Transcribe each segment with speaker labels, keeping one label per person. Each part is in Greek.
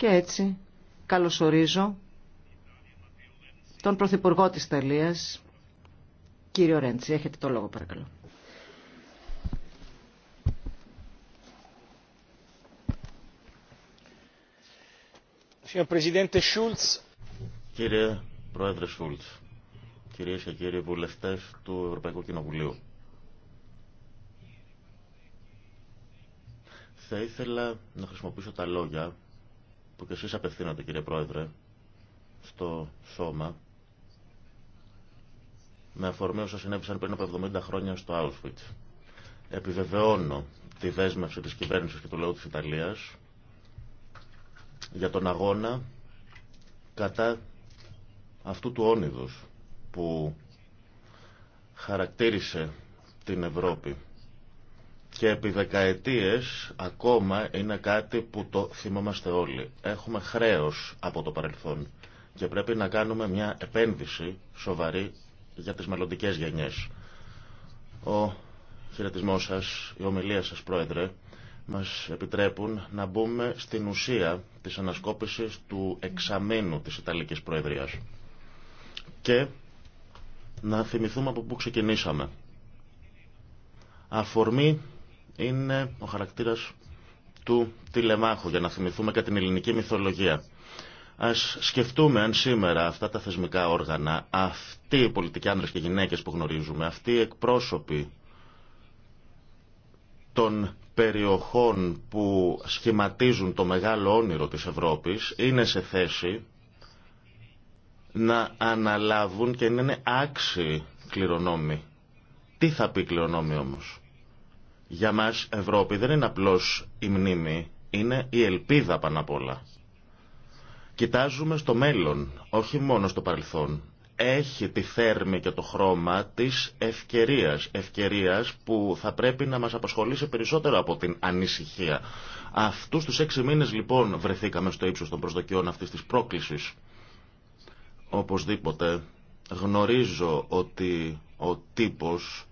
Speaker 1: Και έτσι καλωσορίζω τον Πρωθυπουργό της Ιταλίας, κύριο Ρέντσι. Έχετε το λόγο παρακαλώ.
Speaker 2: Κύριε Πρόεδρε Σούλτς, κυρίες και κύριοι βουλευτές του Ευρωπαϊκού Κοινοβουλίου. Θα ήθελα να χρησιμοποιήσω τα λόγια που και εσείς απευθύνατε κύριε Πρόεδρε στο σώμα με αφορμή όσα συνέβησαν πριν από 70 χρόνια στο Auschwitz. Επιβεβαιώνω τη δέσμευση της κυβέρνησης και του λαού της Ιταλίας για τον αγώνα κατά αυτού του όνειδους που χαρακτήρισε την Ευρώπη και επί δεκαετίες ακόμα είναι κάτι που το θυμόμαστε όλοι. Έχουμε χρέος από το παρελθόν και πρέπει να κάνουμε μια επένδυση σοβαρή για τις μελλοντικέ γενιές. Ο χαιρετισμό σας, η ομιλία σας πρόεδρε, μας επιτρέπουν να μπούμε στην ουσία της ανασκόπησης του εξαμήνου της Ιταλικής Προεδρίας και να θυμηθούμε από πού ξεκινήσαμε. Αφορμή είναι ο χαρακτήρας του τηλεμάχου, για να θυμηθούμε και την ελληνική μυθολογία. Ας σκεφτούμε αν σήμερα αυτά τα θεσμικά όργανα, αυτοί οι πολιτικοί άνδρες και γυναίκες που γνωρίζουμε, αυτοί οι εκπρόσωποι των περιοχών που σχηματίζουν το μεγάλο όνειρο της Ευρώπης, είναι σε θέση να αναλάβουν και να είναι άξιοι κληρονόμοι. Τι θα πει κληρονόμοι όμως. Για μας Ευρώπη δεν είναι απλώς η μνήμη, είναι η ελπίδα πάνω απ' όλα. Κοιτάζουμε στο μέλλον, όχι μόνο στο παρελθόν. Έχει τη θέρμη και το χρώμα της ευκαιρίας. Ευκαιρίας που θα πρέπει να μας απασχολήσει περισσότερο από την ανησυχία. Αυτούς τους έξι μήνες λοιπόν βρεθήκαμε στο ύψος των προσδοκιών αυτής της πρόκλησης. Οπωσδήποτε γνωρίζω ότι ο τύπος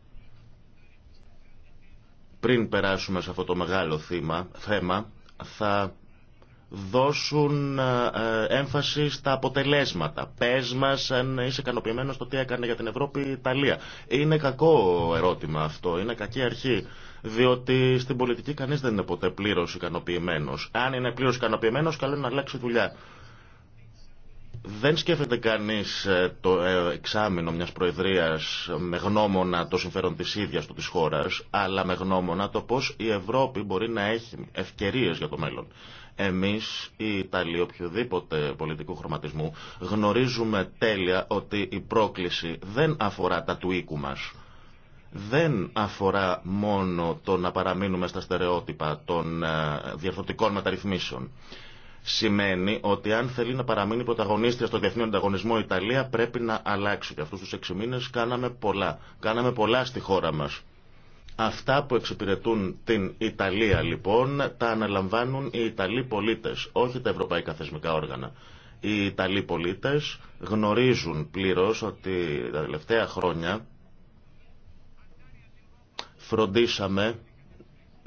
Speaker 2: πριν περάσουμε σε αυτό το μεγάλο θύμα, θέμα, θα δώσουν ε, ε, έμφαση στα αποτελέσματα. Πες μας αν είσαι ικανοποιημένος στο τι έκανε για την Ευρώπη η Ιταλία. Είναι κακό ερώτημα αυτό, είναι κακή αρχή. Διότι στην πολιτική κανείς δεν είναι ποτέ πλήρως ικανοποιημένος. Αν είναι πλήρως ικανοποιημένος, καλό είναι να αλλάξει δουλειά δεν σκέφτεται κανείς ε, το ε, εξάμεινο μιας προεδρίας με γνώμονα το συμφέρον της ίδιας του της χώρας, αλλά με γνώμονα το πώς η Ευρώπη μπορεί να έχει ευκαιρίες για το μέλλον. Εμείς, οι Ιταλοί, οποιοδήποτε πολιτικού χρωματισμού, γνωρίζουμε τέλεια ότι η πρόκληση δεν αφορά τα του οίκου δεν αφορά μόνο το να παραμείνουμε στα στερεότυπα των ε, διαφορετικών μεταρρυθμίσεων σημαίνει ότι αν θέλει να παραμείνει πρωταγωνίστρια στο διεθνή ανταγωνισμό η Ιταλία πρέπει να αλλάξει. Και αυτούς τους έξι μήνες κάναμε πολλά. Κάναμε πολλά στη χώρα μας. Αυτά που εξυπηρετούν την Ιταλία λοιπόν τα αναλαμβάνουν οι Ιταλοί πολίτες, όχι τα ευρωπαϊκά θεσμικά όργανα. Οι Ιταλοί πολίτες γνωρίζουν πλήρως ότι τα τελευταία χρόνια φροντίσαμε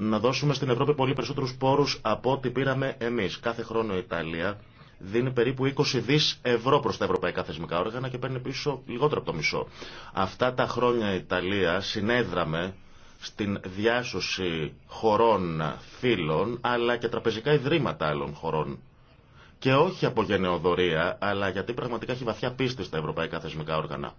Speaker 2: να δώσουμε στην Ευρώπη πολύ περισσότερους πόρους από ό,τι πήραμε εμείς. Κάθε χρόνο η Ιταλία δίνει περίπου 20 δις ευρώ προς τα ευρωπαϊκά θεσμικά όργανα και παίρνει πίσω λιγότερο από το μισό. Αυτά τα χρόνια η Ιταλία συνέδραμε στην διάσωση χωρών φίλων αλλά και τραπεζικά ιδρύματα άλλων χωρών. Και όχι από γενεοδορία, αλλά γιατί πραγματικά έχει βαθιά πίστη στα ευρωπαϊκά θεσμικά όργανα.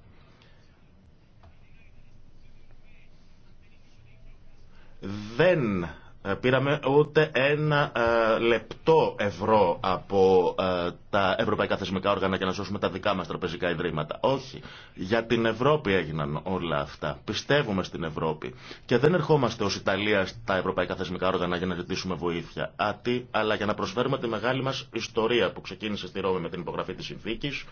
Speaker 2: δεν ε, πήραμε ούτε ένα ε, λεπτό ευρώ από ε, τα ευρωπαϊκά θεσμικά όργανα για να σώσουμε τα δικά μας τραπεζικά ιδρύματα. Όχι. Για την Ευρώπη έγιναν όλα αυτά. Πιστεύουμε στην Ευρώπη. Και δεν ερχόμαστε ως Ιταλία στα ευρωπαϊκά θεσμικά όργανα για να ζητήσουμε βοήθεια. Άτι, αλλά για να προσφέρουμε τη μεγάλη μας ιστορία που ξεκίνησε στη Ρώμη με την υπογραφή της συνθήκης.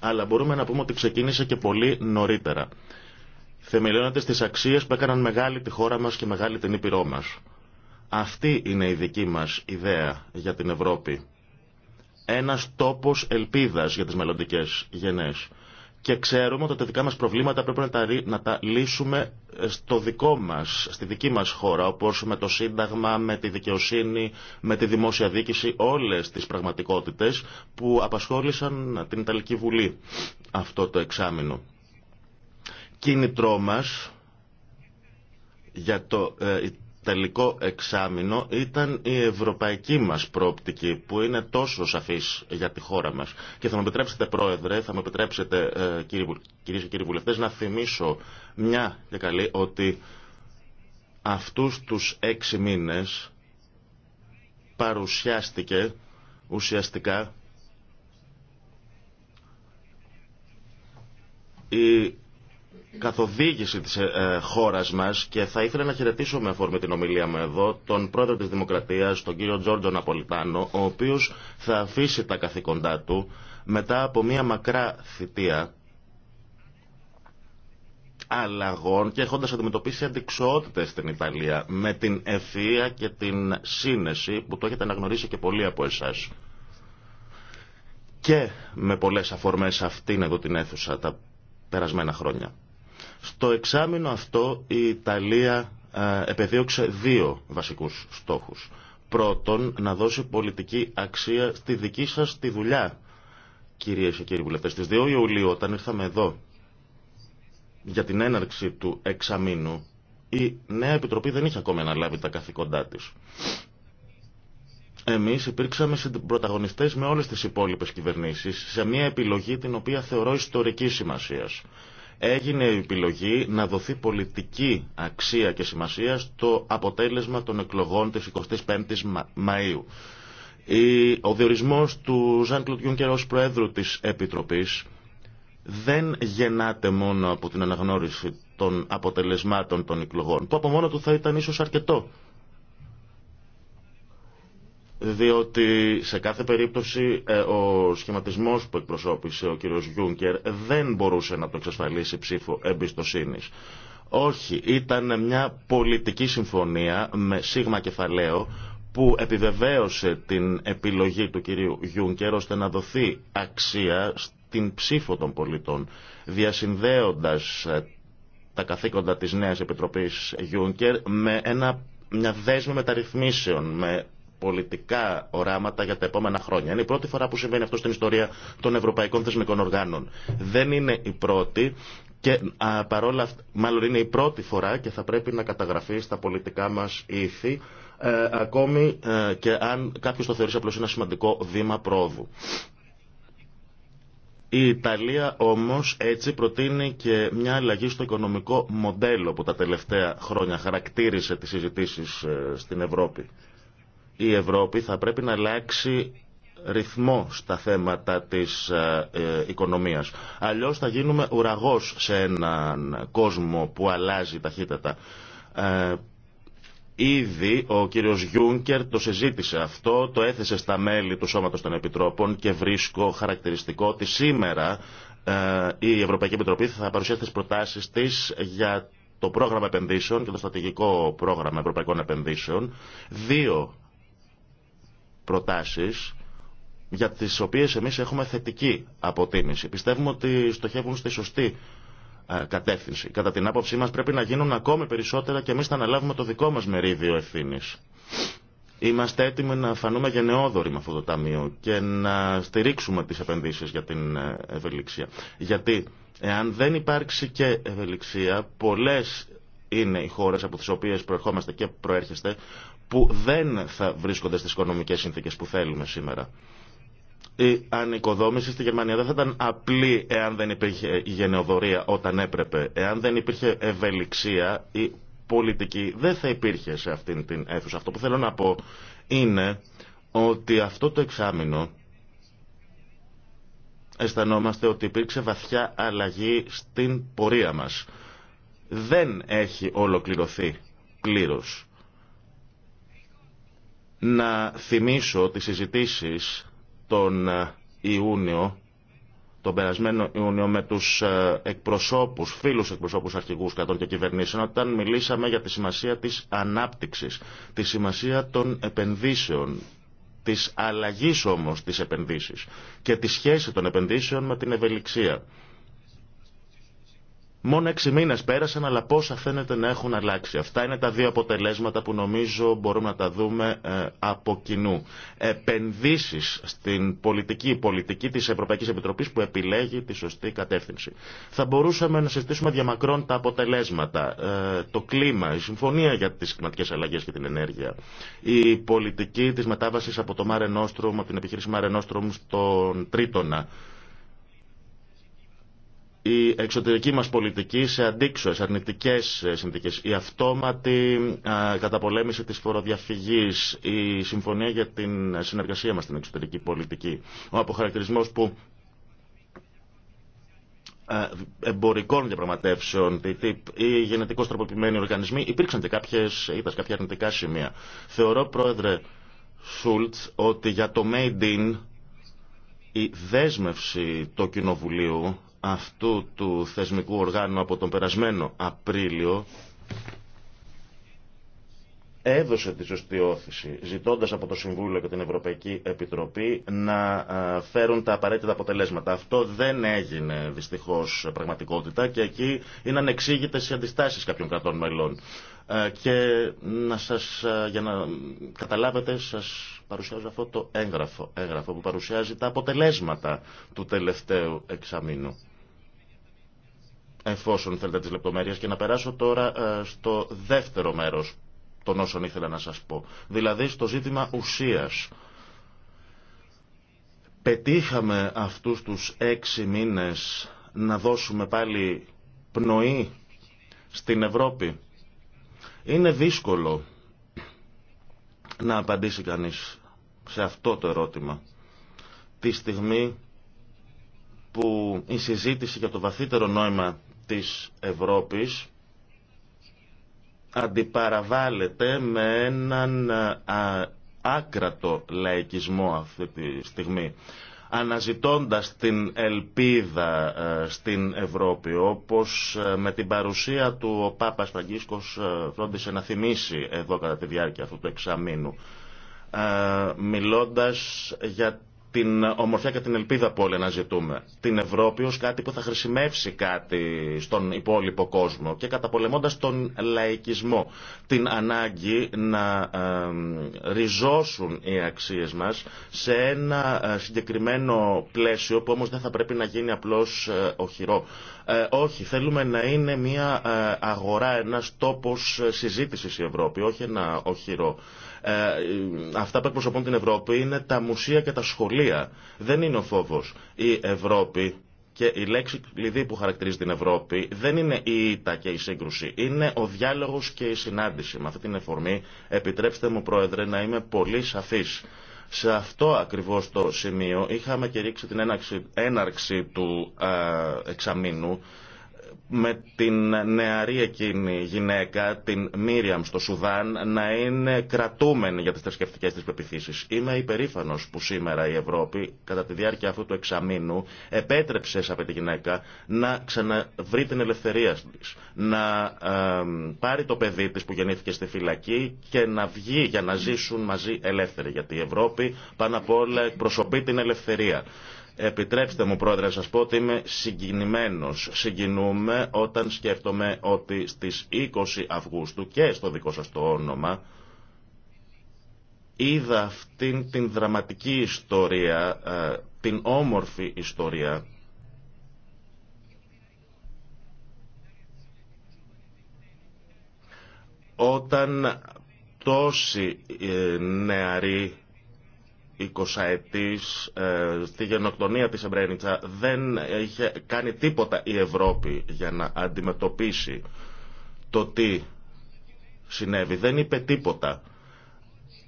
Speaker 2: Αλλά μπορούμε να πούμε ότι ξεκίνησε και πολύ νωρίτερα θεμελιώνεται στις αξίες που έκαναν μεγάλη τη χώρα μας και μεγάλη την Ήπειρό μας. Αυτή είναι η δική μας ιδέα για την Ευρώπη. Ένας τόπος ελπίδας για τις μελλοντικέ γενές. Και ξέρουμε ότι τα δικά μας προβλήματα πρέπει να τα, να λύσουμε ε, στο δικό μας, στη δική μας χώρα, όπως με το Σύνταγμα, με τη δικαιοσύνη, με τη δημόσια δίκηση, όλες τις πραγματικότητες που απασχόλησαν την Ιταλική Βουλή αυτό το εξάμεινο κίνητρό μας για το ε, τελικό εξάμεινο ήταν η ευρωπαϊκή μας πρόπτικη που είναι τόσο σαφής για τη χώρα μας. Και θα με επιτρέψετε πρόεδρε, θα με επιτρέψετε ε, κυρίες και κύριοι βουλευτές να θυμίσω μια και καλή ότι αυτούς τους έξι μήνες παρουσιάστηκε ουσιαστικά η καθοδήγηση της ε, ε, χώρας μας και θα ήθελα να χαιρετήσω με αφορμή την ομιλία μου εδώ τον πρόεδρο της Δημοκρατίας, τον κύριο Τζόρτζο Ναπολιτάνο, ο οποίος θα αφήσει τα καθήκοντά του μετά από μια μακρά θητεία αλλαγών και έχοντας αντιμετωπίσει αντικσοότητες στην Ιταλία με την ευθεία και την σύνεση που το έχετε αναγνωρίσει και πολλοί από εσάς. Και με πολλές αφορμές αυτήν εδώ την αίθουσα τα περασμένα χρόνια. Στο εξάμεινο αυτό η Ιταλία ε, επεδίωξε δύο βασικούς στόχους. Πρώτον, να δώσει πολιτική αξία στη δική σας τη δουλειά, κύριε και κύριοι βουλευτές. Στις 2 Ιουλίου, όταν ήρθαμε εδώ για την έναρξη του εξαμήνου, η νέα Επιτροπή δεν είχε ακόμα αναλάβει τα καθήκοντά της. Εμείς υπήρξαμε πρωταγωνιστές με όλες τις υπόλοιπες κυβερνήσεις σε μια επιλογή την οποία θεωρώ ιστορική σημασίας έγινε η επιλογή να δοθεί πολιτική αξία και σημασία στο αποτέλεσμα των εκλογών της 25ης Μαΐου. Ο διορισμός του Ζαν Κλοντ ως Προέδρου της Επιτροπής δεν γεννάται μόνο από την αναγνώριση των αποτελεσμάτων των εκλογών, που από μόνο του θα ήταν ίσως αρκετό διότι σε κάθε περίπτωση ε, ο σχηματισμός που εκπροσώπησε ο κύριος Γιούνκερ δεν μπορούσε να το εξασφαλίσει ψήφο εμπιστοσύνης. Όχι, ήταν μια πολιτική συμφωνία με σίγμα κεφαλαίο που επιβεβαίωσε την επιλογή του κυρίου Γιούνκερ ώστε να δοθεί αξία στην ψήφο των πολιτών, διασυνδέοντας ε, τα καθήκοντα της νέας Επιτροπής Γιούνκερ με ένα, μια δέσμη μεταρρυθμίσεων, με πολιτικά οράματα για τα επόμενα χρόνια. Είναι η πρώτη φορά που συμβαίνει αυτό στην ιστορία των ευρωπαϊκών θεσμικών οργάνων. Δεν είναι η πρώτη και α, παρόλα αυτά, μάλλον είναι η πρώτη φορά και θα πρέπει να καταγραφεί στα πολιτικά μας ήθη ε, ακόμη ε, και αν κάποιος το θεωρήσει απλώς ένα σημαντικό βήμα πρόοδου. Η Ιταλία όμως έτσι προτείνει και μια αλλαγή στο οικονομικό μοντέλο που τα τελευταία χρόνια χαρακτήρισε τις συζητήσεις ε, στην Ευρώπη η Ευρώπη θα πρέπει να αλλάξει ρυθμό στα θέματα της ε, ε, οικονομίας. Αλλιώς θα γίνουμε ουραγός σε έναν κόσμο που αλλάζει ταχύτατα. Ε, ήδη ο κύριος Γιούνκερ το συζήτησε αυτό, το έθεσε στα μέλη του Σώματος των Επιτρόπων και βρίσκω χαρακτηριστικό ότι σήμερα η Ευρωπαϊκή Επιτροπή θα παρουσιάσει τις προτάσεις της για το πρόγραμμα επενδύσεων και το στρατηγικό πρόγραμμα ευρωπαϊκών επενδύσεων. Δύο προτάσεις για τις οποίες εμείς έχουμε θετική αποτίμηση. Πιστεύουμε ότι στοχεύουν στη σωστή ε, κατεύθυνση. Κατά την άποψή μας πρέπει να γίνουν ακόμη περισσότερα και εμείς θα αναλάβουμε το δικό μας μερίδιο ευθύνη. Είμαστε έτοιμοι να φανούμε γενναιόδοροι με αυτό το ταμείο και να στηρίξουμε τις επενδύσεις για την ε, ευελιξία. Γιατί εάν δεν υπάρξει και ευελιξία, πολλές είναι οι χώρες από τις οποίες προερχόμαστε και προέρχεστε που δεν θα βρίσκονται στις οικονομικές συνθήκες που θέλουμε σήμερα. Η ανοικοδόμηση στη Γερμανία δεν θα ήταν απλή εάν δεν υπήρχε η γενεοδορία όταν έπρεπε, εάν δεν υπήρχε ευελιξία ή πολιτική δεν θα υπήρχε σε αυτήν την αίθουσα. Αυτό που θέλω να πω είναι ότι αυτό το εξάμεινο αισθανόμαστε ότι υπήρξε βαθιά αλλαγή στην πορεία μας. Δεν έχει ολοκληρωθεί πλήρως να θυμίσω τις συζητήσεις τον ε, Ιούνιο, τον περασμένο Ιούνιο με τους ε, εκπροσώπους, φίλους εκπροσώπους αρχηγούς κρατών και κυβερνήσεων όταν μιλήσαμε για τη σημασία της ανάπτυξης, τη σημασία των επενδύσεων, της αλλαγής όμως της επενδύσεις και τη σχέση των επενδύσεων με την ευελιξία. Μόνο έξι μήνες πέρασαν, αλλά πόσα φαίνεται να έχουν αλλάξει. Αυτά είναι τα δύο αποτελέσματα που νομίζω μπορούμε να τα δούμε ε, από κοινού. Επενδύσεις στην πολιτική πολιτική της Ευρωπαϊκής Επιτροπής που επιλέγει τη σωστή κατεύθυνση. Θα μπορούσαμε να συζητήσουμε διαμακρών τα αποτελέσματα, ε, το κλίμα, η συμφωνία για τις κλιματικές αλλαγές και την ενέργεια, η πολιτική της μετάβασης από το Μάρε από την επιχείρηση Μάρε Nostrum στον Τρίτονα, η εξωτερική μας πολιτική σε αντίξωες, αρνητικές ε, συνθήκες, η αυτόματη ε, καταπολέμηση της φοροδιαφυγής, η συμφωνία για την συνεργασία μας στην εξωτερική πολιτική, ο αποχαρακτηρισμός που ε, εμπορικών διαπραγματεύσεων, οι γενετικώ τροποποιημένοι οργανισμοί, υπήρξαν και κάποιε κάποια αρνητικά σημεία. Θεωρώ, πρόεδρε Σούλτ, ότι για το Made in η δέσμευση του Κοινοβουλίου αυτού του θεσμικού οργάνου από τον περασμένο Απρίλιο έδωσε τη σωστή όθηση, ζητώντας από το Συμβούλιο και την Ευρωπαϊκή Επιτροπή να φέρουν τα απαραίτητα αποτελέσματα. Αυτό δεν έγινε δυστυχώς πραγματικότητα και εκεί είναι ανεξήγητες οι αντιστάσεις κάποιων κρατών μελών. Και να σας, για να καταλάβετε, σας παρουσιάζω αυτό το έγγραφο, έγγραφο που παρουσιάζει τα αποτελέσματα του τελευταίου εξαμήνου εφόσον θέλετε τις λεπτομέρειες και να περάσω τώρα ε, στο δεύτερο μέρος των όσων ήθελα να σας πω. Δηλαδή στο ζήτημα ουσίας. Πετύχαμε αυτούς τους έξι μήνες να δώσουμε πάλι πνοή στην Ευρώπη. Είναι δύσκολο να απαντήσει κανείς σε αυτό το ερώτημα. Τη στιγμή που η συζήτηση για το βαθύτερο νόημα της Ευρώπης αντιπαραβάλλεται με έναν άκρατο λαϊκισμό αυτή τη στιγμή αναζητώντας την ελπίδα στην Ευρώπη, όπως με την παρουσία του ο Πάπας Φραγκίσκος φρόντισε να θυμίσει εδώ κατά τη διάρκεια αυτού του εξαμήνου, μιλώντας για την ομορφιά και την ελπίδα που όλοι αναζητούμε. Την Ευρώπη ως κάτι που θα χρησιμεύσει κάτι στον υπόλοιπο κόσμο και καταπολεμώντας τον λαϊκισμό. Την ανάγκη να ε, ριζώσουν οι αξίες μας σε ένα ε, συγκεκριμένο πλαίσιο που όμως δεν θα πρέπει να γίνει απλώς ε, οχυρό. Όχι, θέλουμε να είναι μια αγορά, ένας τόπος συζήτησης η Ευρώπη, όχι ένα οχυρό. Ε, αυτά που εκπροσωπούν την Ευρώπη είναι τα μουσεία και τα σχολεία. Δεν είναι ο φόβο. Η Ευρώπη και η λέξη κλειδί που χαρακτηρίζει την Ευρώπη δεν είναι η ήττα και η σύγκρουση. Είναι ο διάλογο και η συνάντηση. Με αυτή την εφορμή, επιτρέψτε μου, Πρόεδρε, να είμαι πολύ σαφή. Σε αυτό ακριβώς το σημείο είχαμε κηρύξει την έναρξη, έναρξη του ε, εξαμήνου με την νεαρή εκείνη γυναίκα, την Μίριαμ στο Σουδάν, να είναι κρατούμενη για τις θρησκευτικέ της πεπιθήσεις. Είμαι υπερήφανος που σήμερα η Ευρώπη, κατά τη διάρκεια αυτού του εξαμήνου, επέτρεψε σε αυτή τη γυναίκα να ξαναβρει την ελευθερία της, να πάρει το παιδί της που γεννήθηκε στη φυλακή και να βγει για να ζήσουν μαζί ελεύθεροι, γιατί η Ευρώπη πάνω απ' όλα εκπροσωπεί την ελευθερία. Επιτρέψτε μου, πρόεδρε, να σα πω ότι είμαι συγκινημένος. Συγκινούμε όταν σκέφτομαι ότι στις 20 Αυγούστου και στο δικό σα το όνομα είδα αυτήν την δραματική ιστορία, ε, την όμορφη ιστορία όταν τόσοι ε, νεαροί η ε, στη γενοκτονία της Εμπρένιτσα δεν είχε κάνει τίποτα η Ευρώπη για να αντιμετωπίσει το τι συνέβη. Δεν είπε τίποτα.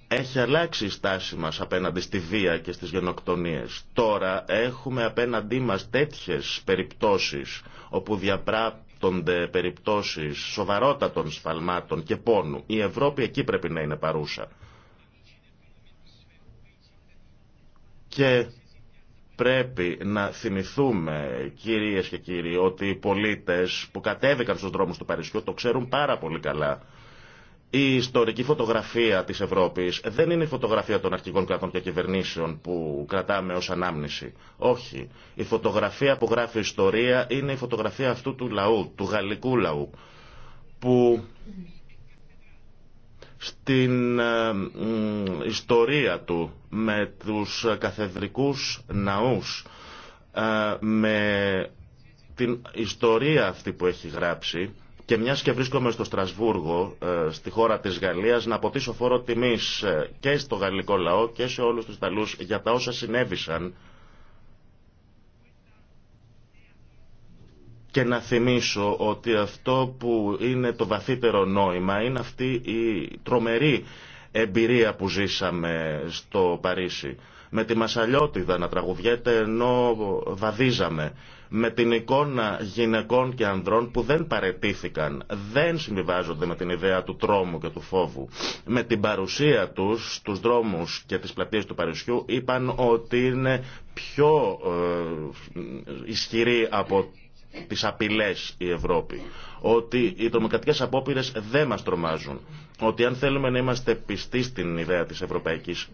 Speaker 2: Έχει αλλάξει η στάση μας απέναντι στη βία και στις γενοκτονίες. Τώρα έχουμε απέναντί μας τέτοιες περιπτώσεις όπου διαπράττονται περιπτώσεις σοβαρότατων σφαλμάτων και πόνου. Η Ευρώπη εκεί πρέπει να είναι παρούσα. Και πρέπει να θυμηθούμε κυρίες και κύριοι ότι οι πολίτες που κατέβηκαν στους δρόμους του Παρισιού το ξέρουν πάρα πολύ καλά. Η ιστορική φωτογραφία της Ευρώπης δεν είναι η φωτογραφία των αρχικών κρατών και κυβερνήσεων που κρατάμε ως ανάμνηση. Όχι. Η φωτογραφία που γράφει ιστορία είναι η φωτογραφία αυτού του λαού, του γαλλικού λαού, που στην ε, ιστορία του με τους καθεδρικούς ναούς, ε, με την ιστορία αυτή που έχει γράψει και μιας και βρίσκομαι στο Στρασβούργο, ε, στη χώρα της Γαλλίας, να αποτίσω φόρο τιμής και στο γαλλικό λαό και σε όλους τους Ιταλούς για τα όσα συνέβησαν Και να θυμίσω ότι αυτό που είναι το βαθύτερο νόημα είναι αυτή η τρομερή εμπειρία που ζήσαμε στο Παρίσι. Με τη Μασαλιώτιδα να τραγουδιέται ενώ βαδίζαμε. Με την εικόνα γυναικών και ανδρών που δεν παρετήθηκαν, δεν συμβιβάζονται με την ιδέα του τρόμου και του φόβου. Με την παρουσία τους στους δρόμους και τις πλατείες του Παρισιού είπαν ότι είναι πιο ε, ισχυροί από τις απειλές η Ευρώπη. Ότι οι τρομοκρατικές απόπειρες δεν μας τρομάζουν. Ότι αν θέλουμε να είμαστε πιστοί στην ιδέα της Ευρωπαϊκής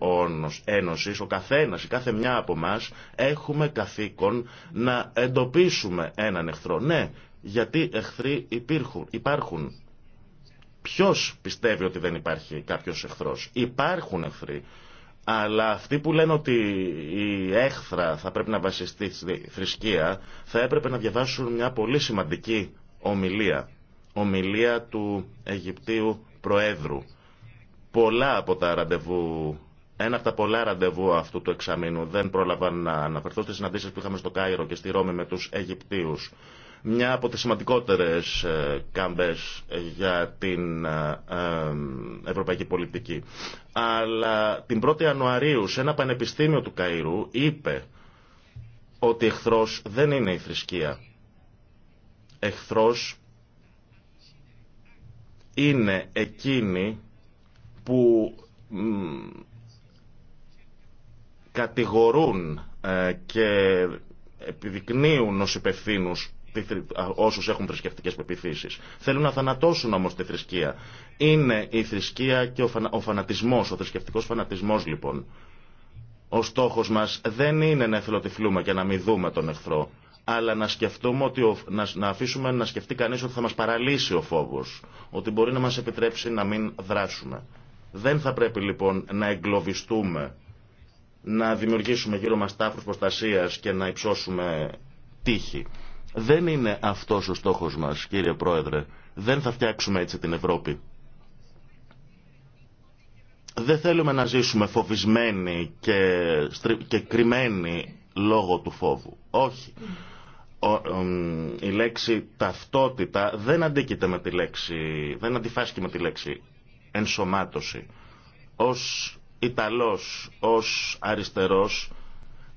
Speaker 2: Ένωσης, ο καθένας, η κάθε μια από εμά έχουμε καθήκον να εντοπίσουμε έναν εχθρό. Ναι, γιατί εχθροί υπήρχουν, υπάρχουν. Ποιος πιστεύει ότι δεν υπάρχει κάποιος εχθρός. Υπάρχουν εχθροί αλλά αυτοί που λένε ότι η έχθρα θα πρέπει να βασιστεί στη θρησκεία θα έπρεπε να διαβάσουν μια πολύ σημαντική ομιλία. Ομιλία του Αιγυπτίου Προέδρου. Πολλά από τα ραντεβού, ένα από τα πολλά ραντεβού αυτού του εξαμήνου δεν πρόλαβαν να αναφερθώ στις συναντήσεις που είχαμε στο Κάιρο και στη Ρώμη με τους Αιγυπτίους. Μια από τις σημαντικότερες ε, κάμπες ε, για την ε, ευρωπαϊκή πολιτική. Αλλά την 1η Ιανουαρίου σε ένα πανεπιστήμιο του Καΐρου είπε ότι εχθρός δεν είναι η θρησκεία. Εχθρός είναι εκείνη που κατηγορούν και επιδεικνύουν ως υπευθύνους όσους έχουν θρησκευτικές πεπιθήσεις. Θέλουν να θανατώσουν όμως τη θρησκεία. Είναι η θρησκεία και ο φανατισμός, ο θρησκευτικός φανατισμός λοιπόν. Ο στόχος μας δεν είναι να εθελοτυφλούμε και να μην δούμε τον εχθρό, αλλά να σκεφτούμε ότι να, να αφήσουμε να σκεφτεί κανείς ότι θα μας παραλύσει ο φόβος, ότι μπορεί να μας επιτρέψει να μην δράσουμε. Δεν θα πρέπει λοιπόν να εγκλωβιστούμε, να δημιουργήσουμε γύρω μας τάφρους προστασίας και να υψώσουμε τύχη. Δεν είναι αυτός ο στόχος μας, κύριε Πρόεδρε. Δεν θα φτιάξουμε έτσι την Ευρώπη. Δεν θέλουμε να ζήσουμε φοβισμένοι και, και κρυμμένοι λόγω του φόβου. Όχι. η λέξη ταυτότητα δεν αντίκειται με τη λέξη, δεν αντιφάσκει με τη λέξη ενσωμάτωση. Ως Ιταλός, ως αριστερός,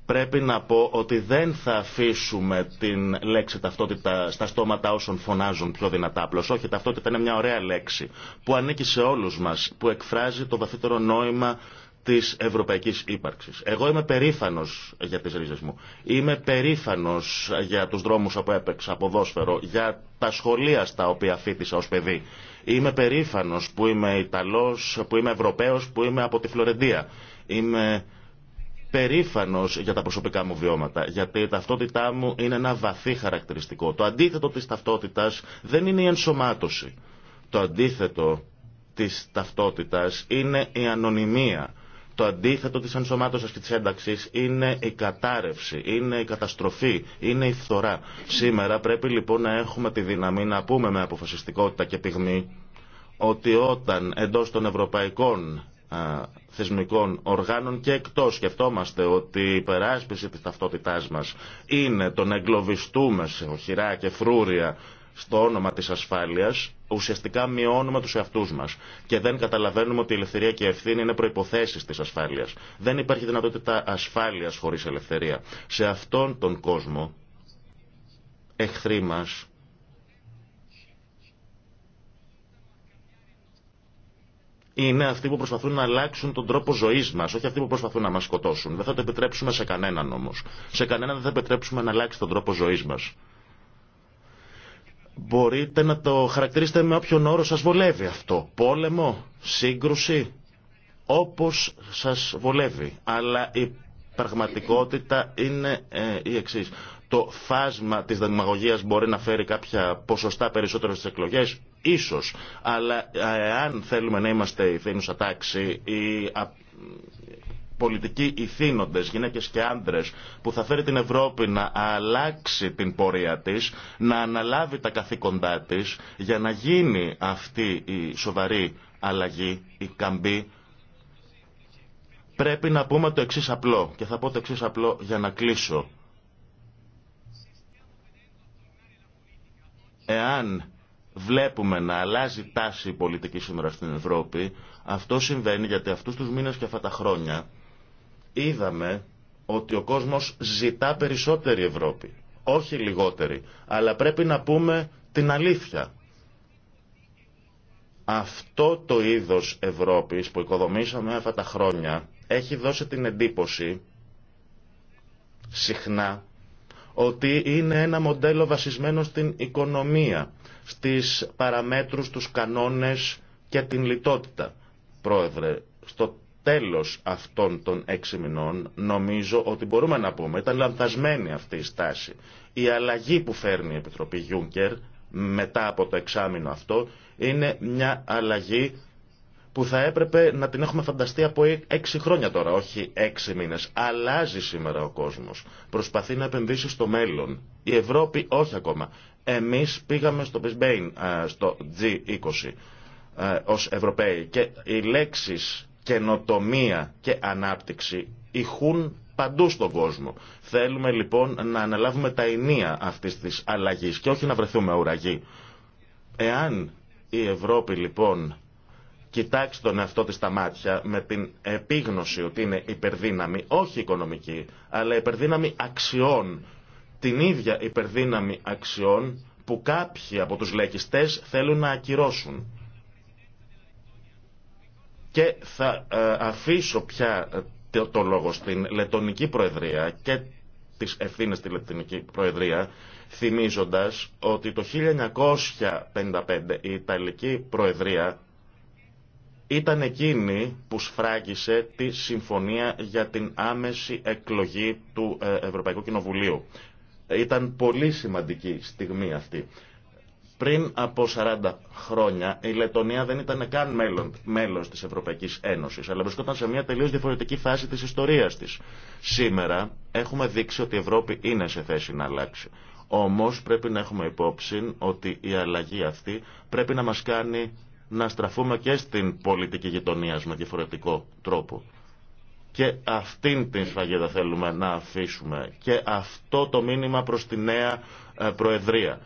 Speaker 2: πρέπει να πω ότι δεν θα αφήσουμε την λέξη ταυτότητα στα στόματα όσων φωνάζουν πιο δυνατά. απλώς. όχι, ταυτότητα είναι μια ωραία λέξη που ανήκει σε όλους μας, που εκφράζει το βαθύτερο νόημα της ευρωπαϊκής ύπαρξης. Εγώ είμαι περήφανο για τις ρίζε μου. Είμαι περήφανο για τους δρόμους που έπαιξα ποδόσφαιρο, για τα σχολεία στα οποία φίτησα ως παιδί. Είμαι περήφανο που είμαι Ιταλός, που είμαι Ευρωπαίο, που είμαι από τη Φλωρεντία. Είμαι περήφανο για τα προσωπικά μου βιώματα, γιατί η ταυτότητά μου είναι ένα βαθύ χαρακτηριστικό. Το αντίθετο τη ταυτότητα δεν είναι η ενσωμάτωση. Το αντίθετο τη ταυτότητα είναι η ανωνυμία. Το αντίθετο της ενσωμάτωσης και της ένταξης είναι η κατάρρευση, είναι η καταστροφή, είναι η φθορά. Σήμερα πρέπει λοιπόν να έχουμε τη δύναμη να πούμε με αποφασιστικότητα και πυγμή ότι όταν εντός των ευρωπαϊκών θεσμικών οργάνων και εκτός. Σκεφτόμαστε ότι η υπεράσπιση της ταυτότητάς μας είναι το να εγκλωβιστούμε σε οχυρά και φρούρια στο όνομα της ασφάλειας, ουσιαστικά μειώνουμε τους εαυτούς μας και δεν καταλαβαίνουμε ότι η ελευθερία και η ευθύνη είναι προϋποθέσεις της ασφάλειας. Δεν υπάρχει δυνατότητα ασφάλειας χωρίς ελευθερία. Σε αυτόν τον κόσμο, εχθροί μας, είναι αυτοί που προσπαθούν να αλλάξουν τον τρόπο ζωή μα, όχι αυτοί που προσπαθούν να μα σκοτώσουν. Δεν θα το επιτρέψουμε σε κανέναν όμω. Σε κανέναν δεν θα επιτρέψουμε να αλλάξει τον τρόπο ζωή μα. Μπορείτε να το χαρακτηρίσετε με όποιον όρο σα βολεύει αυτό. Πόλεμο, σύγκρουση, όπω σα βολεύει. Αλλά η πραγματικότητα είναι ε, η εξή το φάσμα της δημαγωγίας μπορεί να φέρει κάποια ποσοστά περισσότερο στις εκλογές, ίσως. Αλλά αν ε, θέλουμε να είμαστε ηθήνουσα τάξη, η πολιτικοί ηθήνοντες, γυναίκες και άντρε, που θα φέρει την Ευρώπη να αλλάξει την πορεία της, να αναλάβει τα καθήκοντά της, για να γίνει αυτή η σοβαρή αλλαγή, η καμπή, πρέπει να πούμε το εξή απλό. Και θα πω το εξή απλό για να κλείσω. Εάν βλέπουμε να αλλάζει τάση η πολιτική σήμερα στην Ευρώπη, αυτό συμβαίνει γιατί αυτούς τους μήνες και αυτά τα χρόνια είδαμε ότι ο κόσμος ζητά περισσότερη Ευρώπη, όχι λιγότερη, αλλά πρέπει να πούμε την αλήθεια. Αυτό το είδος Ευρώπης που οικοδομήσαμε αυτά τα χρόνια έχει δώσει την εντύπωση συχνά ότι είναι ένα μοντέλο βασισμένο στην οικονομία, στις παραμέτρους, τους κανόνες και την λιτότητα. Πρόεδρε, στο τέλος αυτών των έξι μηνών νομίζω ότι μπορούμε να πούμε ήταν λανθασμένη αυτή η στάση. Η αλλαγή που φέρνει η Επιτροπή Γιούνκερ μετά από το εξάμηνο αυτό είναι μια αλλαγή που θα έπρεπε να την έχουμε φανταστεί από έξι χρόνια τώρα, όχι έξι μήνες. Αλλάζει σήμερα ο κόσμος. Προσπαθεί να επενδύσει στο μέλλον. Η Ευρώπη όχι ακόμα. Εμείς πήγαμε στο Brisbane, ε, στο G20 ε, ως Ευρωπαίοι και οι λέξεις καινοτομία και ανάπτυξη ηχούν παντού στον κόσμο. Θέλουμε λοιπόν να αναλάβουμε τα ενία αυτής της αλλαγής και όχι να βρεθούμε ουραγοί. Εάν η Ευρώπη λοιπόν κοιτάξει τον εαυτό της στα μάτια με την επίγνωση ότι είναι υπερδύναμη, όχι οικονομική, αλλά υπερδύναμη αξιών. Την ίδια υπερδύναμη αξιών που κάποιοι από τους λαϊκιστές θέλουν να ακυρώσουν. Και θα ε, αφήσω πια ε, το λόγο στην Λετωνική Προεδρία και τις ευθύνες στη Λετωνική Προεδρία θυμίζοντας ότι το 1955 η Ιταλική Προεδρία ήταν εκείνη που σφράγγισε τη συμφωνία για την άμεση εκλογή του ε, Ευρωπαϊκού Κοινοβουλίου. Ήταν πολύ σημαντική στιγμή αυτή. Πριν από 40 χρόνια η Λετωνία δεν ήταν καν μέλος της Ευρωπαϊκής Ένωσης, αλλά βρισκόταν σε μια τελείως διαφορετική φάση της ιστορίας της. Σήμερα έχουμε δείξει ότι η Ευρώπη είναι σε θέση να αλλάξει. Όμως πρέπει να έχουμε υπόψη ότι η αλλαγή αυτή πρέπει να μας κάνει να στραφούμε και στην πολιτική γειτονία με διαφορετικό τρόπο. Και αυτήν την σφαγίδα θέλουμε να αφήσουμε. Και αυτό το μήνυμα προς τη νέα ε, Προεδρία.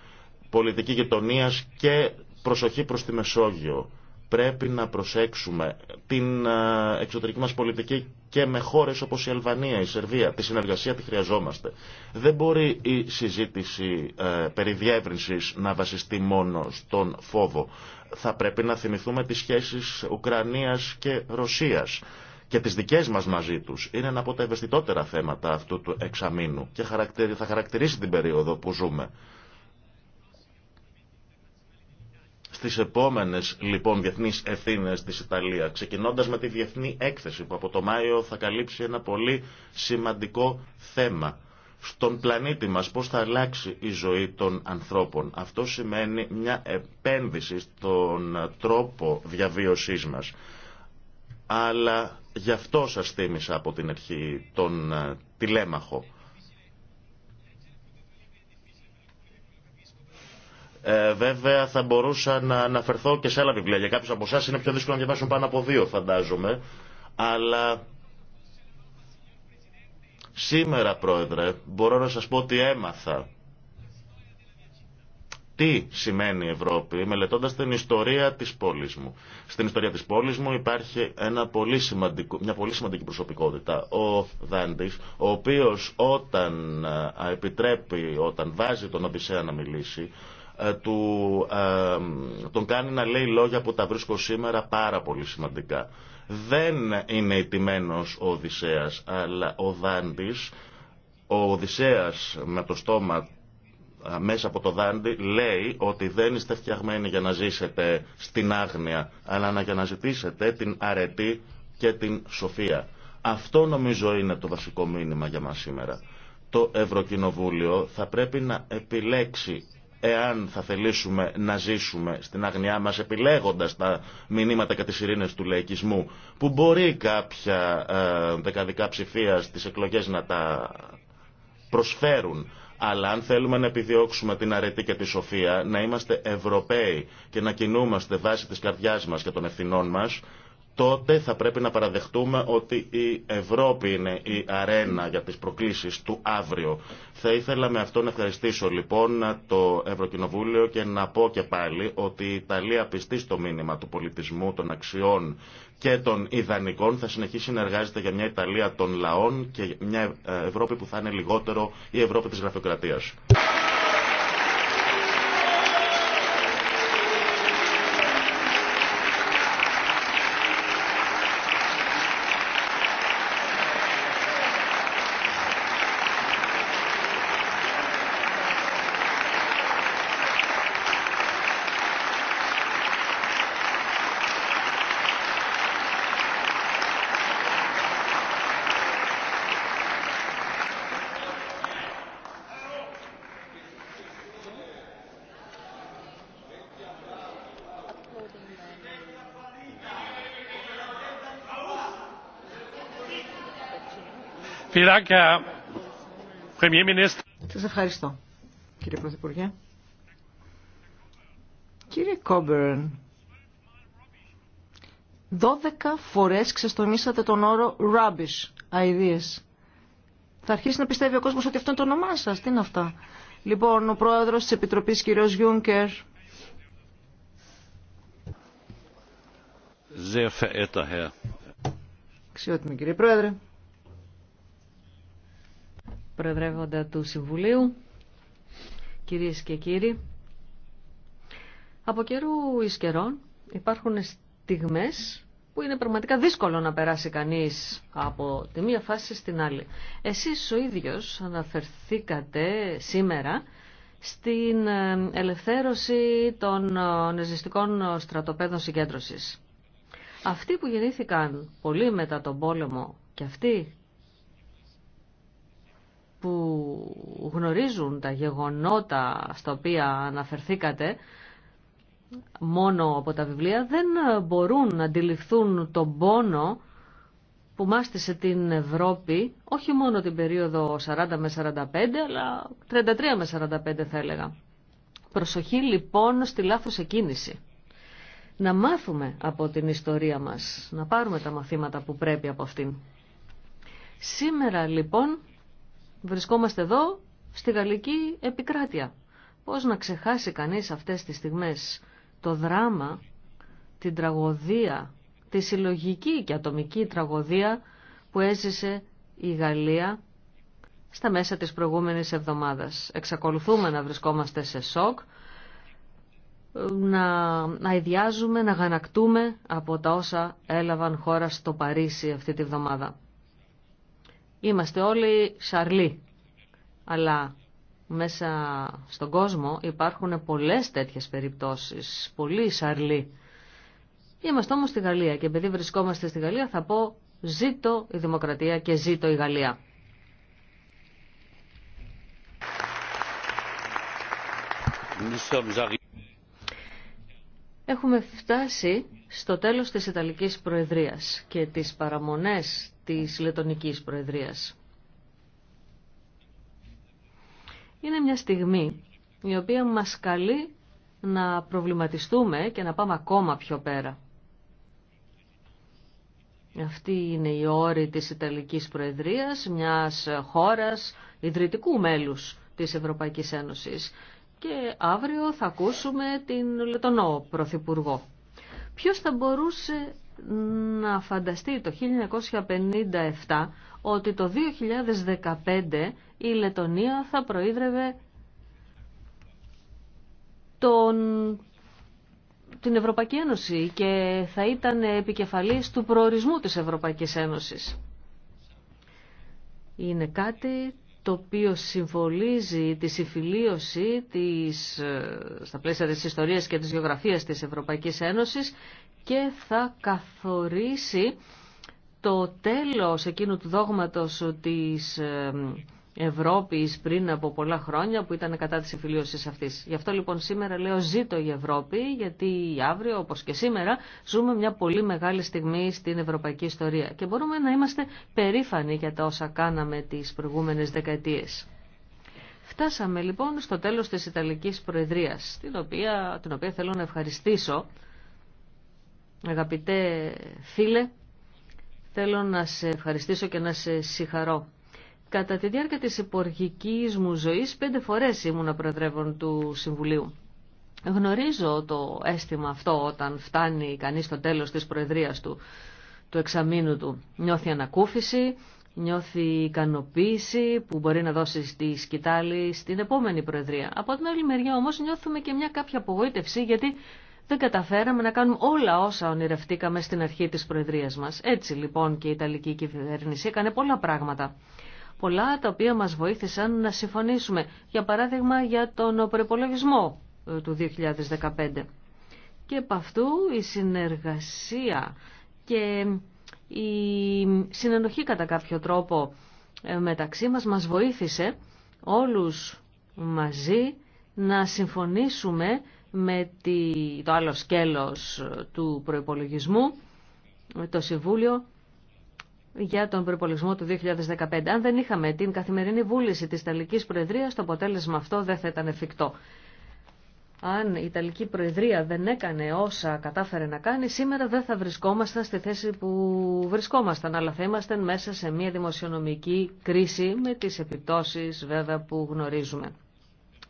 Speaker 2: Πολιτική γειτονία και προσοχή προς τη Μεσόγειο πρέπει να προσέξουμε την ε, εξωτερική μας πολιτική και με χώρες όπως η Αλβανία, η Σερβία, τη συνεργασία τη χρειαζόμαστε. Δεν μπορεί η συζήτηση ε, περί διεύρυνσης να βασιστεί μόνο στον φόβο. Θα πρέπει να θυμηθούμε τις σχέσεις Ουκρανίας και Ρωσίας και τις δικές μας μαζί τους. Είναι ένα από τα ευαισθητότερα θέματα αυτού του εξαμήνου και θα χαρακτηρίσει την περίοδο που ζούμε. στις επόμενες λοιπόν διεθνείς ευθύνε της Ιταλία, ξεκινώντας με τη διεθνή έκθεση που από το Μάιο θα καλύψει ένα πολύ σημαντικό θέμα. Στον πλανήτη μας πώς θα αλλάξει η ζωή των ανθρώπων. Αυτό σημαίνει μια επένδυση στον τρόπο διαβίωσής μας. Αλλά γι' αυτό σας θύμισα από την αρχή τον ε, τηλέμαχο. Ε, βέβαια θα μπορούσα να αναφερθώ και σε άλλα βιβλία. Για κάποιους από εσά είναι πιο δύσκολο να διαβάσουν πάνω από δύο φαντάζομαι. Αλλά σήμερα πρόεδρε μπορώ να σας πω ότι έμαθα τι σημαίνει η Ευρώπη μελετώντας την ιστορία της πόλης μου. Στην ιστορία της πόλης μου υπάρχει ένα μια πολύ σημαντική προσωπικότητα, ο Δάντη, ο οποίος όταν επιτρέπει, όταν βάζει τον Οδυσσέα να μιλήσει, ε, του, ε, τον κάνει να λέει λόγια που τα βρίσκω σήμερα πάρα πολύ σημαντικά. Δεν είναι ιτημένος ο Οδυσσέας, αλλά ο Δάντης, ο Οδυσσέας με το στόμα ε, μέσα από το Δάντη λέει ότι δεν είστε φτιαγμένοι για να ζήσετε στην άγνοια, αλλά για να ζητήσετε την αρετή και την σοφία. Αυτό νομίζω είναι το βασικό μήνυμα για μας σήμερα. Το Ευρωκοινοβούλιο θα πρέπει να επιλέξει εάν θα θελήσουμε να ζήσουμε στην αγνιά μας επιλέγοντας τα μηνύματα και τις ειρήνες του λαϊκισμού που μπορεί κάποια ε, δεκαδικά ψηφία στις εκλογές να τα προσφέρουν αλλά αν θέλουμε να επιδιώξουμε την αρετή και τη σοφία, να είμαστε Ευρωπαίοι και να κινούμαστε βάσει της καρδιάς μας και των ευθυνών μας, τότε θα πρέπει να παραδεχτούμε ότι η Ευρώπη είναι η αρένα για τις προκλήσεις του αύριο. Θα ήθελα με αυτό να ευχαριστήσω λοιπόν το Ευρωκοινοβούλιο και να πω και πάλι ότι η Ιταλία πιστεί στο μήνυμα του πολιτισμού, των αξιών και των ιδανικών θα συνεχίσει να εργάζεται για μια Ιταλία των λαών και μια ε, Ευρώπη που θα είναι λιγότερο η Ευρώπη της γραφειοκρατίας.
Speaker 1: Σας ευχαριστώ, κύριε Πρωθυπουργέ. Κύριε Κόμπερν, 12 φορές ξεστομίσατε τον όρο rubbish, ideas. Θα αρχίσει να πιστεύει ο κόσμος ότι αυτό είναι το όνομά σας. Τι είναι αυτά. Λοιπόν, ο πρόεδρος της Επιτροπής, κύριος Γιούνκερ.
Speaker 3: Sehr verehrter Herr.
Speaker 1: κύριε Πρόεδρε.
Speaker 4: Προεδρεύοντα του Συμβουλίου, κυρίες και κύριοι, από καιρού εις καιρών υπάρχουν στιγμές που είναι πραγματικά δύσκολο να περάσει κανείς από τη μία φάση στην άλλη. Εσείς ο ίδιος αναφερθήκατε σήμερα στην ε, ελευθέρωση των ε, νεζιστικών στρατοπέδων συγκέντρωσης. Αυτοί που γεννήθηκαν πολύ μετά τον πόλεμο και αυτοί που γνωρίζουν τα γεγονότα στα οποία αναφερθήκατε μόνο από τα βιβλία δεν μπορούν να αντιληφθούν τον πόνο που μάστησε την Ευρώπη όχι μόνο την περίοδο 40 με 45 αλλά 33 με 45 θα έλεγα. Προσοχή λοιπόν στη λάθος εκκίνηση. Να μάθουμε από την ιστορία μας, να πάρουμε τα μαθήματα που πρέπει από αυτήν. Σήμερα λοιπόν Βρισκόμαστε εδώ, στη γαλλική επικράτεια. Πώς να ξεχάσει κανείς αυτές τις στιγμές το δράμα, την τραγωδία, τη συλλογική και ατομική τραγωδία που έζησε η Γαλλία στα μέσα της προηγούμενης εβδομάδας. Εξακολουθούμε να βρισκόμαστε σε σοκ, να, ιδιάζουμε, να γανακτούμε από τα όσα έλαβαν χώρα στο Παρίσι αυτή τη βδομάδα. Είμαστε όλοι σαρλί, αλλά μέσα στον κόσμο υπάρχουν πολλές τέτοιες περιπτώσεις, πολύ σαρλί. Είμαστε όμως στη Γαλλία και επειδή βρισκόμαστε στη Γαλλία θα πω ζήτω η δημοκρατία και ζήτω η Γαλλία. Έχουμε φτάσει στο τέλος της Ιταλικής Προεδρίας και τις παραμονές της Λετωνικής Προεδρίας. Είναι μια στιγμή η οποία μας καλεί να προβληματιστούμε και να πάμε ακόμα πιο πέρα. Αυτή είναι η όρη της Ιταλικής Προεδρίας, μιας χώρας ιδρυτικού μέλους της Ευρωπαϊκής Ένωσης. Και αύριο θα ακούσουμε την Λετωνό Πρωθυπουργό. Ποιος θα μπορούσε να φανταστεί το 1957 ότι το 2015 η Λετωνία θα προείδρευε τον... την Ευρωπαϊκή Ένωση και θα ήταν επικεφαλής του προορισμού της Ευρωπαϊκής Ένωσης. Είναι κάτι το οποίο συμβολίζει τη συμφιλίωση της, ε, στα πλαίσια της ιστορίας και της γεωγραφίας της Ευρωπαϊκής Ένωσης και θα καθορίσει το τέλος εκείνου του δόγματος της ε, Ευρώπης πριν από πολλά χρόνια που ήταν κατά της εφηλίωσης αυτής. Γι' αυτό λοιπόν σήμερα λέω ζήτω η Ευρώπη γιατί αύριο όπως και σήμερα ζούμε μια πολύ μεγάλη στιγμή στην ευρωπαϊκή ιστορία και μπορούμε να είμαστε περήφανοι για τα όσα κάναμε τις προηγούμενες δεκαετίες. Φτάσαμε λοιπόν στο τέλος της Ιταλικής Προεδρίας, την οποία, την οποία θέλω να ευχαριστήσω. Αγαπητέ φίλε, θέλω να σε ευχαριστήσω και να σε συγχαρώ. Κατά τη διάρκεια της υπουργικής μου ζωής, πέντε φορές ήμουν προεδρεύων του Συμβουλίου. Γνωρίζω το αίσθημα αυτό όταν φτάνει κανείς στο τέλος της προεδρίας του, του εξαμήνου του. Νιώθει ανακούφιση, νιώθει ικανοποίηση που μπορεί να δώσει στη σκητάλη στην επόμενη προεδρία. Από την άλλη μεριά όμως νιώθουμε και μια κάποια απογοήτευση γιατί δεν καταφέραμε να κάνουμε όλα όσα ονειρευτήκαμε στην αρχή της προεδρίας μας. Έτσι λοιπόν και η Ιταλική κυβέρνηση έκανε πολλά πράγματα πολλά τα οποία μας βοήθησαν να συμφωνήσουμε. Για παράδειγμα για τον προπολογισμό ε, του 2015. Και από αυτού η συνεργασία και η συνενοχή κατά κάποιο τρόπο ε, μεταξύ μας μας βοήθησε όλους μαζί να συμφωνήσουμε με το άλλο σκέλος ε, του προϋπολογισμού, το Συμβούλιο για τον προπολογισμό του 2015. Αν δεν είχαμε την καθημερινή βούληση της Ιταλικής Προεδρίας, το αποτέλεσμα αυτό δεν θα ήταν εφικτό. Αν η Ιταλική Προεδρία δεν έκανε όσα κατάφερε να κάνει, σήμερα δεν θα βρισκόμασταν στη θέση που βρισκόμασταν, αλλά θα ήμασταν μέσα σε μια δημοσιονομική κρίση με τις επιπτώσεις βέβαια που γνωρίζουμε.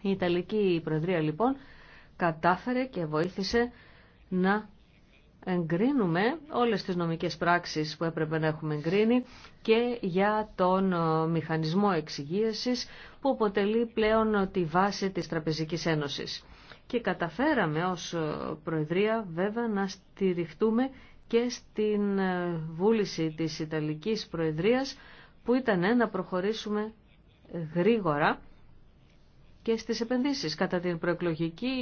Speaker 4: Η Ιταλική Προεδρία λοιπόν κατάφερε και βοήθησε να εγκρίνουμε όλες τις νομικές πράξεις που έπρεπε να έχουμε εγκρίνει και για τον ε, μηχανισμό εξυγίασης που αποτελεί πλέον τη βάση της Τραπεζικής Ένωσης. Και καταφέραμε ως ε, Προεδρία βέβαια να στηριχτούμε και στην ε, βούληση της Ιταλικής Προεδρίας που ήταν να προχωρήσουμε γρήγορα και στις επενδύσεις. Κατά την προεκλογική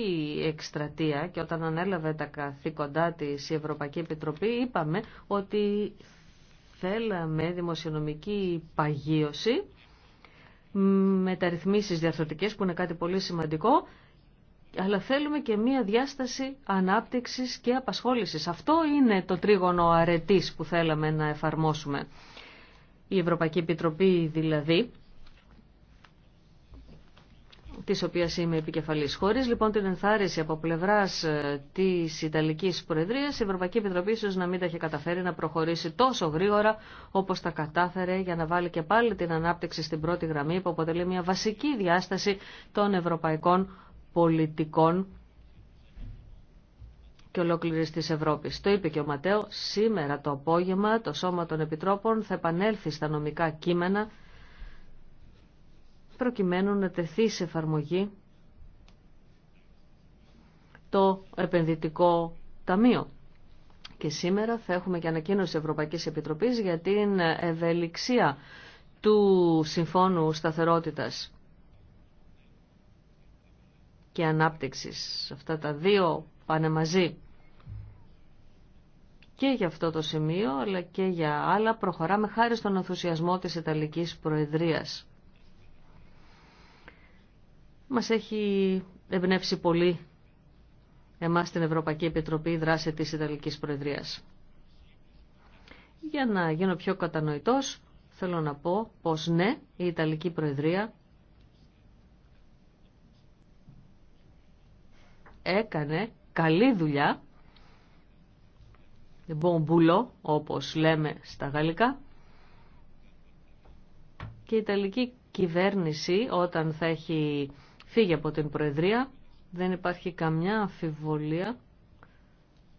Speaker 4: εκστρατεία και όταν ανέλαβε τα καθήκοντά της η Ευρωπαϊκή Επιτροπή είπαμε ότι θέλαμε δημοσιονομική παγίωση, μεταρρυθμίσεις διαρθρωτικές που είναι κάτι πολύ σημαντικό, αλλά θέλουμε και μία διάσταση ανάπτυξης και απασχόλησης. Αυτό είναι το τρίγωνο αρετής που θέλαμε να εφαρμόσουμε. Η Ευρωπαϊκή Επιτροπή δηλαδή Τη οποία είμαι επικεφαλή. Χωρί λοιπόν την ενθάρρυνση από πλευρά ε, τη Ιταλική Προεδρία, η Ευρωπαϊκή Επιτροπή ίσω να μην τα είχε καταφέρει να προχωρήσει τόσο γρήγορα όπω τα κατάφερε για να βάλει και πάλι την ανάπτυξη στην πρώτη γραμμή που αποτελεί μια βασική διάσταση των ευρωπαϊκών πολιτικών και ολόκληρη τη Ευρώπη. Το είπε και ο Ματέο, σήμερα το απόγευμα το Σώμα των Επιτρόπων θα επανέλθει στα νομικά κείμενα προκειμένου να τεθεί σε εφαρμογή το επενδυτικό ταμείο. Και σήμερα θα έχουμε και ανακοίνωση Ευρωπαϊκής Επιτροπής για την ευελιξία του Συμφώνου Σταθερότητας και Ανάπτυξης. Αυτά τα δύο πάνε μαζί. Και για αυτό το σημείο, αλλά και για άλλα, προχωράμε χάρη στον ενθουσιασμό της Ιταλικής Προεδρίας. Μας έχει εμπνεύσει πολύ εμάς στην Ευρωπαϊκή Επιτροπή η δράση της Ιταλικής Προεδρίας. Για να γίνω πιο κατανοητός, θέλω να πω πως ναι, η Ιταλική Προεδρία έκανε καλή δουλειά, μπομπούλο όπως λέμε στα γαλλικά, και η Ιταλική κυβέρνηση όταν θα έχει φύγει από την Προεδρία. Δεν υπάρχει καμιά αμφιβολία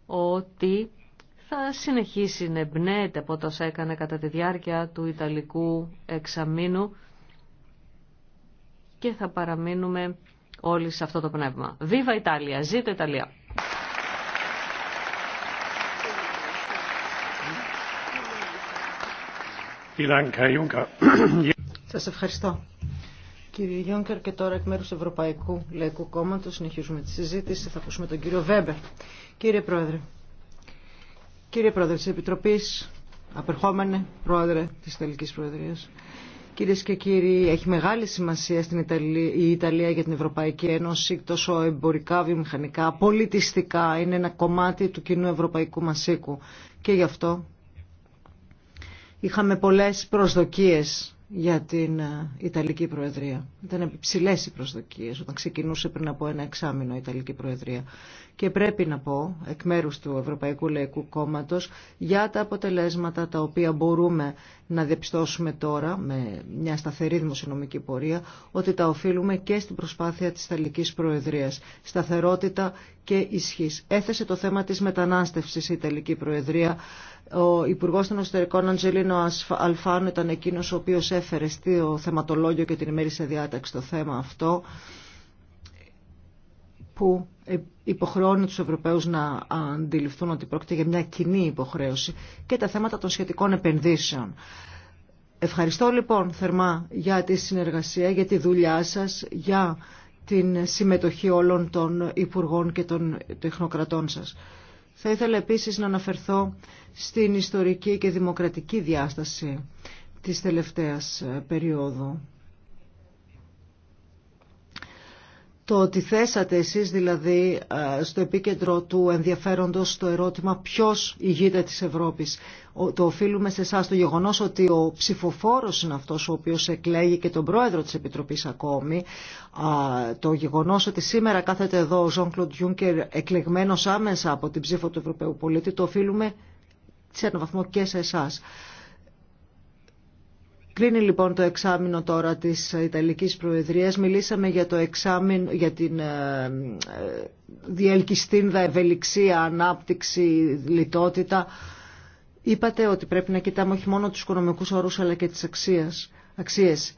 Speaker 4: ότι θα συνεχίσει να εμπνέεται από τόσα έκανε κατά τη διάρκεια του Ιταλικού εξαμήνου και θα παραμείνουμε όλοι σε αυτό το πνεύμα. Βίβα Ιταλία! Ζήτω Ιταλία!
Speaker 1: Σας ευχαριστώ. Κύριε Γιόνκερ και τώρα εκ μέρους Ευρωπαϊκού Λαϊκού Κόμματο συνεχίζουμε τη συζήτηση. Θα ακούσουμε τον κύριο Βέμπερ. Κύριε Πρόεδρε, κύριε Πρόεδρε τη Επιτροπή, απερχόμενε Πρόεδρε τη Ιταλική Προεδρία. Κυρίε και κύριοι, έχει μεγάλη σημασία στην Ιταλία, η Ιταλία για την Ευρωπαϊκή Ένωση, τόσο εμπορικά, βιομηχανικά, πολιτιστικά. Είναι ένα κομμάτι του κοινού ευρωπαϊκού μα οίκου. Και γι' αυτό είχαμε πολλέ προσδοκίε για την ε, Ιταλική Προεδρία. Ήταν υψηλέ οι προσδοκίε όταν ξεκινούσε πριν από ένα εξάμηνο η Ιταλική Προεδρία. Και πρέπει να πω, εκ μέρου του Ευρωπαϊκού Λαϊκού Κόμματο, για τα αποτελέσματα τα οποία μπορούμε να διαπιστώσουμε τώρα με μια σταθερή δημοσιονομική πορεία, ότι τα οφείλουμε και στην προσπάθεια τη Ιταλική Προεδρία. Σταθερότητα και ισχύ. Έθεσε το θέμα τη μετανάστευση η Ιταλική Προεδρία ο Υπουργό των Εσωτερικών Αντζελίνο Αλφάν, ήταν εκείνο ο οποίο έφερε στο θεματολόγιο και την ημέρη διάταξη το θέμα αυτό που ε, υποχρεώνει τους Ευρωπαίους να αντιληφθούν ότι πρόκειται για μια κοινή υποχρέωση και τα θέματα των σχετικών επενδύσεων. Ευχαριστώ λοιπόν θερμά για τη συνεργασία, για τη δουλειά σας, για την συμμετοχή όλων των Υπουργών και των τεχνοκρατών σας. Θα ήθελα επίσης να αναφερθώ στην ιστορική και δημοκρατική διάσταση της τελευταίας ε, περίοδου το ότι θέσατε εσείς δηλαδή ε, στο επίκεντρο του ενδιαφέροντος το ερώτημα ποιος ηγείται της Ευρώπης. Το οφείλουμε σε εσά το γεγονός ότι ο ψηφοφόρος είναι αυτός ο οποίος εκλέγει και τον πρόεδρο της Επιτροπής ακόμη. Το γεγονός ότι σήμερα κάθεται εδώ ο Ζων Κλοντ Γιούνκερ εκλεγμένος άμεσα από την ψήφο του Ευρωπαίου πολίτη το οφείλουμε σε έναν βαθμό και σε εσά. Κλείνει λοιπόν το εξάμεινο τώρα της Ιταλικής Προεδρίας. Μιλήσαμε για, το εξάμεινο, για την ε, ε, διελκυστίνδα ευελιξία, ανάπτυξη, λιτότητα. Είπατε ότι πρέπει να κοιτάμε όχι μόνο τους οικονομικούς όρους αλλά και τις αξίες.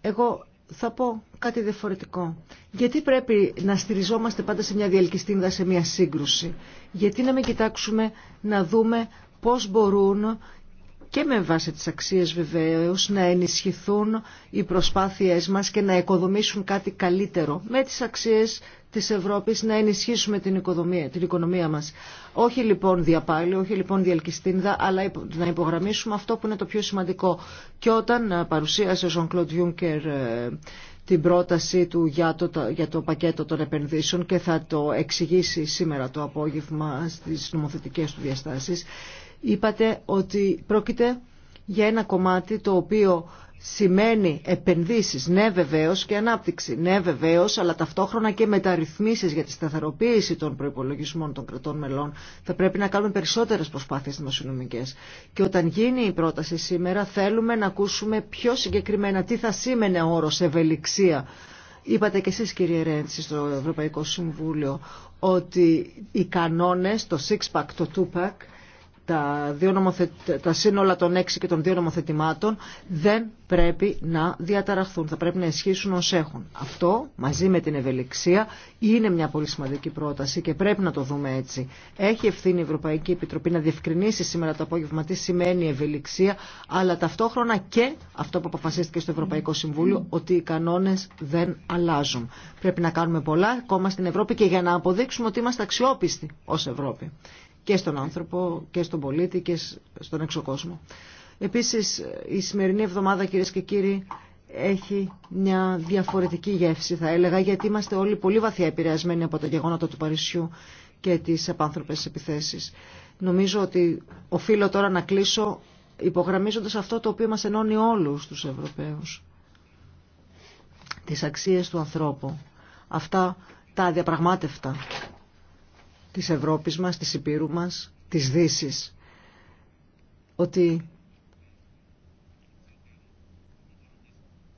Speaker 1: Εγώ θα πω κάτι διαφορετικό. Γιατί πρέπει να στηριζόμαστε πάντα σε μια διελκυστίνδα, σε μια σύγκρουση. Γιατί να μην κοιτάξουμε να δούμε πώς μπορούν και με βάση τις αξίες βεβαίως να ενισχυθούν οι προσπάθειές μας και να οικοδομήσουν κάτι καλύτερο με τις αξίες της Ευρώπης να ενισχύσουμε την οικονομία, την οικονομία μας. Όχι λοιπόν διαπάλι, όχι λοιπόν διαλκυστίνδα, αλλά να υπογραμμίσουμε αυτό που είναι το πιο σημαντικό. Και όταν ε, παρουσίασε ο Jean-Claude Juncker ε, την πρότασή του για το, για το πακέτο των επενδύσεων και θα το εξηγήσει σήμερα το απόγευμα στις νομοθετικές του διαστάσεις είπατε ότι πρόκειται για ένα κομμάτι το οποίο σημαίνει επενδύσεις, ναι βεβαίως, και ανάπτυξη, ναι βεβαίως, αλλά ταυτόχρονα και μεταρρυθμίσεις για τη σταθεροποίηση των προϋπολογισμών των κρατών μελών. Θα πρέπει να κάνουμε περισσότερες προσπάθειες δημοσιονομικές. Και όταν γίνει η πρόταση σήμερα θέλουμε να ακούσουμε πιο συγκεκριμένα τι θα σήμαινε όρος ευελιξία. Είπατε και εσείς κύριε Ρέντσι στο Ευρωπαϊκό Συμβούλιο ότι οι κανόνες, το six-pack, το two-pack, τα, δύο τα σύνολα των έξι και των δύο νομοθετημάτων δεν πρέπει να διαταραχθούν, θα πρέπει να ισχύσουν ως έχουν. Αυτό μαζί με την ευελιξία είναι μια πολύ σημαντική πρόταση και πρέπει να το δούμε έτσι. Έχει ευθύνη η Ευρωπαϊκή Επιτροπή να διευκρινίσει σήμερα το απόγευμα τι σημαίνει ευελιξία, αλλά ταυτόχρονα και αυτό που αποφασίστηκε στο Ευρωπαϊκό Συμβούλιο, ότι οι κανόνε δεν αλλάζουν. Πρέπει να κάνουμε πολλά ακόμα στην Ευρώπη και για να αποδείξουμε ότι είμαστε αξιόπιστοι ω Ευρώπη και στον άνθρωπο και στον πολίτη και στον εξωκόσμο. Επίσης η σημερινή εβδομάδα κύριε και κύριοι έχει μια διαφορετική γεύση θα έλεγα γιατί είμαστε όλοι πολύ βαθιά επηρεασμένοι από τα γεγονότα του Παρισιού και τις επάνθρωπες επιθέσεις. Νομίζω ότι οφείλω τώρα να κλείσω υπογραμμίζοντας αυτό το οποίο μας ενώνει όλους τους Ευρωπαίους. Τις αξίες του ανθρώπου. Αυτά τα διαπραγμάτευτα της Ευρώπης μας, της Υπήρου μας, της Δύσης. Ότι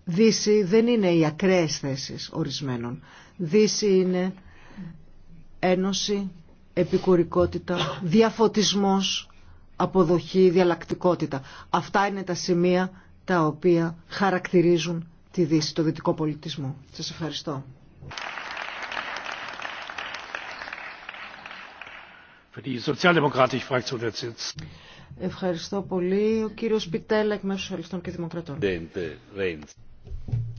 Speaker 1: Δύση δεν είναι οι ακραίες θέσεις ορισμένων. Δύση είναι ένωση, επικουρικότητα, διαφωτισμός, αποδοχή, διαλλακτικότητα. Αυτά είναι τα σημεία τα οποία χαρακτηρίζουν τη Δύση, το δυτικό πολιτισμό. Σας ευχαριστώ. Ευχαριστώ πολύ. Ο κύριος Πιτέλα εκ μέσω Σοσιαλιστών και Δημοκρατών.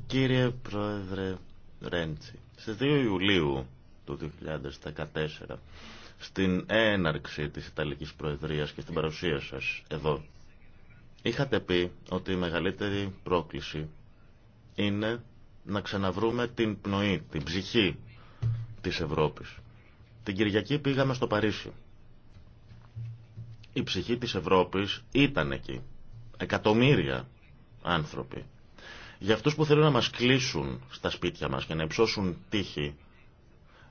Speaker 2: Κύριε Πρόεδρε Ρέντσι, στις 2 Ιουλίου του 2014, στην έναρξη της Ιταλικής Προεδρίας και στην παρουσία σας εδώ, είχατε πει ότι η μεγαλύτερη πρόκληση είναι να ξαναβρούμε την πνοή, την ψυχή της Ευρώπης. Την Κυριακή πήγαμε στο Παρίσι η ψυχή της Ευρώπης ήταν εκεί. Εκατομμύρια άνθρωποι. Για αυτούς που θέλουν να μας κλείσουν στα σπίτια μας και να υψώσουν τύχη,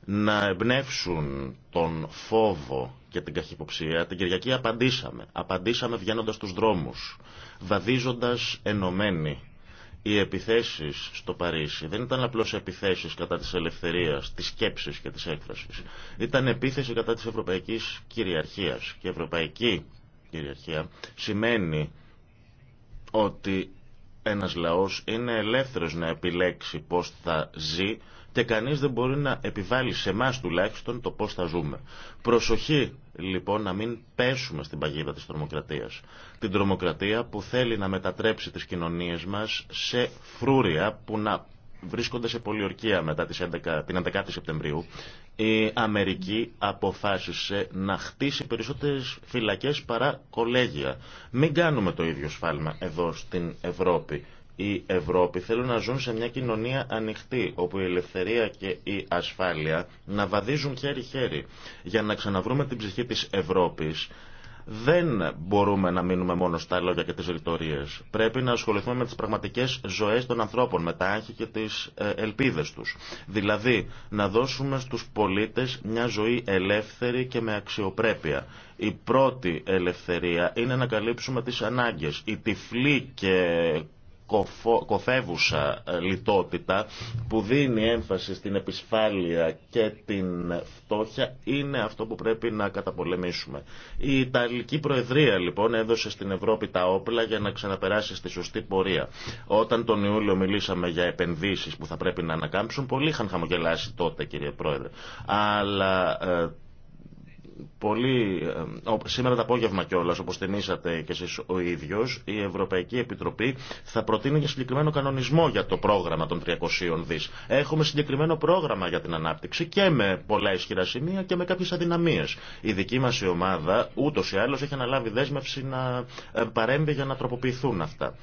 Speaker 2: να εμπνεύσουν τον φόβο και την καχυποψία, την Κυριακή απαντήσαμε. Απαντήσαμε βγαίνοντας τους δρόμους, βαδίζοντας ενωμένοι οι επιθέσεις στο Παρίσι δεν ήταν απλώς επιθέσεις κατά της ελευθερίας, της σκέψης και της έκφρασης. Ήταν επίθεση κατά της ευρωπαϊκής κυριαρχίας. Και ευρωπαϊκή κυριαρχία σημαίνει ότι ένας λαός είναι ελεύθερος να επιλέξει πώς θα ζει και κανείς δεν μπορεί να επιβάλλει σε εμά τουλάχιστον το πώς θα ζούμε. Προσοχή λοιπόν να μην πέσουμε στην παγίδα της τρομοκρατίας. Την τρομοκρατία που θέλει να μετατρέψει τις κοινωνίες μας σε φρούρια που να βρίσκονται σε πολιορκία μετά τις 11, την 11η Σεπτεμβρίου, η Αμερική αποφάσισε να χτίσει περισσότερες φυλακές παρά κολέγια. Μην κάνουμε το ίδιο σφάλμα εδώ στην Ευρώπη η Ευρώπη θέλουν να ζουν σε μια κοινωνία ανοιχτή, όπου η ελευθερία και η ασφάλεια να βαδίζουν χέρι-χέρι. Για να ξαναβρούμε την ψυχή της Ευρώπης, δεν μπορούμε να μείνουμε μόνο στα λόγια και τις ρητορίες. Πρέπει να ασχοληθούμε με τις πραγματικές ζωές των ανθρώπων, με τα άγχη και τις ε, ελπίδες τους. Δηλαδή, να δώσουμε στους πολίτες μια ζωή ελεύθερη και με αξιοπρέπεια. Η πρώτη ελευθερία είναι να καλύψουμε τις ανάγκες. Η και κοφεύουσα ε, λιτότητα που δίνει έμφαση στην επισφάλεια και την φτώχεια είναι αυτό που πρέπει να καταπολεμήσουμε. Η Ιταλική Προεδρία λοιπόν έδωσε στην Ευρώπη τα όπλα για να ξαναπεράσει στη σωστή πορεία. Όταν τον Ιούλιο μιλήσαμε για επενδύσεις που θα πρέπει να ανακάμψουν, πολλοί είχαν χαμογελάσει τότε κύριε Πρόεδρε. Αλλά ε, πολύ, ε, σήμερα το απόγευμα κιόλας, όπως θυμήσατε και εσείς ο ίδιος, η Ευρωπαϊκή Επιτροπή θα προτείνει για συγκεκριμένο κανονισμό για το πρόγραμμα των 300 δις. Έχουμε συγκεκριμένο πρόγραμμα για την ανάπτυξη και με πολλά ισχυρά σημεία και με κάποιες αδυναμίες. Η δική μας η ομάδα ούτως ή άλλως έχει αναλάβει δέσμευση να ε, παρέμβει για να τροποποιηθούν αυτά.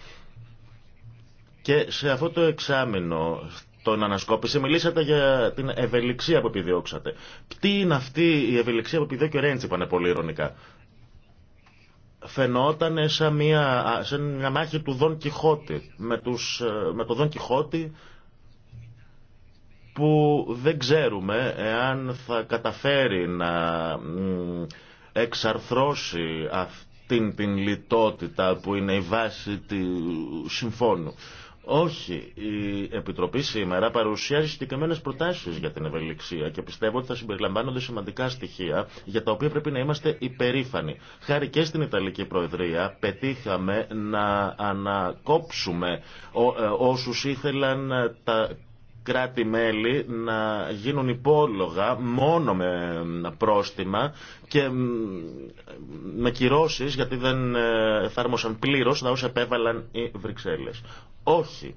Speaker 2: Και σε αυτό το εξάμεινο ανασκόπηση μιλήσατε για την ευελιξία που επιδιώξατε. Τι είναι αυτή η ευελιξία που επιδιώκει ο Ρέντσι, είπανε πολύ ηρωνικά. Φαινόταν σαν μια, σαν μια μάχη του Δον Κιχώτη, με, τους, ε, με τον Δον Κιχώτη που δεν ξέρουμε εάν θα καταφέρει να εξαρθρώσει αυτή την λιτότητα που είναι η βάση του συμφώνου. Όχι, η Επιτροπή σήμερα παρουσιάζει συγκεκριμένε προτάσει για την ευελιξία και πιστεύω ότι θα συμπεριλαμβάνονται σημαντικά στοιχεία για τα οποία πρέπει να είμαστε υπερήφανοι. Χάρη και στην Ιταλική Προεδρία πετύχαμε να ανακόψουμε ε, όσου ήθελαν ε, τα κράτη-μέλη να γίνουν υπόλογα μόνο με πρόστιμα και με κυρώσεις γιατί δεν ε, εφάρμοσαν πλήρως τα όσα επέβαλαν οι Βρυξέλλες. Όχι.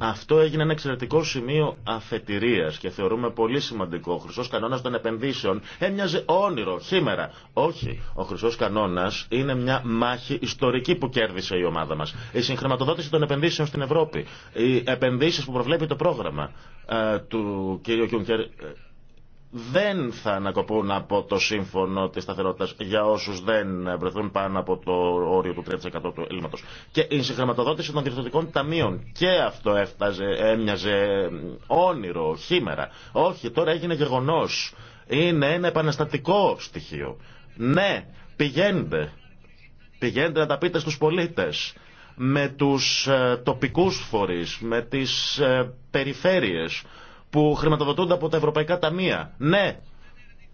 Speaker 2: Αυτό έγινε ένα εξαιρετικό σημείο αφετηρία και θεωρούμε πολύ σημαντικό. Ο χρυσό κανόνα των επενδύσεων έμοιαζε όνειρο, σήμερα. Όχι. Ο χρυσό κανόνα είναι μια μάχη ιστορική που κέρδισε η ομάδα μα. Η συγχρηματοδότηση των επενδύσεων στην Ευρώπη. Οι επενδύσει που προβλέπει το πρόγραμμα ε, του κ. Κιούνκερ ε, δεν θα ανακοπούν από το σύμφωνο τη σταθερότητα για όσου δεν βρεθούν πάνω από το όριο του 3% του ελλείμματο. Και η συγχρηματοδότηση των διευθυντικών ταμείων. Και αυτό έφταζε, έμοιαζε όνειρο, χήμερα. Όχι, τώρα έγινε γεγονό. Είναι ένα επαναστατικό στοιχείο. Ναι, πηγαίνετε. Πηγαίνετε να τα πείτε στου πολίτες με τους ε, τοπικούς φορείς, με τις ε, περιφέρειες που χρηματοδοτούνται από τα ευρωπαϊκά ταμεία. Ναι,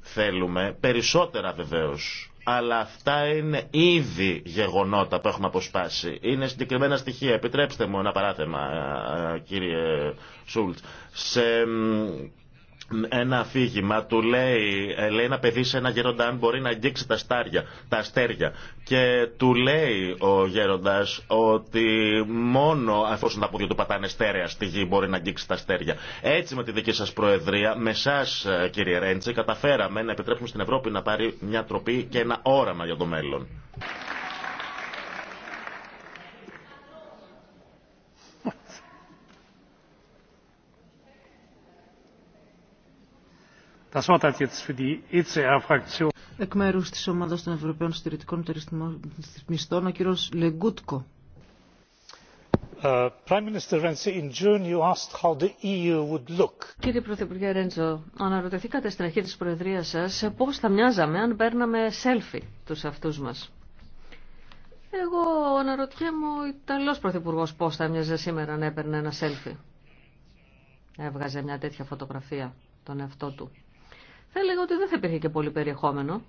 Speaker 2: θέλουμε περισσότερα βεβαίως αλλά αυτά είναι ήδη γεγονότα που έχουμε αποσπάσει. Είναι συγκεκριμένα στοιχεία. Επιτρέψτε μου ένα παράθεμα, ε, ε, κύριε Σούλτ. Σε ένα αφήγημα, του λέει, ε, λέει ένα παιδί σε ένα γέροντα αν μπορεί να αγγίξει τα, στάρια, τα αστέρια. Και του λέει ο γέροντας ότι μόνο εφόσον τα πόδια του πατάνε στέρεα στη γη μπορεί να αγγίξει τα αστέρια. Έτσι με τη δική σας Προεδρία, με εσά κύριε Ρέντσι, καταφέραμε να επιτρέψουμε στην Ευρώπη να πάρει μια τροπή και ένα όραμα για το μέλλον.
Speaker 3: E
Speaker 1: Εκ μέρου τη Ομάδα των Ευρωπαίων Συντηρητικών Μισθών, ο κύριο Λεγκούτκο.
Speaker 3: Uh, e Κύριε Πρωθυπουργέ Ρέντζο,
Speaker 4: αναρωτηθήκατε στην αρχή της Προεδρίας σας πώς θα μοιάζαμε αν παίρναμε σέλφι τους αυτούς μας. Εγώ αναρωτιέμαι ο Ιταλός Πρωθυπουργός πώς θα μοιάζε σήμερα να έπαιρνε ένα σέλφι. Έβγαζε μια τέτοια φωτογραφία τον εαυτό του θα έλεγα ότι δεν θα υπήρχε και πολύ περιεχόμενο.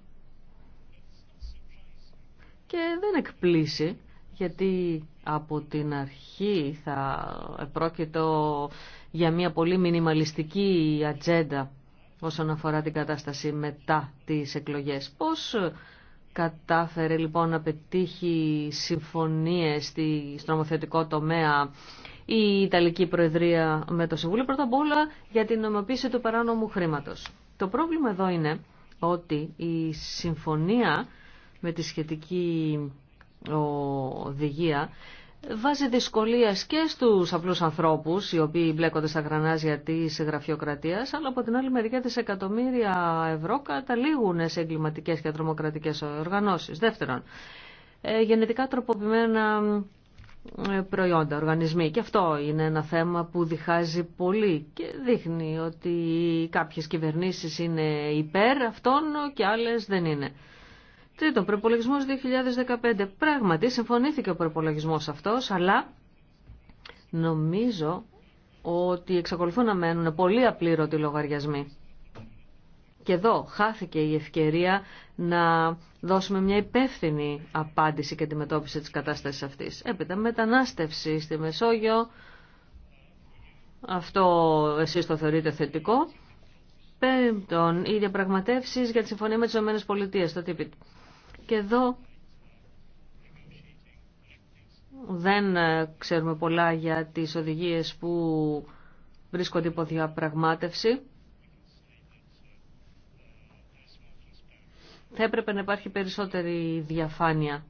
Speaker 4: Και δεν εκπλήσει, γιατί από την αρχή θα επρόκειτο για μια πολύ μινιμαλιστική ατζέντα όσον αφορά την κατάσταση μετά τις εκλογές. Πώς κατάφερε λοιπόν να πετύχει συμφωνίες στη, στο νομοθετικό τομέα η Ιταλική Προεδρία με το Συμβούλιο, πρώτα απ' όλα για την νομοποίηση του παράνομου χρήματος. Το πρόβλημα εδώ είναι ότι η συμφωνία με τη σχετική οδηγία βάζει δυσκολίες και στους απλούς ανθρώπους οι οποίοι μπλέκονται στα γρανάζια της γραφειοκρατίας αλλά από την άλλη μεριά τις εκατομμύρια ευρώ καταλήγουν σε εγκληματικές και τρομοκρατικές οργανώσεις. Δεύτερον, ε, γενετικά τροποποιημένα ε, προϊόντα, οργανισμοί. Και αυτό είναι ένα θέμα που διχάζει πολύ και δείχνει ότι κάποιες κυβερνήσεις είναι υπέρ αυτών και άλλες δεν είναι. Τρίτον, προπολογισμό 2015. Πράγματι, συμφωνήθηκε ο προπολογισμό αυτό, αλλά νομίζω ότι εξακολουθούν να μένουν πολύ απλήρωτοι λογαριασμοί. Και εδώ χάθηκε η ευκαιρία να δώσουμε μια υπεύθυνη απάντηση και αντιμετώπιση της κατάστασης αυτής. Έπειτα μετανάστευση στη Μεσόγειο, αυτό εσείς το θεωρείτε θετικό. Πέμπτον, οι διαπραγματεύσεις για τη συμφωνία με τις ΗΠΑ, το Και εδώ δεν ξέρουμε πολλά για τις οδηγίες που βρίσκονται υπό διαπραγμάτευση. Θα έπρεπε να υπάρχει περισσότερη διαφάνεια.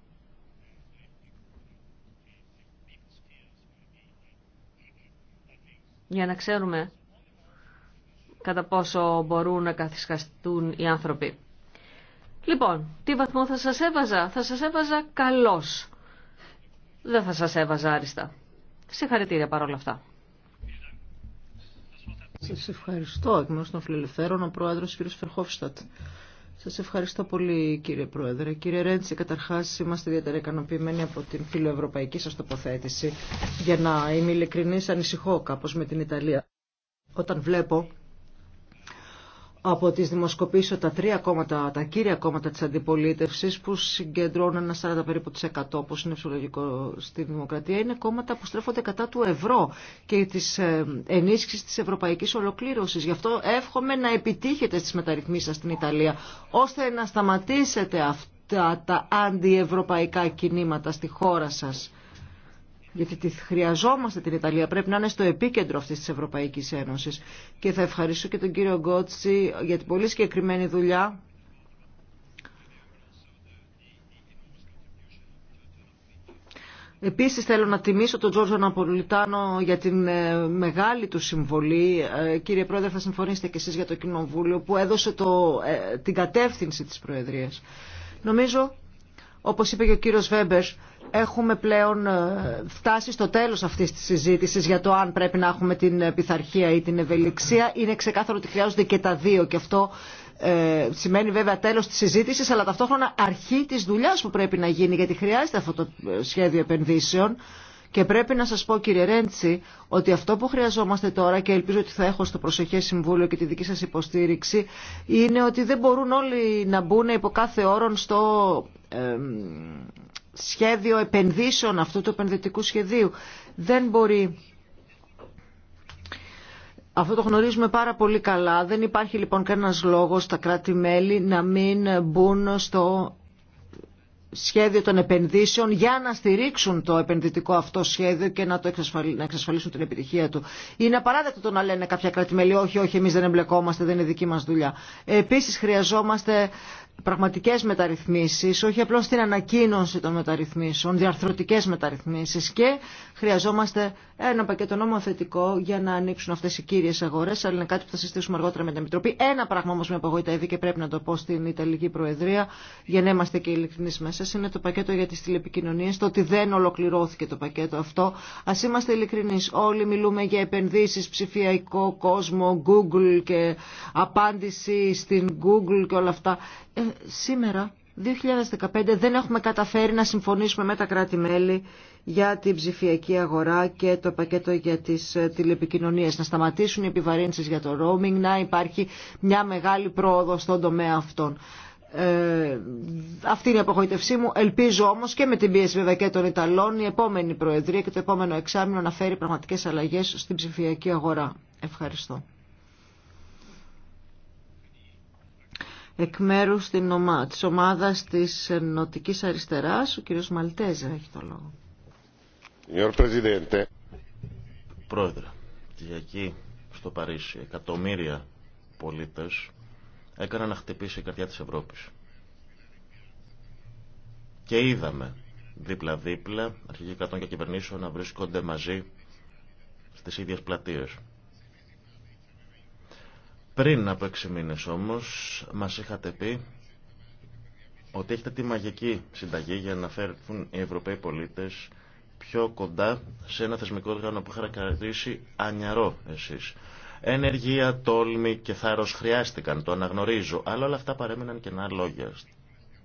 Speaker 4: Για να ξέρουμε κατά πόσο μπορούν να καθισχαστούν οι άνθρωποι. Λοιπόν, τι βαθμό θα σας έβαζα. Θα σας έβαζα καλός. Δεν θα σας έβαζα άριστα.
Speaker 1: Συγχαρητήρια παρόλα αυτά. Σας ευχαριστώ εκ μέρους των φιλελευθέρων, ο πρόεδρος κ. Φερχόφστατ. Σας ευχαριστώ πολύ κύριε Πρόεδρε. Κύριε Ρέντσι, καταρχάς είμαστε ιδιαίτερα ικανοποιημένοι από την φιλοευρωπαϊκή σας τοποθέτηση. Για να είμαι ειλικρινής, ανησυχώ κάπως με την Ιταλία. Όταν βλέπω από τις δημοσκοπήσεις τα τρία κόμματα, τα κύρια κόμματα της αντιπολίτευσης που συγκεντρώνουν ένα 40 περίπου 100 όπως είναι φυσιολογικό στη δημοκρατία είναι κόμματα που στρέφονται κατά του ευρώ και της ε, ενίσχυσης της ευρωπαϊκής ολοκλήρωσης. Γι' αυτό εύχομαι να επιτύχετε στις μεταρρυθμίσεις σας στην Ιταλία ώστε να σταματήσετε αυτά τα αντιευρωπαϊκά κινήματα στη χώρα σας γιατί τη χρειαζόμαστε την Ιταλία, πρέπει να είναι στο επίκεντρο αυτής της Ευρωπαϊκής Ένωσης. Και θα ευχαριστώ και τον κύριο Γκότσι για την πολύ συγκεκριμένη δουλειά Επίσης θέλω να τιμήσω τον Τζόρζο Ναπολιτάνο για την ε, μεγάλη του συμβολή. Ε, κύριε Πρόεδρε, θα συμφωνήσετε και εσείς για το Κοινοβούλιο που έδωσε το, ε, την κατεύθυνση της Προεδρίας. Νομίζω, όπως είπε και ο κύριος Βέμπερ, έχουμε πλέον ε, φτάσει στο τέλος αυτής της συζήτησης για το αν πρέπει να έχουμε την ε, πειθαρχία ή την ευελιξία. Είναι ξεκάθαρο ότι χρειάζονται και τα δύο και αυτό ε, σημαίνει βέβαια τέλος της συζήτηση, αλλά ταυτόχρονα αρχή της δουλειάς που πρέπει να γίνει γιατί χρειάζεται αυτό το σχέδιο επενδύσεων. Και πρέπει να σας πω κύριε Ρέντσι ότι αυτό που χρειαζόμαστε τώρα και ελπίζω ότι θα έχω στο προσεχές συμβούλιο και τη δική σας υποστήριξη είναι ότι δεν μπορούν όλοι να μπουν υπό κάθε όρον στο, σχέδιο επενδύσεων αυτού του επενδυτικού σχεδίου. Δεν μπορεί αυτό το γνωρίζουμε πάρα πολύ καλά. Δεν υπάρχει λοιπόν κανένας λόγος στα κράτη-μέλη να μην μπουν στο σχέδιο των επενδύσεων για να στηρίξουν το επενδυτικό αυτό σχέδιο και να, το να εξασφαλίσουν την επιτυχία του. Είναι απαράδεκτο το να λένε κάποια κράτη-μέλη όχι, όχι, εμείς δεν εμπλεκόμαστε, δεν είναι δική μας δουλειά. Επίσης χρειαζόμαστε πραγματικές μεταρρυθμίσεις, όχι απλώς την ανακοίνωση των μεταρρυθμίσεων, διαρθρωτικές μεταρρυθμίσεις και χρειαζόμαστε ένα πακέτο νομοθετικό για να ανοίξουν αυτές οι κύριες αγορές, αλλά είναι κάτι που θα συστήσουμε αργότερα με την Επιτροπή. Ένα πράγμα όμως με απογοητεύει και πρέπει να το πω στην Ιταλική Προεδρία, για να είμαστε και ειλικρινείς μέσα, είναι το πακέτο για τις τηλεπικοινωνίες, το ότι δεν ολοκληρώθηκε το πακέτο αυτό. Α είμαστε ειλικρινεί. όλοι μιλούμε για επενδύσεις, ψηφιακό κόσμο, Google και απάντηση στην Google και όλα αυτά. Ε, σήμερα, 2015, δεν έχουμε καταφέρει να συμφωνήσουμε με τα κράτη-μέλη για την ψηφιακή αγορά και το πακέτο για τις ε, τηλεπικοινωνίες. Να σταματήσουν οι επιβαρύνσεις για το roaming, να υπάρχει μια μεγάλη πρόοδο στον τομέα αυτών. Ε, αυτή είναι η απογοητευσή μου. Ελπίζω όμω και με την πίεση βέβαια και των Ιταλών η επόμενη Προεδρία και το επόμενο εξάμεινο να φέρει πραγματικέ αλλαγέ στην ψηφιακή αγορά. Ευχαριστώ. εκ μέρους τη ομάδα, της Νοτική αριστερά, Ο κύριος Μαλτέζα έχει
Speaker 2: το λόγο. Πρόεδρε, εκεί στο Παρίσι εκατομμύρια πολίτες έκαναν να χτυπήσει η καρδιά της Ευρώπης. Και είδαμε δίπλα-δίπλα αρχηγοί κρατών και κυβερνήσεων να βρίσκονται μαζί στι ίδιε πλατείε. Πριν από 6 μήνες όμως μας είχατε πει ότι έχετε τη μαγική συνταγή για να φέρουν οι Ευρωπαίοι πολίτες πιο κοντά σε ένα θεσμικό όργανο που χαρακτηρίσει ανιαρό εσείς. Ενεργεία, τόλμη και θάρρος χρειάστηκαν, το αναγνωρίζω, αλλά όλα αυτά παρέμειναν κενά λόγια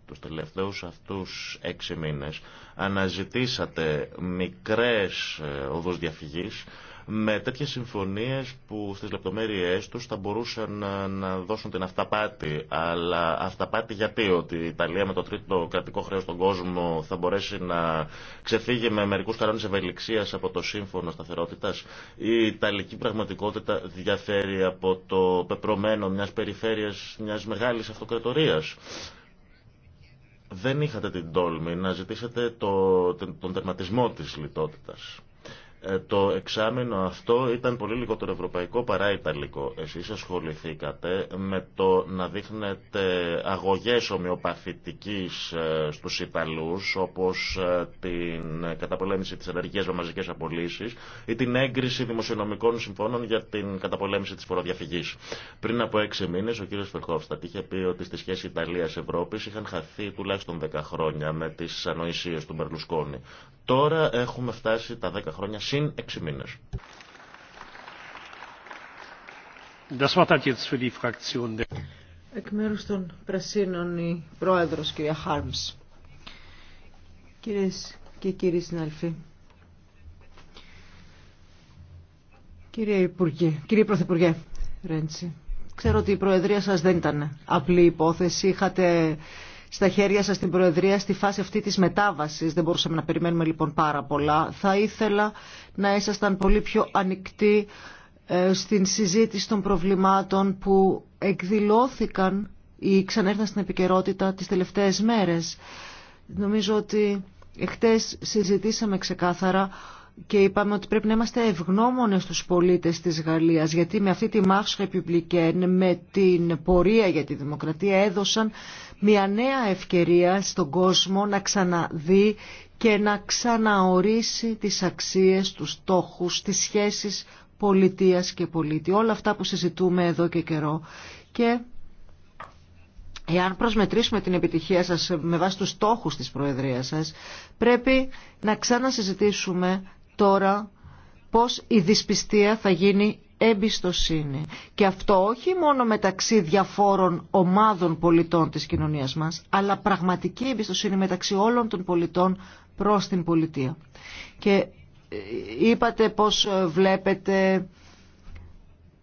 Speaker 2: τους τελευταίους αυτούς έξι μήνες αναζητήσατε μικρές ε, οδούς διαφυγής με τέτοιες συμφωνίες που στις λεπτομέρειές τους θα μπορούσαν να δώσουν την αυταπάτη. Αλλά αυταπάτη γιατί, ότι η Ιταλία με το τρίτο κρατικό χρέος στον κόσμο θα μπορέσει να ξεφύγει με μερικούς κανόνες ευελιξίας από το σύμφωνο σταθερότητας. Η Ιταλική πραγματικότητα διαφέρει από το πεπρωμένο μιας περιφέρειας μιας μεγάλης αυτοκρατορίας δεν είχατε την τόλμη να ζητήσετε το, τον τερματισμό της λιτότητας. Ε, το εξάμεινο αυτό ήταν πολύ λιγότερο ευρωπαϊκό παρά ιταλικό. Εσείς ασχοληθήκατε με το να δείχνετε αγωγές ομοιοπαθητικής ε, στους Ιταλούς όπως ε, την καταπολέμηση της ενεργείας με μαζικές απολύσεις ή την έγκριση δημοσιονομικών συμφώνων για την καταπολέμηση της φοροδιαφυγής. Πριν από έξι μήνες ο κ. Φερχόφστατ είχε πει ότι στη σχέση Ιταλίας-Ευρώπης είχαν χαθεί τουλάχιστον 10 χρόνια με τις ανοησίες του Μπερλουσκόνη. Τώρα έχουμε φτάσει τα 10 χρόνια συν 6 μήνες.
Speaker 1: Εκ μέρους των Πρασίνων η Πρόεδρος κυρία Χάρμς. Κυρίες και κύριοι συνάδελφοι. κύριε, Υπουργέ, κύριε Πρωθυπουργέ Ρέντσι, ξέρω ότι η Προεδρία σας δεν ήταν απλή υπόθεση. Είχατε στα χέρια σας την Προεδρία στη φάση αυτή της μετάβασης. Δεν μπορούσαμε να περιμένουμε λοιπόν πάρα πολλά. Θα ήθελα να ήσασταν πολύ πιο ανοιχτοί ε, στην συζήτηση των προβλημάτων που εκδηλώθηκαν ή ξανέρθαν στην επικαιρότητα τις τελευταίες μέρες. Νομίζω ότι εχθές συζητήσαμε ξεκάθαρα και είπαμε ότι πρέπει να είμαστε ευγνώμονες στους πολίτες της Γαλλίας γιατί με αυτή τη Μάρσχα Επιπλικέν, με την πορεία για τη δημοκρατία έδωσαν μια νέα ευκαιρία στον κόσμο να ξαναδεί και να ξαναορίσει τις αξίες, τους στόχους, τις σχέσεις πολιτείας και πολίτη. Όλα αυτά που συζητούμε εδώ και καιρό. Και εάν προσμετρήσουμε την επιτυχία σας με βάση τους στόχους της Προεδρίας σας, πρέπει να ξανασυζητήσουμε τώρα πώς η δυσπιστία θα γίνει εμπιστοσύνη. Και αυτό όχι μόνο μεταξύ διαφόρων ομάδων πολιτών της κοινωνίας μας, αλλά πραγματική εμπιστοσύνη μεταξύ όλων των πολιτών προς την πολιτεία. Και ε, είπατε πώς ε, βλέπετε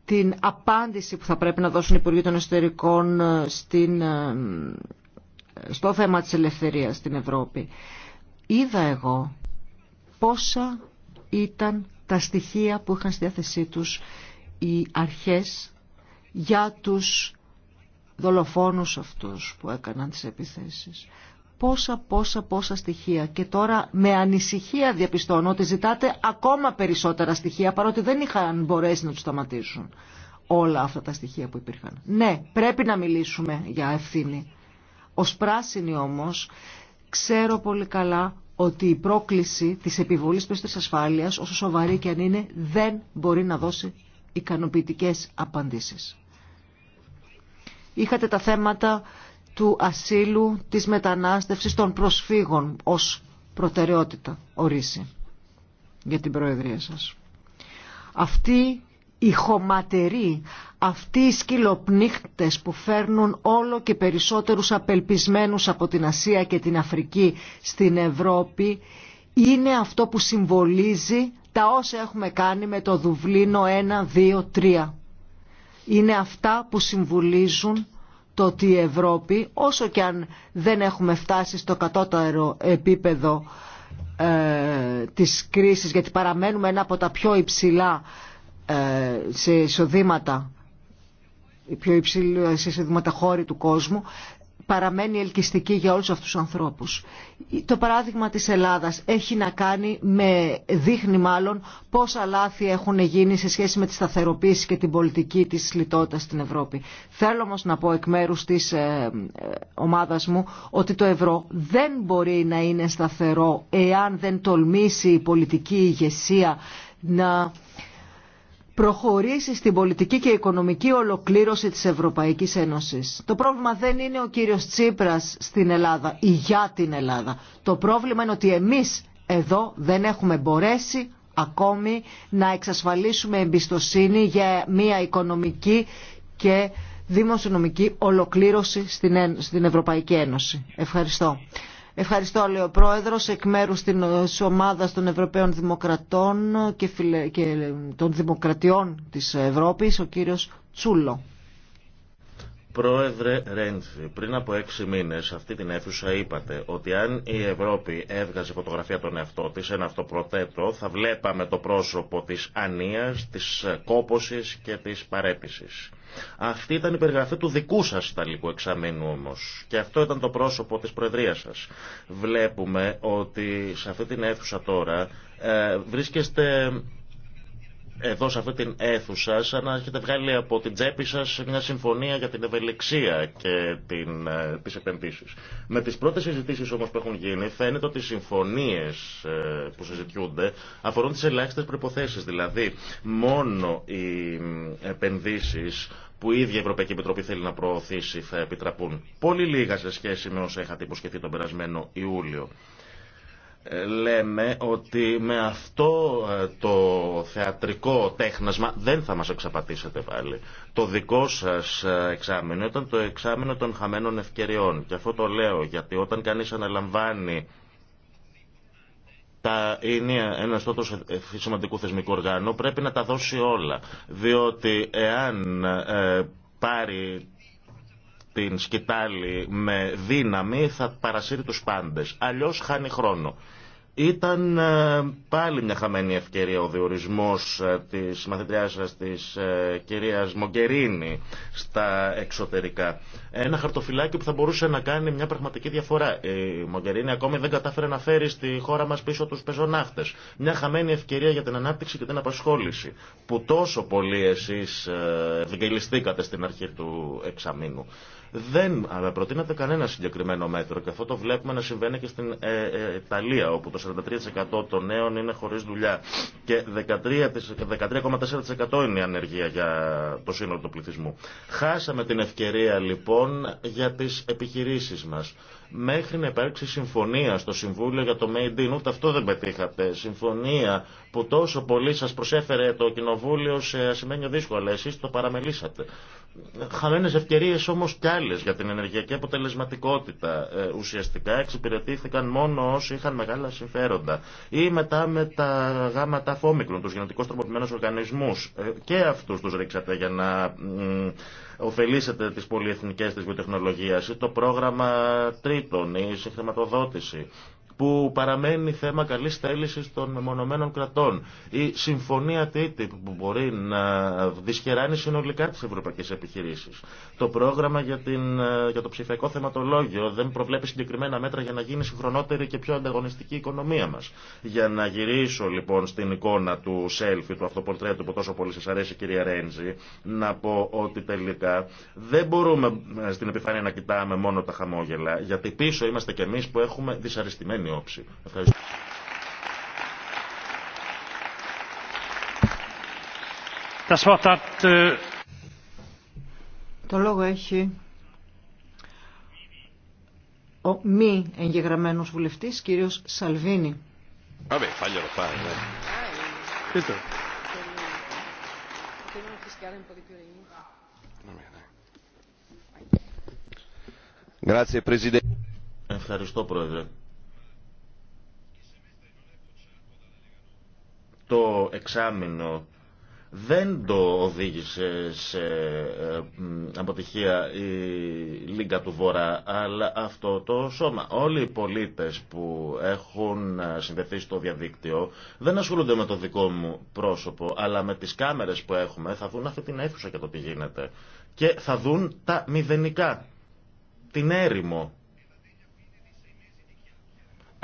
Speaker 1: την απάντηση που θα πρέπει να δώσουν οι Υπουργοί των Εσωτερικών ε, στην, στο θέμα της ελευθερίας στην Ευρώπη. Είδα εγώ πόσα ήταν τα στοιχεία που είχαν στη διάθεσή τους οι αρχές για τους δολοφόνους αυτούς που έκαναν τις επιθέσεις. Πόσα, πόσα, πόσα στοιχεία. Και τώρα με ανησυχία διαπιστώνω ότι ζητάτε ακόμα περισσότερα στοιχεία παρότι δεν είχαν μπορέσει να τους σταματήσουν όλα αυτά τα στοιχεία που υπήρχαν. Ναι, πρέπει να μιλήσουμε για ευθύνη. Ως πράσινη όμως ξέρω πολύ καλά ότι η πρόκληση της επιβολής προς της ασφάλειας, όσο σοβαρή και αν είναι, δεν μπορεί να δώσει ικανοποιητικές απαντήσεις. Είχατε τα θέματα του ασύλου, της μετανάστευσης των προσφύγων ως προτεραιότητα ορίσει για την Προεδρία σας. Αυτή οι χωματεροί, αυτοί οι σκυλοπνίχτες που φέρνουν όλο και περισσότερους απελπισμένους από την Ασία και την Αφρική στην Ευρώπη, είναι αυτό που συμβολίζει τα όσα έχουμε κάνει με το Δουβλίνο 1, 2, 3. Είναι αυτά που συμβολίζουν το ότι η Ευρώπη, όσο και αν δεν έχουμε φτάσει στο κατώτερο επίπεδο ε, της κρίσης, γιατί παραμένουμε ένα από τα πιο υψηλά ε, σε εισοδήματα οι πιο ε, σε εισοδήματα χώροι του κόσμου παραμένει ελκυστική για όλους αυτούς τους ανθρώπους. Το παράδειγμα της Ελλάδας έχει να κάνει με, δείχνει μάλλον πόσα λάθη έχουν γίνει σε σχέση με τη σταθεροποίηση και την πολιτική της λιτότητας στην Ευρώπη. Θέλω όμως να πω εκ μέρους της ε, ομάδας μου ότι το ευρώ δεν μπορεί να είναι σταθερό εάν δεν τολμήσει η πολιτική ηγεσία να προχωρήσει στην πολιτική και οικονομική ολοκλήρωση της Ευρωπαϊκής Ένωσης. Το πρόβλημα δεν είναι ο κύριος Τσίπρας στην Ελλάδα ή για την Ελλάδα. Το πρόβλημα είναι ότι εμείς εδώ δεν έχουμε μπορέσει ακόμη να εξασφαλίσουμε εμπιστοσύνη για μια οικονομική και δημοσιονομική ολοκλήρωση στην Ευρωπαϊκή Ένωση. Ευχαριστώ. Ευχαριστώ, λέει ο Πρόεδρο, εκ μέρου τη ομάδα των Ευρωπαίων Δημοκρατών και, και των Δημοκρατιών τη Ευρώπη, ο κύριο Τσούλο.
Speaker 2: Πρόεδρε Ρέντζι, πριν από έξι μήνε, αυτή την αίθουσα είπατε ότι αν η Ευρώπη έβγαζε φωτογραφία των εαυτό τη, ένα αυτοπροτέτο, θα βλέπαμε το πρόσωπο τη ανία, τη κόποση και τη παρέπιση. Αυτή ήταν η περιγραφή του δικού σα Ιταλικού εξαμήνου όμω. Και αυτό ήταν το πρόσωπο τη Προεδρία σα. Βλέπουμε ότι σε αυτή την αίθουσα τώρα ε, βρίσκεστε εδώ σε αυτή την αίθουσα σαν να έχετε βγάλει από την τσέπη σα μια συμφωνία για την ευελιξία και ε, Με τι πρώτε συζητήσει όμω που έχουν γίνει φαίνεται ότι οι συμφωνίες ε, που συζητιούνται αφορούν τι ελάχιστε προποθέσει. Δηλαδή μόνο οι επενδύσει που η ίδια η Ευρωπαϊκή Επιτροπή θέλει να προωθήσει θα επιτραπούν. Πολύ λίγα σε σχέση με όσα είχατε υποσχεθεί τον περασμένο Ιούλιο λέμε ότι με αυτό ε, το θεατρικό τέχνασμα δεν θα μας εξαπατήσετε πάλι. Το δικό σας ε, εξάμεινο ήταν το εξάμεινο των χαμένων ευκαιριών. Και αυτό το λέω γιατί όταν κανείς αναλαμβάνει τα, είναι ένα τόσο ε, σημαντικού θεσμικού οργάνου πρέπει να τα δώσει όλα. Διότι εάν πάρει την σκητάλη με δύναμη θα παρασύρει τους πάντες. Αλλιώς χάνει χρόνο. Ήταν ε, πάλι μια χαμένη ευκαιρία ο διορισμός ε, της μαθητριάς σας, της ε, κυρίας Μογκερίνη, στα εξωτερικά. Ένα χαρτοφυλάκι που θα μπορούσε να κάνει μια πραγματική διαφορά. Η Μογκερίνη ακόμη δεν κατάφερε να φέρει στη χώρα μας πίσω τους πεζοναύτες. Μια χαμένη ευκαιρία για την ανάπτυξη και την απασχόληση, που τόσο πολύ εσείς ευγελιστήκατε στην αρχή του εξαμήνου. Δεν προτείνεται κανένα συγκεκριμένο μέτρο και αυτό το βλέπουμε να συμβαίνει και στην ε, ε, Ιταλία όπου το 43% των νέων είναι χωρίς δουλειά και 13,4% είναι η ανεργία για το σύνολο του πληθυσμού. Χάσαμε την ευκαιρία λοιπόν για τις επιχειρήσεις μας. Μέχρι να υπάρξει συμφωνία στο Συμβούλιο για το Made in, ούτε αυτό δεν πετύχατε. Συμφωνία που τόσο πολύ σας προσέφερε το Κοινοβούλιο σε ασημένιο αλλά Εσείς το παραμελήσατε. Χαμένες ευκαιρίε όμως κι άλλε για την ενεργειακή αποτελεσματικότητα. Ε, ουσιαστικά εξυπηρετήθηκαν μόνο όσοι είχαν μεγάλα συμφέροντα. Ή μετά με τα γάματα φόμικρων, τους γενετικώς τροποποιημένους οργανισμούς. Ε, και αυτούς τους ρίξατε για να ωφελήσετε τις πολυεθνικές τη βιοτεχνολογίας. Ή το πρόγραμμα τρίτων, η συγχρηματοδότηση που παραμένει θέμα καλής θέλησης των μεμονωμένων κρατών. Η συμφωνία TTIP που μπορεί να δυσχεράνει συνολικά τις ευρωπαϊκές επιχειρήσεις. Το πρόγραμμα για, την, για το ψηφιακό θεματολόγιο δεν προβλέπει συγκεκριμένα μέτρα για να γίνει συγχρονότερη και πιο ανταγωνιστική η οικονομία μας. Για να γυρίσω λοιπόν στην εικόνα του selfie, του αυτοπορτρέτου που τόσο πολύ σας αρέσει κυρία Ρέντζη, να πω ότι τελικά δεν μπορούμε ε, στην επιφάνεια να κοιτάμε μόνο τα χαμόγελα, γιατί πίσω είμαστε κι εμείς που έχουμε δυσαρεστημένη Ευχαριστώ. Äh, το
Speaker 1: λόγο έχει ο μη εγγεγραμμένος
Speaker 3: βουλευτής, κύριος
Speaker 1: Σαλβίνη.
Speaker 3: Ναι.
Speaker 2: Ευχαριστώ, Πρόεδρε. το εξάμεινο δεν το οδήγησε σε ε, αποτυχία η Λίγκα του Βορρά, αλλά αυτό το σώμα. Όλοι οι πολίτες που έχουν ε, συνδεθεί στο διαδίκτυο δεν ασχολούνται με το δικό μου πρόσωπο, αλλά με τις κάμερες που έχουμε θα δουν αυτή την αίθουσα και το τι γίνεται. Και θα δουν τα μηδενικά, την έρημο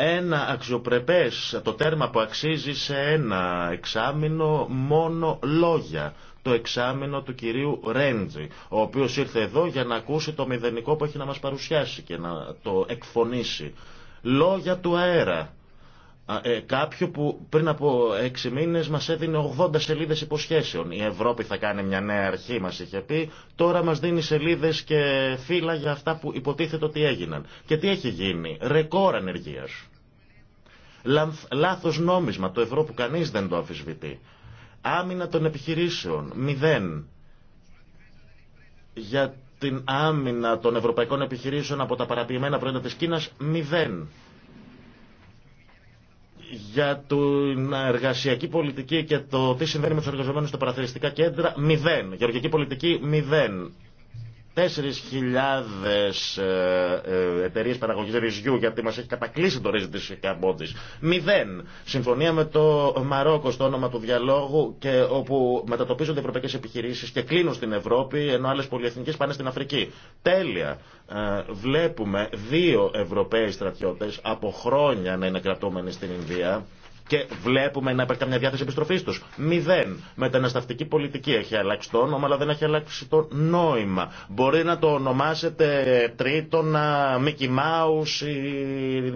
Speaker 2: ένα αξιοπρεπές, το τέρμα που αξίζει σε ένα εξάμεινο μόνο λόγια. Το εξάμεινο του κυρίου Ρέντζη, ο οποίος ήρθε εδώ για να ακούσει το μηδενικό που έχει να μας παρουσιάσει και να το εκφωνήσει. Λόγια του αέρα, ε, κάποιο που πριν από έξι μήνες μας έδινε 80 σελίδες υποσχέσεων. Η Ευρώπη θα κάνει μια νέα αρχή, μας είχε πει. Τώρα μας δίνει σελίδες και φύλλα για αυτά που υποτίθεται ότι έγιναν. Και τι έχει γίνει. Ρεκόρ ανεργίας. Λάθος νόμισμα, το ευρώ που κανείς δεν το αφισβητεί. Άμυνα των επιχειρήσεων, μηδέν. Για την άμυνα των ευρωπαϊκών επιχειρήσεων από τα παραποιημένα προϊόντα της Κίνας, μηδέν για την εργασιακή πολιτική και το τι συμβαίνει με του εργαζομένου στα παραθεριστικά κέντρα, μηδέν. Γεωργική πολιτική, μηδέν. 4.000 ε, ε, εταιρείε παραγωγή ρυζιού, γιατί μα έχει κατακλείσει το ρύζι τη Καμπότζη. Μηδέν. Συμφωνία με το Μαρόκο στο όνομα του διαλόγου και όπου μετατοπίζονται ευρωπαϊκέ επιχειρήσει και κλείνουν στην Ευρώπη, ενώ άλλε πολυεθνικέ πάνε στην Αφρική. Τέλεια. Ε, βλέπουμε δύο Ευρωπαίοι στρατιώτε από χρόνια να είναι κρατούμενοι στην Ινδία και βλέπουμε να υπάρχει κάμια διάθεση επιστροφή του. Μηδέν. Μεταναστευτική πολιτική έχει αλλάξει το όνομα, αλλά δεν έχει αλλάξει το νόημα. Μπορεί να το ονομάσετε Τρίτονα, Μίκη Μάου ή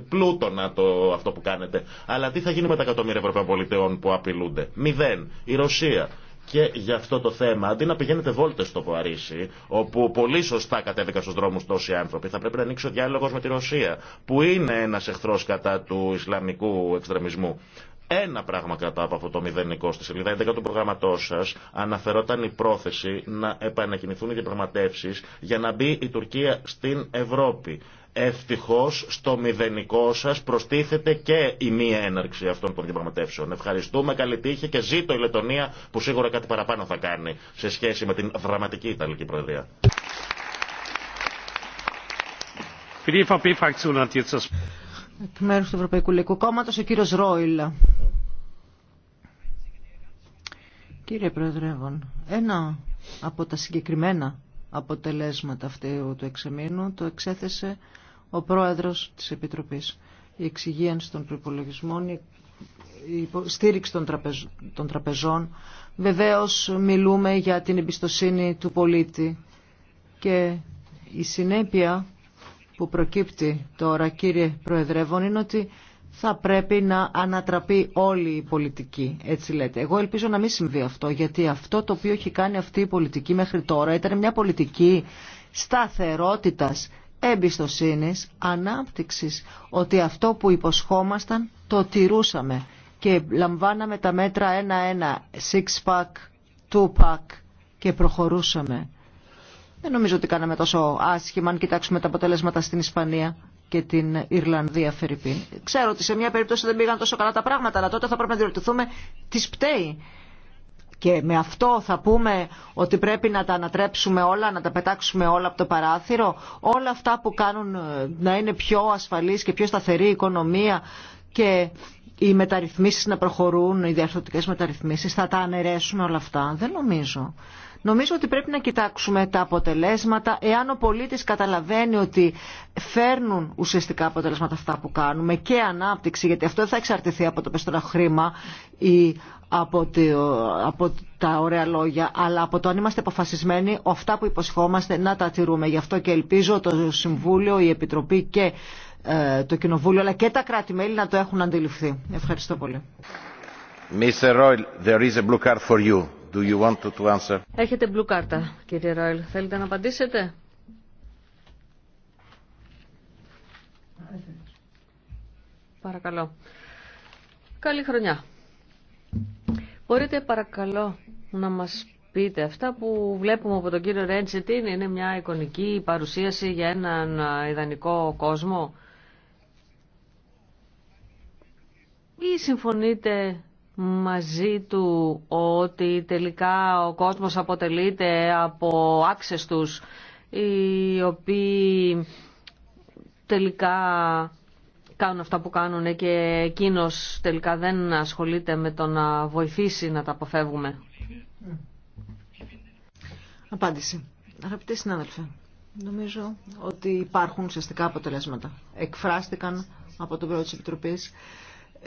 Speaker 2: Πλούτονα αυτό που κάνετε. Αλλά τι θα γίνει με τα εκατομμύρια Ευρωπαίων πολιτεών που απειλούνται. Μηδέν. Η Ρωσία, και για αυτό το θέμα, αντί να πηγαίνετε βόλτε στο Παρίσι, όπου πολύ σωστά κατέβηκαν στου δρόμου τόσοι άνθρωποι, θα πρέπει να ανοίξει ο διάλογο με τη Ρωσία, που είναι ένα εχθρό κατά του Ισλαμικού εξτρεμισμού. Ένα πράγμα κατά από αυτό το μηδενικό στη σελίδα 11 του προγραμματό σα αναφερόταν η πρόθεση να επανακινηθούν οι διαπραγματεύσει για να μπει η Τουρκία στην Ευρώπη. Ευτυχώς στο μηδενικό σας προστίθεται και η μία έναρξη αυτών των διαπραγματεύσεων. Ευχαριστούμε, καλή τύχη και ζήτω η Λετωνία που σίγουρα κάτι παραπάνω θα κάνει σε σχέση με την δραματική Ιταλική Προεδρία.
Speaker 1: Εκ μέρους του Ευρωπαϊκού Λαϊκού Κόμματος, ο κύριος Ρόιλ. Κύριε Πρόεδρε, ένα από τα συγκεκριμένα αποτελέσματα αυτού του εξεμήνου το εξέθεσε ο πρόεδρος της Επιτροπής. Η εξυγίανση των προπολογισμών, η στήριξη των τραπεζών. Βεβαίως μιλούμε για την εμπιστοσύνη του πολίτη και η συνέπεια που προκύπτει τώρα κύριε Προεδρεύων είναι ότι θα πρέπει να ανατραπεί όλη η πολιτική, έτσι λέτε. Εγώ ελπίζω να μην συμβεί αυτό, γιατί αυτό το οποίο έχει κάνει αυτή η πολιτική μέχρι τώρα ήταν μια πολιτική σταθερότητας, εμπιστοσύνης, ανάπτυξης, ότι αυτό που υποσχόμασταν το τηρούσαμε και λαμβάναμε τα μέτρα ένα-ένα, six-pack, two-pack και προχωρούσαμε. Δεν νομίζω ότι κάναμε τόσο άσχημα αν κοιτάξουμε τα αποτελέσματα στην Ισπανία και την Ιρλανδία, Φερρυπίν. Ξέρω ότι σε μια περίπτωση δεν πήγαν τόσο καλά τα πράγματα, αλλά τότε θα πρέπει να διερωτηθούμε τι πταίει. Και με αυτό θα πούμε ότι πρέπει να τα ανατρέψουμε όλα, να τα πετάξουμε όλα από το παράθυρο. Όλα αυτά που κάνουν ε, να είναι πιο ασφαλής και πιο σταθερή η οικονομία και οι μεταρρυθμίσεις να προχωρούν, οι διαρθρωτικές μεταρρυθμίσεις, θα τα αναιρέσουν όλα αυτά. Δεν νομίζω. Νομίζω ότι πρέπει να κοιτάξουμε τα αποτελέσματα. Εάν ο πολίτης καταλαβαίνει ότι φέρνουν ουσιαστικά αποτελέσματα αυτά που κάνουμε και ανάπτυξη, γιατί αυτό δεν θα εξαρτηθεί από το πεστρό χρήμα ή από, από τα ωραία λόγια, αλλά από το αν είμαστε αποφασισμένοι αυτά που υποσχόμαστε να τα τηρούμε. Γι' αυτό και ελπίζω το Συμβούλιο, η Επιτροπή και ε, το Κοινοβούλιο, αλλά και τα κράτη-μέλη να το έχουν αντιληφθεί. Ευχαριστώ πολύ.
Speaker 3: Mr. there is a blue card for you.
Speaker 1: Έχετε μπλου κάρτα, κύριε Ρόιλ. Θέλετε να απαντήσετε?
Speaker 4: Παρακαλώ. Καλή χρονιά. Μπορείτε παρακαλώ να μας πείτε αυτά που βλέπουμε από τον κύριο Ρέντσι; τι είναι, είναι μια εικονική παρουσίαση για έναν ιδανικό κόσμο ή συμφωνείτε μαζί του ότι τελικά ο κόσμος αποτελείται από άξες τους οι οποίοι τελικά κάνουν αυτά που κάνουν και εκείνο τελικά δεν ασχολείται με το να βοηθήσει να τα
Speaker 1: αποφεύγουμε. Απάντηση. Αγαπητοί συνάδελφοι, νομίζω ότι υπάρχουν ουσιαστικά αποτελέσματα. Εκφράστηκαν από τον πρόεδρο της Επιτροπής,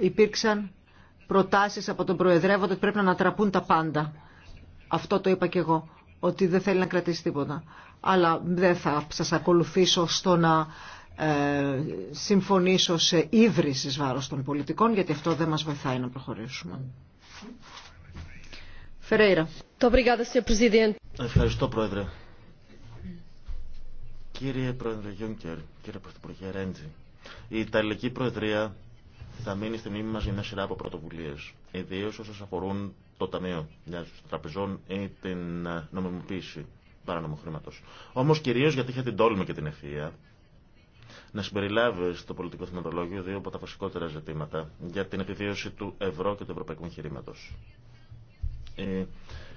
Speaker 1: υπήρξαν προτάσεις από τον Προεδρεύοντα ότι πρέπει να ανατραπούν τα πάντα. Αυτό το είπα και εγώ, ότι δεν θέλει να κρατήσει τίποτα. Αλλά δεν θα σας ακολουθήσω στο να ε, συμφωνήσω σε ίδρυση βάρος των πολιτικών, γιατί αυτό δεν μας βοηθάει να προχωρήσουμε. Φερέιρα.
Speaker 2: Ευχαριστώ, Πρόεδρε. Κύριε Πρόεδρε Γιούνκερ, κύριε Πρωθυπουργέ Ρέντζι, η Ιταλική Προεδρία θα μείνει στη μνήμη μα για μια σειρά από πρωτοβουλίε, ιδίω όσε αφορούν το Ταμείο μια Τραπεζών ή την ε, νομιμοποίηση παράνομου χρήματο. Όμω κυρίω γιατί είχε την τόλμη και την ευθεία να συμπεριλάβει στο πολιτικό θεματολόγιο δύο από τα βασικότερα ζητήματα για την επιβίωση του ευρώ και του ευρωπαϊκού εγχειρήματο. Η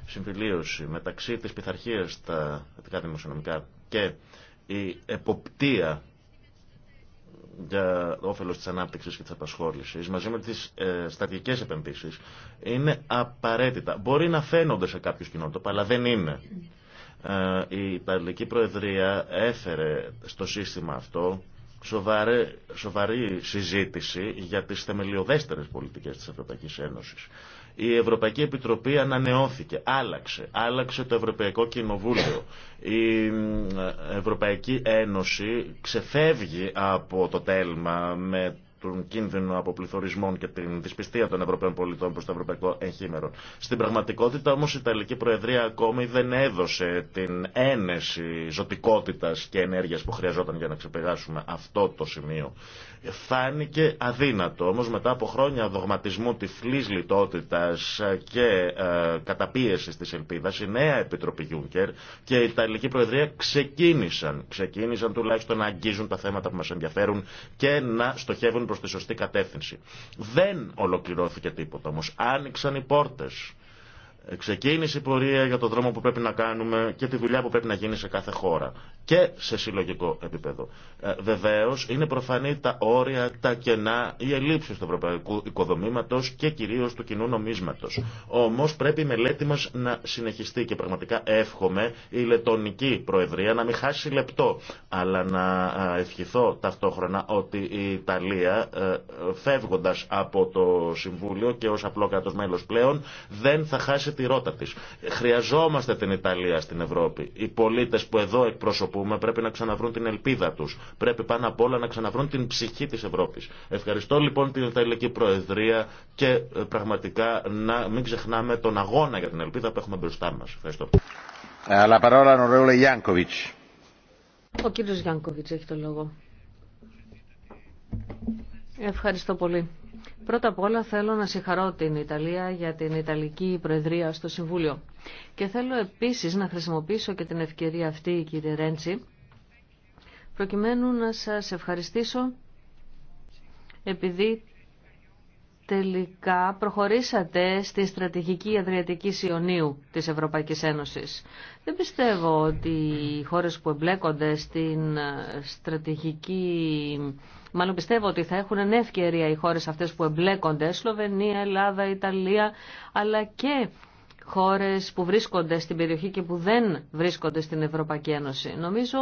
Speaker 2: συμφιλίωση μεταξύ τη πειθαρχία στα δημοσιονομικά και η εποπτεία για όφελο τη ανάπτυξη και τη απασχόληση, μαζί με τις ε, στατικές επενδύσεις είναι απαραίτητα. Μπορεί να φαίνονται σε κάποιου κοινότοπα, αλλά δεν είναι. Ε, η Ιταλική Προεδρία έφερε στο σύστημα αυτό σοβαρή συζήτηση για τις θεμελιωδέστερε πολιτικές της Ευρωπαϊκή Ένωσης. Η Ευρωπαϊκή Επιτροπή ανανεώθηκε, άλλαξε. Άλλαξε το Ευρωπαϊκό Κοινοβούλιο. Η Ευρωπαϊκή Ένωση ξεφεύγει από το τέλμα με τον κίνδυνο αποπληθωρισμών και την δυσπιστία των Ευρωπαίων πολιτών προς το ευρωπαϊκό εγχήμερο. Στην πραγματικότητα όμως η Ιταλική Προεδρία ακόμη δεν έδωσε την ένεση ζωτικότητας και ενέργειας που χρειαζόταν για να ξεπεράσουμε αυτό το σημείο φάνηκε αδύνατο. Όμως μετά από χρόνια δογματισμού τυφλής λιτότητας και ε, καταπίεσης της ελπίδας, η νέα Επιτροπή Γιούνκερ και η Ιταλική Προεδρία ξεκίνησαν, ξεκίνησαν τουλάχιστον να αγγίζουν τα θέματα που μας ενδιαφέρουν και να στοχεύουν προς τη σωστή κατεύθυνση. Δεν ολοκληρώθηκε τίποτα όμως. Άνοιξαν οι πόρτες ξεκίνησε η πορεία για τον δρόμο που πρέπει να κάνουμε και τη δουλειά που πρέπει να γίνει σε κάθε χώρα και σε συλλογικό επίπεδο. Ε, Βεβαίω, είναι προφανή τα όρια, τα κενά, οι ελλείψει του ευρωπαϊκού οικοδομήματο και κυρίω του κοινού νομίσματο. Όμω, πρέπει η μελέτη μα να συνεχιστεί και πραγματικά εύχομαι η λετωνική προεδρία να μην χάσει λεπτό, αλλά να ευχηθώ ταυτόχρονα ότι η Ιταλία, ε, φεύγοντα από το Συμβούλιο και ω απλό κράτο μέλο πλέον, δεν θα χάσει ρότα τη. Χρειαζόμαστε την Ιταλία στην Ευρώπη. Οι πολίτε που εδώ εκπροσωπούμε πρέπει να ξαναβρούν την ελπίδα του. Πρέπει πάνω απ' όλα να ξαναβρούν την ψυχή τη Ευρώπη. Ευχαριστώ λοιπόν την Ιταλική Προεδρία και ε, πραγματικά να μην ξεχνάμε τον αγώνα για την ελπίδα που έχουμε μπροστά μα. Ευχαριστώ.
Speaker 3: Ε,
Speaker 4: Ο το λόγο. Ευχαριστώ πολύ. Πρώτα απ' όλα θέλω να συγχαρώ την Ιταλία για την Ιταλική Προεδρία στο Συμβούλιο. Και θέλω επίσης να χρησιμοποιήσω και την ευκαιρία αυτή, κύριε Ρέντσι, προκειμένου να σας ευχαριστήσω επειδή τελικά προχωρήσατε στη στρατηγική Αδριατική Ιωνίου της Ευρωπαϊκής Ένωσης. Δεν πιστεύω ότι οι χώρες που εμπλέκονται στην στρατηγική Μάλλον πιστεύω ότι θα έχουν ευκαιρία οι χώρες αυτές που εμπλέκονται, Σλοβενία, Ελλάδα, Ιταλία, αλλά και χώρες που βρίσκονται στην περιοχή και που δεν βρίσκονται στην Ευρωπαϊκή Ένωση. Νομίζω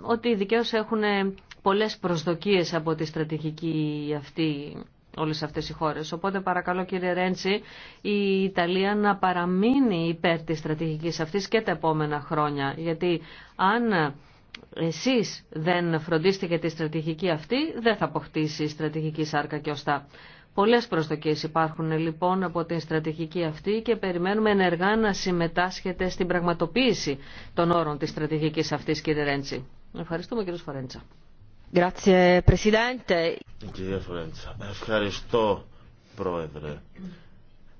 Speaker 4: ότι δικαίως έχουν πολλές προσδοκίες από τη στρατηγική αυτή όλες αυτές οι χώρες. Οπότε παρακαλώ κύριε Ρέντσι η Ιταλία να παραμείνει υπέρ της στρατηγικής αυτής και τα επόμενα χρόνια. Γιατί αν εσείς δεν φροντίστε για τη στρατηγική αυτή, δεν θα αποκτήσει στρατηγική σάρκα και οστά. Πολλές προσδοκίες υπάρχουν λοιπόν από την στρατηγική αυτή και περιμένουμε ενεργά να συμμετάσχετε στην πραγματοποίηση των όρων της στρατηγικής αυτής κύριε Ρέντσι. Ευχαριστούμε κύριε Φορέντσα.
Speaker 2: Κύριε Φορέντσα, ευχαριστώ πρόεδρε.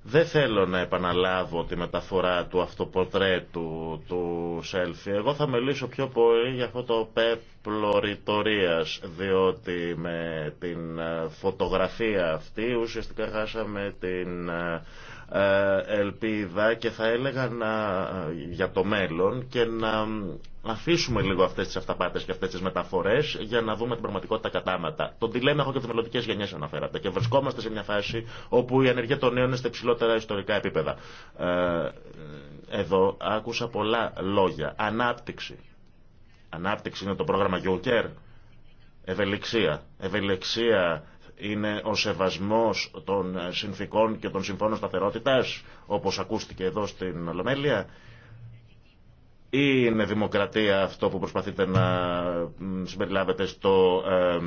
Speaker 2: Δεν θέλω να επαναλάβω τη μεταφορά του αυτοποτρέτου του Σέλφι. Εγώ θα μιλήσω πιο πολύ για αυτό το πέπλο ρητορίας, διότι με την ε, φωτογραφία αυτή ουσιαστικά χάσαμε την ε, ε, ελπίδα και θα έλεγα να, για το μέλλον και να αφήσουμε λίγο αυτέ τι αυταπάτε και αυτέ τι μεταφορέ για να δούμε την πραγματικότητα κατάματα. Το Τον έχω και τι μελλοντικέ γενιέ αναφέρατε. Και βρισκόμαστε σε μια φάση όπου η ανεργία των νέων είναι στα υψηλότερα ιστορικά επίπεδα. Ε, εδώ άκουσα πολλά λόγια. Ανάπτυξη. Ανάπτυξη είναι το πρόγραμμα Juncker. Ευελιξία. Ευελιξία είναι ο σεβασμός των συνθήκων και των συμφώνων σταθερότητας, όπως ακούστηκε εδώ στην Ολομέλεια ή είναι δημοκρατία αυτό που προσπαθείτε να συμπεριλάβετε στο ε,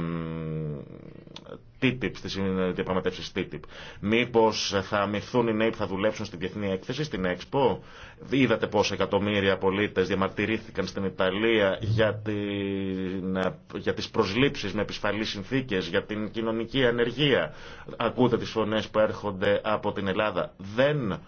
Speaker 2: TTIP, στις διαπραγματεύσεις TTIP. Μήπως θα αμυθούν οι νέοι που θα δουλέψουν στην Διεθνή Έκθεση, στην ΕΞΠΟ. Είδατε πόσα εκατομμύρια πολίτες διαμαρτυρήθηκαν στην Ιταλία για, την, για τις προσλήψεις με επισφαλείς συνθήκες, για την κοινωνική ανεργία. Ακούτε τις φωνές που έρχονται από την Ελλάδα. Δεν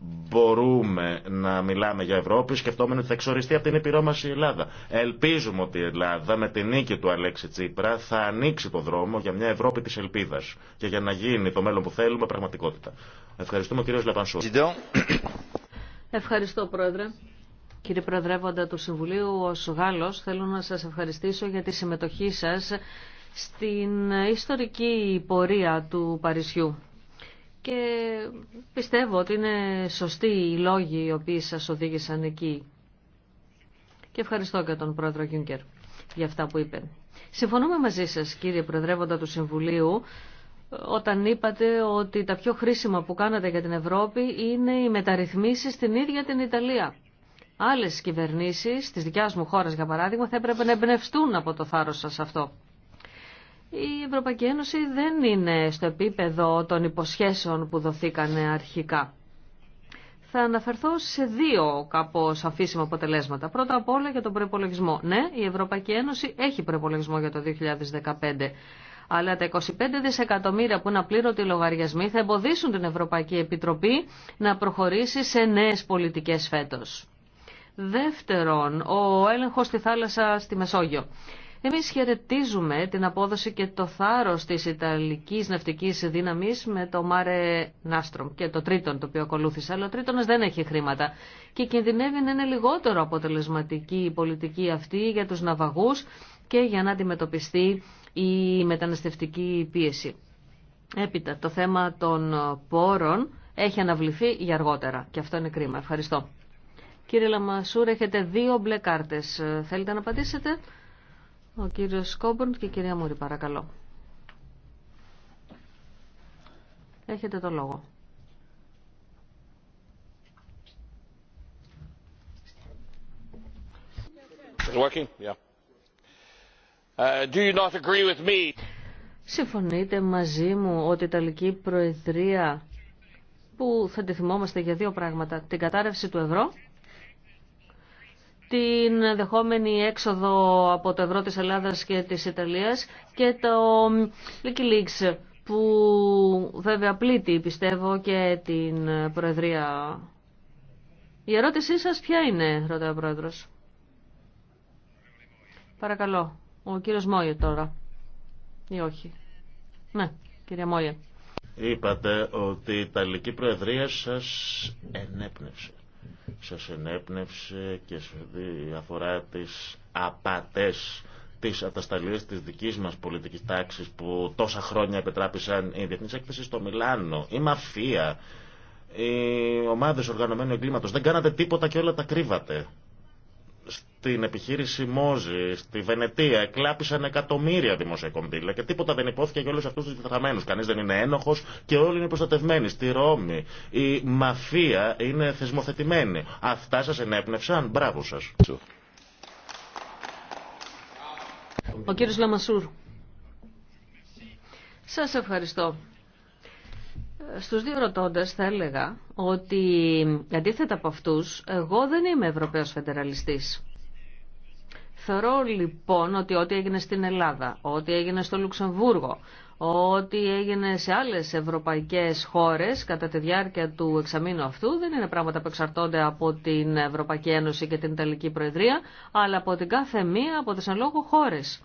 Speaker 2: μπορούμε να μιλάμε για Ευρώπη σκεφτόμενοι ότι θα εξοριστεί από την ήπειρό η Ελλάδα. Ελπίζουμε ότι η Ελλάδα με την νίκη του Αλέξη Τσίπρα θα ανοίξει το δρόμο για μια Ευρώπη της ελπίδας και για να γίνει το μέλλον που θέλουμε πραγματικότητα. Ευχαριστούμε κύριο Λαπανσού.
Speaker 4: Ευχαριστώ πρόεδρε. Κύριε Προεδρεύοντα του Συμβουλίου, ω Γάλλο, θέλω να σα ευχαριστήσω για τη συμμετοχή σα στην ιστορική πορεία του Παρισιού και πιστεύω ότι είναι σωστοί οι λόγοι οι οποίοι σας οδήγησαν εκεί. Και ευχαριστώ και τον πρόεδρο Γιούγκερ για αυτά που είπε. Συμφωνούμε μαζί σας κύριε Προεδρεύοντα του Συμβουλίου όταν είπατε ότι τα πιο χρήσιμα που κάνατε για την Ευρώπη είναι οι μεταρρυθμίσεις στην ίδια την Ιταλία. Άλλες κυβερνήσεις της δικιάς μου χώρας για παράδειγμα θα έπρεπε να εμπνευστούν από το θάρρος σας αυτό η Ευρωπαϊκή Ένωση δεν είναι στο επίπεδο των υποσχέσεων που δοθήκανε αρχικά. Θα αναφερθώ σε δύο κάπως αφήσιμα αποτελέσματα. Πρώτα απ' όλα για τον προπολογισμό. Ναι, η Ευρωπαϊκή Ένωση έχει προπολογισμό για το 2015. Αλλά τα 25 δισεκατομμύρια που είναι απλήρωτοι λογαριασμοί θα εμποδίσουν την Ευρωπαϊκή Επιτροπή να προχωρήσει σε νέες πολιτικές φέτος. Δεύτερον, ο έλεγχος στη θάλασσα στη Μεσόγειο. Εμείς χαιρετίζουμε την απόδοση και το θάρρος της Ιταλικής ναυτικής δύναμης με το Μάρε Νάστρομ και το τρίτον το οποίο ακολούθησε, αλλά ο τρίτονος δεν έχει χρήματα και κινδυνεύει να είναι λιγότερο αποτελεσματική η πολιτική αυτή για τους ναυαγούς και για να αντιμετωπιστεί η μεταναστευτική πίεση. Έπειτα, το θέμα των πόρων έχει αναβληθεί για αργότερα και αυτό είναι κρίμα. Ευχαριστώ. Κύριε Λαμασούρ, έχετε δύο μπλε κάρτες. Θέλετε να απαντήσετε. Ο κύριος Σκόμπορντ και η κυρία Μούρη, παρακαλώ. Έχετε το λόγο. Uh, Συμφωνείτε μαζί μου ότι η Ιταλική Προεδρία που θα τη θυμόμαστε για δύο πράγματα, την κατάρρευση του ευρώ την δεχόμενη έξοδο από το ευρώ της Ελλάδας και της Ιταλίας και το Wikileaks που βέβαια πλήττει πιστεύω και την Προεδρία. Η ερώτησή σας ποια είναι, ρωτάει ο Πρόεδρος. Παρακαλώ, ο κύριος Μόιε τώρα. Ή όχι. Ναι, κυρία Μόιε.
Speaker 2: Είπατε ότι η Ιταλική Προεδρία σας ενέπνευσε σας ενέπνευσε και σε αφορά τις απατές τις ατασταλίες της δικής μας πολιτικής τάξης που τόσα χρόνια επιτράπησαν η Διεθνής Έκθεση στο Μιλάνο, η μαφία, οι ομάδες οργανωμένου εγκλήματος. Δεν κάνατε τίποτα και όλα τα κρύβατε στην επιχείρηση Μόζη, στη Βενετία, εκλάπησαν εκατομμύρια δημόσια και τίποτα δεν υπόθηκε για όλου αυτού του διθαμένου. Κανεί δεν είναι ένοχο και όλοι είναι προστατευμένοι. Στη Ρώμη η μαφία είναι θεσμοθετημένη. Αυτά σα ενέπνευσαν. Μπράβο σα.
Speaker 4: Ο κύριο Λαμασούρ. Σας ευχαριστώ. Στους δύο ρωτώντες θα έλεγα ότι αντίθετα από αυτούς, εγώ δεν είμαι Ευρωπαίος Φεντεραλιστής. Θεωρώ λοιπόν ότι ό,τι έγινε στην Ελλάδα, ό,τι έγινε στο Λουξεμβούργο, ό,τι έγινε σε άλλες ευρωπαϊκές χώρες κατά τη διάρκεια του εξαμήνου αυτού δεν είναι πράγματα που εξαρτώνται από την Ευρωπαϊκή Ένωση και την Ιταλική Προεδρία, αλλά από την κάθε μία από τις εν λόγω χώρες.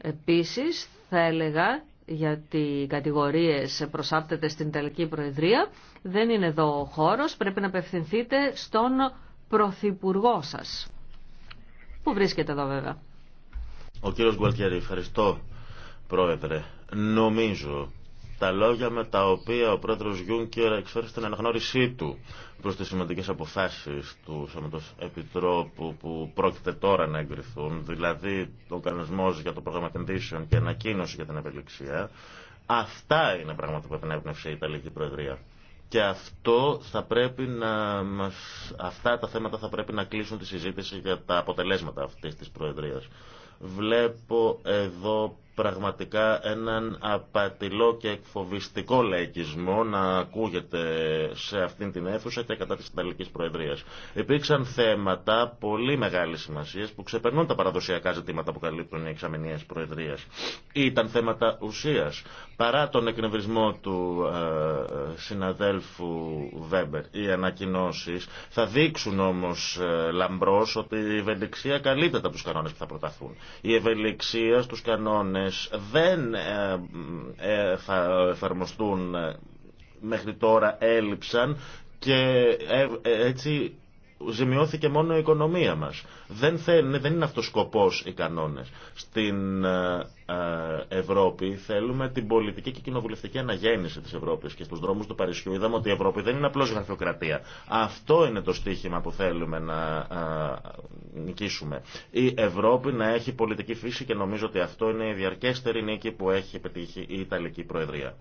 Speaker 4: Επίσης θα έλεγα γιατί οι κατηγορίες προσάπτεται στην Ιταλική Προεδρία. Δεν είναι εδώ ο χώρος, πρέπει να απευθυνθείτε στον Πρωθυπουργό σα. που βρίσκεται εδώ βέβαια.
Speaker 2: Ο κύριο Γκουαλτιέρη, ευχαριστώ Πρόεδρε. Νομίζω τα λόγια με τα οποία ο πρόεδρο Γιούνκερ εξόρισε την αναγνώρισή του προ τι σημαντικέ αποφάσει του Σώματος Επιτρόπου που πρόκειται τώρα να εγκριθούν, δηλαδή ο κανονισμός για το πρόγραμμα επενδύσεων και ανακοίνωση για την ευελιξία, αυτά είναι πράγματα που επενέπνευσε η Ιταλική Προεδρία. Και αυτό θα πρέπει να μας... αυτά τα θέματα θα πρέπει να κλείσουν τη συζήτηση για τα αποτελέσματα αυτή τη Προεδρίας. Βλέπω εδώ πραγματικά έναν απατηλό και εκφοβιστικό λαϊκισμό να ακούγεται σε αυτήν την αίθουσα και κατά της Ιταλικής Προεδρίας. Υπήρξαν θέματα πολύ μεγάλης σημασίας που ξεπερνούν τα παραδοσιακά ζητήματα που καλύπτουν οι εξαμηνίες Προεδρίας. Ήταν θέματα ουσίας. Παρά τον εκνευρισμό του ε, συναδέλφου Βέμπερ, οι ανακοινώσει θα δείξουν όμως ε, λαμπρός ότι η ευελιξία καλύπτεται από τους κανόνες που θα προταθούν. Η ευελιξία στους κανόνες δεν ε, ε, θα εφαρμοστούν μέχρι τώρα έλειψαν και ε, έτσι ζημιώθηκε μόνο η οικονομία μας. Δεν, δεν είναι αυτός σκοπός οι κανόνες. Στην ε, ε, Ευρώπη θέλουμε την πολιτική και κοινοβουλευτική αναγέννηση της Ευρώπης και στους δρόμους του Παρισιού είδαμε ότι η Ευρώπη δεν είναι απλώς γραφειοκρατία. Αυτό είναι το στίχημα που θέλουμε να ε, νικήσουμε. Η Ευρώπη να έχει πολιτική φύση και νομίζω ότι αυτό είναι η διαρκέστερη νίκη που έχει πετύχει η Ιταλική Προεδρία.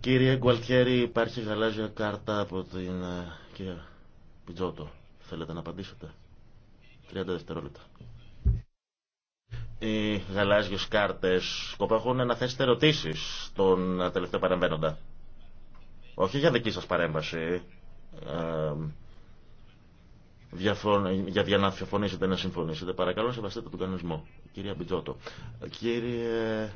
Speaker 2: Κύριε Γκουαλτιέρη, υπάρχει γαλάζια κάρτα από την ε, κυρία Πιτζότο. Θέλετε να απαντήσετε. 30 δευτερόλεπτα. Οι γαλάζιες κάρτες σκοπό έχουν να θέσετε ερωτήσεις στον ε, τελευταίο παρεμβαίνοντα. Όχι για δική σας παρέμβαση. για, να διαφωνήσετε, να συμφωνήσετε. Παρακαλώ, σεβαστείτε τον κανονισμό. Κυρία Μπιτζότο. Κύριε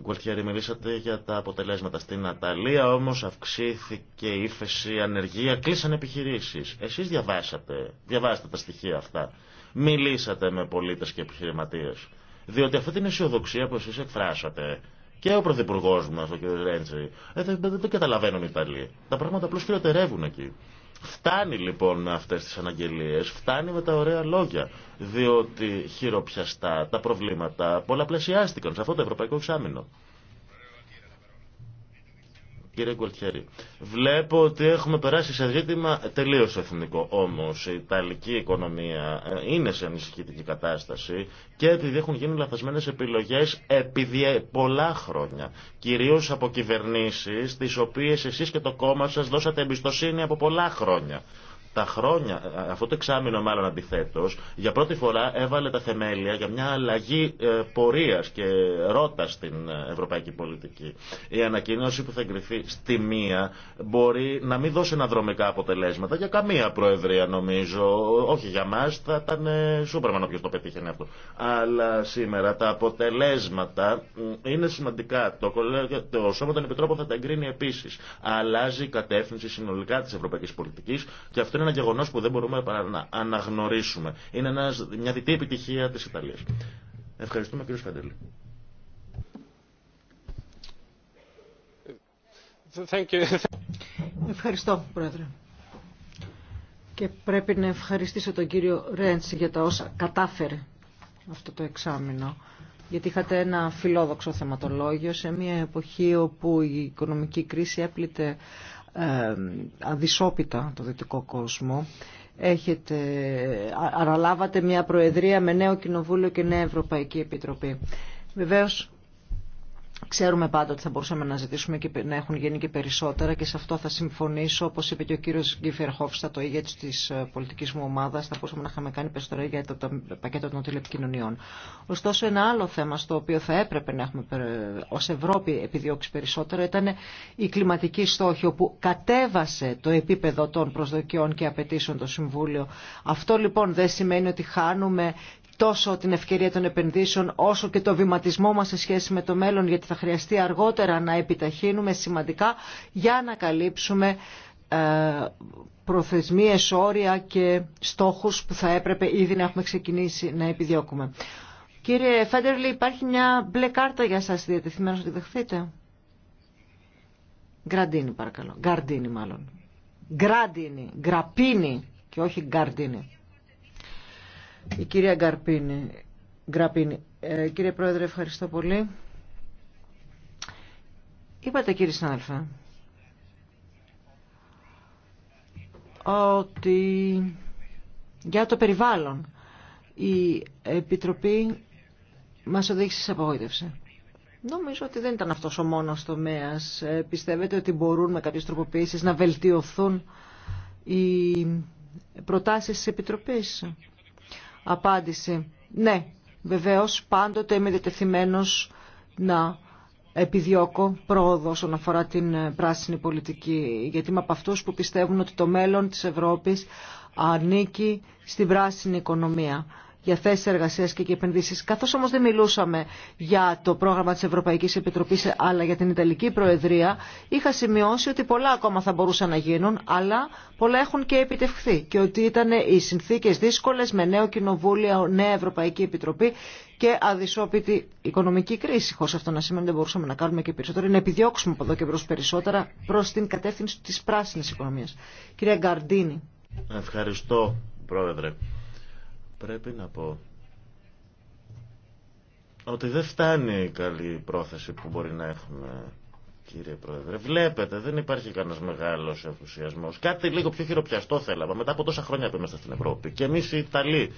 Speaker 2: Γκουαλτιέρη, μιλήσατε για τα αποτελέσματα. Στην Αταλία όμως αυξήθηκε η ύφεση, η ανεργία, κλείσαν επιχειρήσεις. Εσείς διαβάσατε, διαβάσατε τα στοιχεία αυτά. Μιλήσατε με πολίτες και επιχειρηματίες. Διότι αυτή την αισιοδοξία που εσείς εκφράσατε και ο πρωθυπουργό μα, ο κ. Ε, δεν, το καταλαβαίνουν οι Ιταλοί. Τα πράγματα απλώ χειροτερεύουν εκεί. Φτάνει λοιπόν αυτές τις αναγγελίες, φτάνει με τα ωραία λόγια, διότι χειροπιαστά τα προβλήματα πολλαπλασιάστηκαν σε αυτό το ευρωπαϊκό εξάμεινο. Κύριε Κουρτιέρη, βλέπω ότι έχουμε περάσει σε ζήτημα τελείω εθνικό. Όμω η Ιταλική οικονομία ε, είναι σε ανησυχητική κατάσταση και επειδή έχουν γίνει λαθασμένε επιλογέ επί πολλά χρόνια. Κυρίω από κυβερνήσει, τι οποίε εσεί και το κόμμα σα δώσατε εμπιστοσύνη από πολλά χρόνια τα χρόνια, ε, ε, αυτό το εξάμεινο μάλλον αντιθέτω, για πρώτη φορά έβαλε τα θεμέλια για μια αλλαγή ε, πορεία και ρότα στην ευρωπαϊκή πολιτική. Η ανακοίνωση που θα εγκριθεί στη μία μπορεί να μην δώσει αναδρομικά αποτελέσματα για καμία προεδρία νομίζω. Όχι για μα, θα ήταν σούπερμαν όποιο το πετύχαινε αυτό. Αλλά σήμερα τα αποτελέσματα είναι σημαντικά. Το, το Σώμα των Επιτρόπων θα τα εγκρίνει επίση. Αλλάζει η κατεύθυνση συνολικά τη ευρωπαϊκή πολιτική και αυτό είναι ένα γεγονό που δεν μπορούμε να αναγνωρίσουμε. Είναι ένας, μια διτή επιτυχία τη Ιταλία. Ευχαριστούμε κύριο Φαντελή.
Speaker 1: Ευχαριστώ, Πρόεδρε. Και πρέπει να ευχαριστήσω τον κύριο Ρέντσι για τα όσα κατάφερε αυτό το εξάμεινο. Γιατί είχατε ένα φιλόδοξο θεματολόγιο σε μια εποχή όπου η οικονομική κρίση έπλητε αδυσόπιτα το δυτικό κόσμο. Έχετε, αναλάβατε μια προεδρία με νέο κοινοβούλιο και νέα Ευρωπαϊκή Επιτροπή. Βεβαίως Ξέρουμε πάντα ότι θα μπορούσαμε να ζητήσουμε και να έχουν γίνει και περισσότερα και σε αυτό θα συμφωνήσω. Όπω είπε και ο κύριο Γκίφερ Χόφστα, το ηγέτη τη ε, πολιτική μου ομάδα, θα μπορούσαμε να είχαμε κάνει περισσότερα για το πακέτο των τηλεπικοινωνιών. Ωστόσο, ένα άλλο θέμα στο οποίο θα έπρεπε να έχουμε ε, ω Ευρώπη επιδιώξει περισσότερο ήταν η κλιματική στόχη, όπου κατέβασε το επίπεδο των προσδοκιών και απαιτήσεων το Συμβούλιο. Αυτό λοιπόν δεν σημαίνει ότι χάνουμε τόσο την ευκαιρία των επενδύσεων όσο και το βηματισμό μας σε σχέση με το μέλλον γιατί θα χρειαστεί αργότερα να επιταχύνουμε σημαντικά για να καλύψουμε ε, προθεσμίες, όρια και στόχους που θα έπρεπε ήδη να έχουμε ξεκινήσει να επιδιώκουμε. Κύριε Φέντερλη, υπάρχει μια μπλε κάρτα για σας διατεθειμένος να τη δεχθείτε. Γκραντίνη παρακαλώ. Γκαρντίνη μάλλον. Γκραντίνη, γκραπίνη και όχι γκαρντίνη. Η κυρία Γκαρπίνη. Γκραπίνη. Ε, κύριε Πρόεδρε, ευχαριστώ πολύ. Είπατε κύριε Σνάλφα ότι για το περιβάλλον η Επιτροπή μας οδήγησε σε απογοήτευση. Νομίζω ότι δεν ήταν αυτός ο μόνος τομέας. Ε, πιστεύετε ότι μπορούν με κάποιες τροποποιήσεις να βελτιωθούν οι προτάσεις της Επιτροπής απάντηση. Ναι, βεβαίως πάντοτε είμαι διατεθειμένος να επιδιώκω πρόοδο όσον αφορά την πράσινη πολιτική. Γιατί είμαι από αυτούς που πιστεύουν ότι το μέλλον της Ευρώπης ανήκει στην πράσινη οικονομία για θέσει εργασία και και επενδύσει. Καθώ όμω δεν μιλούσαμε για το πρόγραμμα τη Ευρωπαϊκή Επιτροπή αλλά για την Ιταλική Προεδρία, είχα σημειώσει ότι πολλά ακόμα θα μπορούσαν να γίνουν, αλλά πολλά έχουν και επιτευχθεί. Και ότι ήταν οι συνθήκε δύσκολε με νέο κοινοβούλιο, νέα Ευρωπαϊκή Επιτροπή και αδυσόπιτη οικονομική κρίση. Χωρί αυτό να σημαίνει δεν μπορούσαμε να κάνουμε και περισσότερο, να επιδιώξουμε από εδώ και προ περισσότερα προ την κατεύθυνση τη πράσινη οικονομία. Κυρία Γκαρντίνη.
Speaker 2: Ευχαριστώ, Πρόεδρε πρέπει να πω ότι δεν φτάνει η καλή πρόθεση που μπορεί να έχουμε Κύριε Πρόεδρε, βλέπετε, δεν υπάρχει κανένα μεγάλος ενθουσιασμό. Κάτι λίγο πιο χειροπιαστό θέλαμε. Μετά από τόσα χρόνια που είμαστε στην Ευρώπη. Και εμεί οι Ιταλοί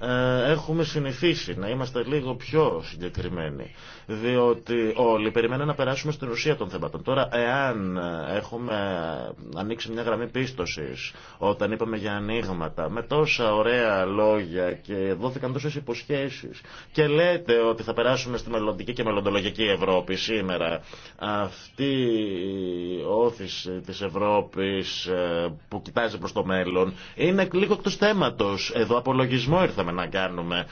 Speaker 2: ε, έχουμε συνηθίσει να είμαστε λίγο πιο συγκεκριμένοι. Διότι όλοι περιμένουν να περάσουμε στην ουσία των θεμάτων. Τώρα, εάν έχουμε ανοίξει μια γραμμή πίστοση, όταν είπαμε για ανοίγματα, με τόσα ωραία λόγια και δόθηκαν τόσε υποσχέσει, και λέτε ότι θα περάσουμε στη μελλοντική και μελλοντολογική Ευρώπη σήμερα, αυτή η όθηση τη Ευρώπη ε, που κοιτάζει προ το μέλλον, είναι λίγο εκτό θέματο. Εδώ απολογισμό θέλαμε να κάνουμε.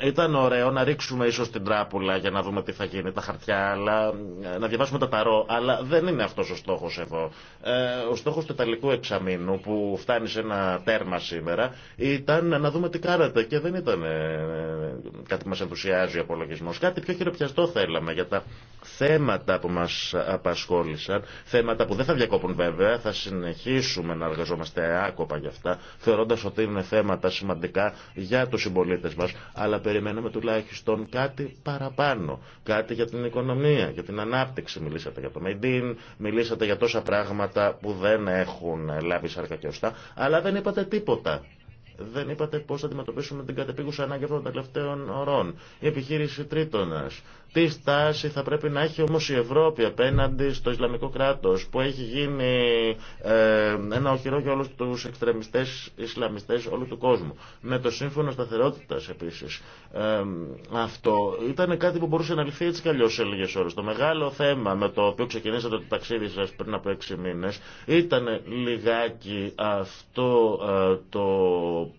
Speaker 2: Ε, ήταν ωραίο να ρίξουμε ίσω την τράπουλα για να δούμε τι θα γίνει, τα χαρτιά, αλλά, ε, να διαβάσουμε τα ταρό, αλλά δεν είναι αυτό ο στόχο εδώ. Ε, ο στόχο του Ιταλικού εξαμήνου που φτάνει σε ένα τέρμα σήμερα ήταν να δούμε τι κάνατε και δεν ήταν ε, κάτι που μα ενθουσιάζει ο απολογισμό. Κάτι πιο χειροπιαστό θέλαμε για τα θέματα που μα απασχόλησαν, θέματα που δεν θα διακόπουν βέβαια, θα συνεχίσουμε να εργαζόμαστε άκοπα γι' αυτά, θεωρώντα ότι είναι θέματα σημαντικά για τους συμπολίτε μας, αλλά περιμένουμε τουλάχιστον κάτι παραπάνω, κάτι για την οικονομία, για την ανάπτυξη. Μιλήσατε για το Μεντίν, μιλήσατε για τόσα πράγματα που δεν έχουν λάβει σάρκα και ωστά αλλά δεν είπατε τίποτα δεν είπατε πώ θα αντιμετωπίσουμε την κατεπίγουσα ανάγκη αυτών των τελευταίων ωρών. Η επιχείρηση Τρίτονα, τι στάση θα πρέπει να έχει όμως η Ευρώπη απέναντι στο Ισλαμικό κράτος που έχει γίνει ε, ένα οχυρό για όλους τους εξτρεμιστές Ισλαμιστές όλου του κόσμου. Με το σύμφωνο σταθερότητας επίσης. Ε, αυτό ήταν κάτι που μπορούσε να λυθεί έτσι κι σε λίγες ώρες. Το μεγάλο θέμα με το οποίο ξεκινήσατε το ταξίδι σας πριν από έξι μήνες ήταν λιγάκι αυτό ε, το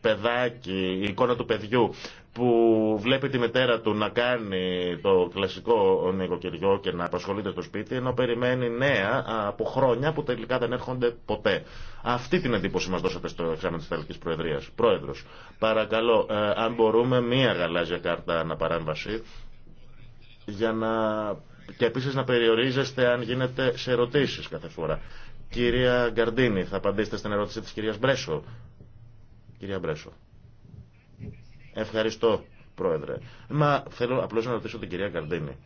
Speaker 2: παιδάκι, η εικόνα του παιδιού που βλέπει τη μητέρα του να κάνει το κλασικό νοικοκυριό και να απασχολείται στο σπίτι, ενώ περιμένει νέα από χρόνια που τελικά δεν έρχονται ποτέ. Αυτή την εντύπωση μα δώσατε στο εξάμεινο τη Ιταλική Προεδρία. Πρόεδρο, παρακαλώ, ε, αν μπορούμε, μία γαλάζια κάρτα αναπαράμβαση για να. Και επίσης να περιορίζεστε αν γίνεται σε ερωτήσεις κάθε φορά. Κυρία Γκαρντίνη, θα απαντήσετε στην ερώτηση της κυρίας Μπρέσο. Κυρία Μπρέσο. Ευχαριστώ, Πρόεδρε. Μα θέλω απλώς να ρωτήσω την κυρία Καρδίνη.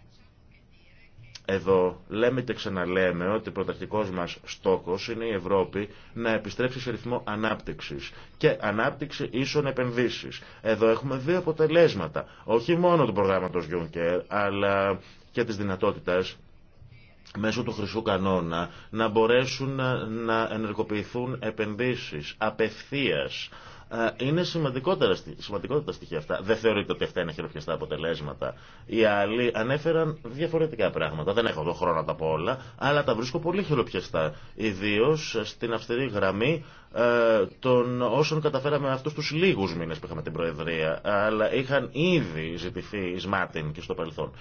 Speaker 2: Εδώ λέμε και ξαναλέμε ότι πρωταρχικός μας στόχος είναι η Ευρώπη να επιστρέψει σε ρυθμό ανάπτυξης και ανάπτυξη ίσων επενδύσεις. Εδώ έχουμε δύο αποτελέσματα, όχι μόνο του προγράμματος Juncker, αλλά και της δυνατότητας μέσω του χρυσού κανόνα να μπορέσουν να ενεργοποιηθούν επενδύσεις απευθείας ε, είναι σημαντικότερα, σημαντικότερα τα στοιχεία αυτά. Δεν θεωρείται ότι αυτά είναι χειροπιαστά αποτελέσματα. Οι άλλοι ανέφεραν διαφορετικά πράγματα. Δεν έχω εδώ χρόνο να τα πω όλα, αλλά τα βρίσκω πολύ χειροπιαστά. Ιδίω στην αυστηρή γραμμή ε, των όσων καταφέραμε αυτού του λίγου μήνε που είχαμε την Προεδρία, αλλά είχαν ήδη ζητηθεί ει και στο παρελθόν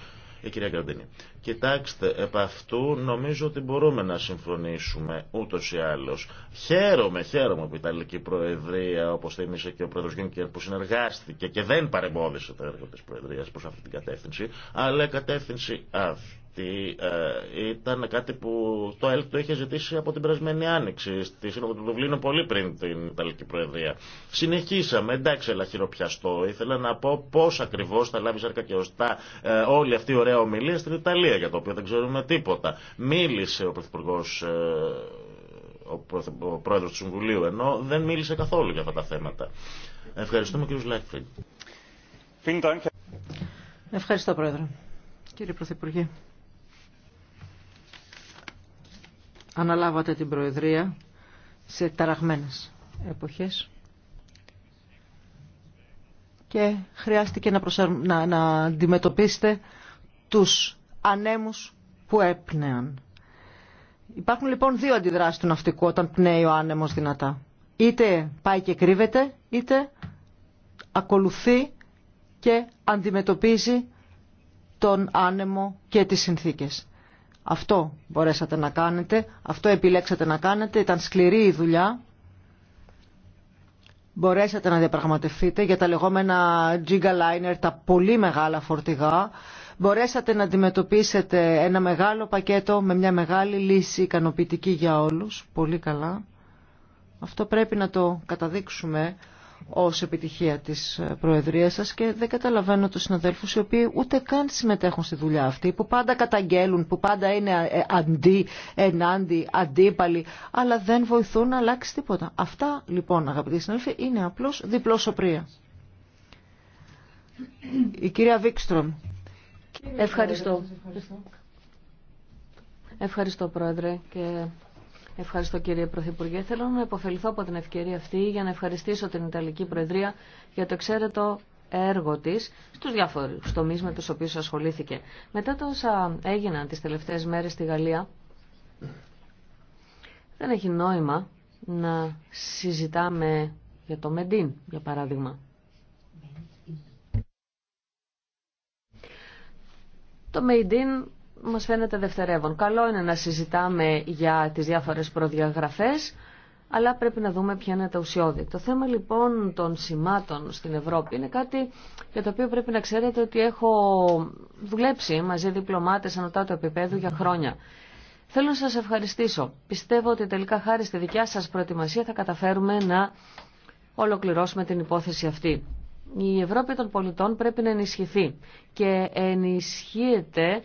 Speaker 2: η ε, κυρία Γκραντίνη. Κοιτάξτε, επ' αυτού νομίζω ότι μπορούμε να συμφωνήσουμε ούτω ή άλλω. Χαίρομαι, χαίρομαι που η Ιταλική Προεδρία, όπω θύμισε και ο πρόεδρο Γιούνκερ, που συνεργάστηκε και δεν παρεμπόδισε το έργο τη Προεδρία προ αυτή την κατεύθυνση, αλλά κατεύθυνση αυτή γιατί ε, ήταν κάτι που το ΕΛΚ το είχε ζητήσει από την περασμένη άνοιξη στη Σύνοδο του Δουβλίνου πολύ πριν την Ιταλική Προεδρία. Συνεχίσαμε, εντάξει, αλλά χειροπιαστό. Ήθελα να πω πώ ακριβώ θα λάβει αρκετά και ε, όλη αυτή η ωραία ομιλία στην Ιταλία, για το οποίο δεν ξέρουμε τίποτα. Μίλησε ο Πρωθυπουργό. Ε, ο πρόεδρο του Συμβουλίου, ενώ δεν μίλησε καθόλου για αυτά τα θέματα. Ευχαριστούμε, κύριο Λέκφιν.
Speaker 1: Ευχαριστώ, πρόεδρε. Κύριε Πρωθυπουργέ. αναλάβατε την Προεδρία σε ταραγμένες εποχές και χρειάστηκε να, να, αντιμετωπίσετε τους ανέμους που έπνεαν. Υπάρχουν λοιπόν δύο αντιδράσεις του ναυτικού όταν πνέει ο άνεμος δυνατά. Είτε πάει και κρύβεται, είτε ακολουθεί και αντιμετωπίζει τον άνεμο και τις συνθήκες. Αυτό μπορέσατε να κάνετε, αυτό επιλέξατε να κάνετε, ήταν σκληρή η δουλειά. Μπορέσατε να διαπραγματευτείτε για τα λεγόμενα gigaliner, τα πολύ μεγάλα φορτηγά. Μπορέσατε να αντιμετωπίσετε ένα μεγάλο πακέτο με μια μεγάλη λύση ικανοποιητική για όλους. Πολύ καλά. Αυτό πρέπει να το καταδείξουμε ως επιτυχία της Προεδρίας σας και δεν καταλαβαίνω τους συναδέλφους οι οποίοι ούτε καν συμμετέχουν στη δουλειά αυτή, που πάντα καταγγέλουν, που πάντα είναι ε, αντί, ενάντι, αντίπαλοι, αλλά δεν βοηθούν να αλλάξει τίποτα. Αυτά λοιπόν αγαπητοί συνάδελφοι είναι απλώς διπλό Η κυρία Βίκστρομ.
Speaker 4: Ευχαριστώ.
Speaker 1: Ευχαριστώ Πρόεδρε και
Speaker 4: Ευχαριστώ κύριε Πρωθυπουργέ. Θέλω να υποφεληθώ από την ευκαιρία αυτή για να ευχαριστήσω την Ιταλική Προεδρία για το εξαίρετο έργο τη στου διάφορου τομεί με του οποίου ασχολήθηκε. Μετά όσα έγιναν τι τελευταίε μέρε στη Γαλλία, δεν έχει νόημα να συζητάμε για το Μεντίν, για παράδειγμα. Το Μεντίν μας φαίνεται δευτερεύον. Καλό είναι να συζητάμε για τις διάφορες προδιαγραφές, αλλά πρέπει να δούμε ποια είναι τα ουσιώδη. Το θέμα λοιπόν των σημάτων στην Ευρώπη είναι κάτι για το οποίο πρέπει να ξέρετε ότι έχω δουλέψει μαζί διπλωμάτες του επίπεδου για χρόνια. Θέλω να σας ευχαριστήσω. Πιστεύω ότι τελικά χάρη στη δικιά σας προετοιμασία θα καταφέρουμε να ολοκληρώσουμε την υπόθεση αυτή. Η Ευρώπη των πολιτών πρέπει να ενισχυθεί και ενισχύεται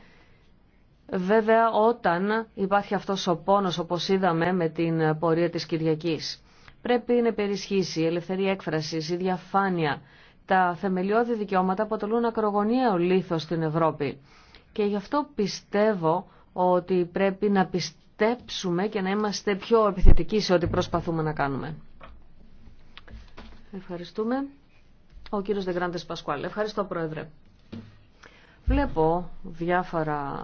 Speaker 4: βέβαια όταν υπάρχει αυτός ο πόνος όπως είδαμε με την πορεία της Κυριακής. Πρέπει να περισχύσει η ελευθερία έκφρασης, η διαφάνεια. Τα θεμελιώδη δικαιώματα αποτελούν ακρογωνιαίο λίθος στην Ευρώπη. Και γι' αυτό πιστεύω ότι πρέπει να πιστέψουμε και να είμαστε πιο επιθετικοί σε ό,τι προσπαθούμε να κάνουμε. Ευχαριστούμε. Ο κύριος Δεγκράντες Πασκουάλ. Ευχαριστώ, Πρόεδρε. Βλέπω διάφορα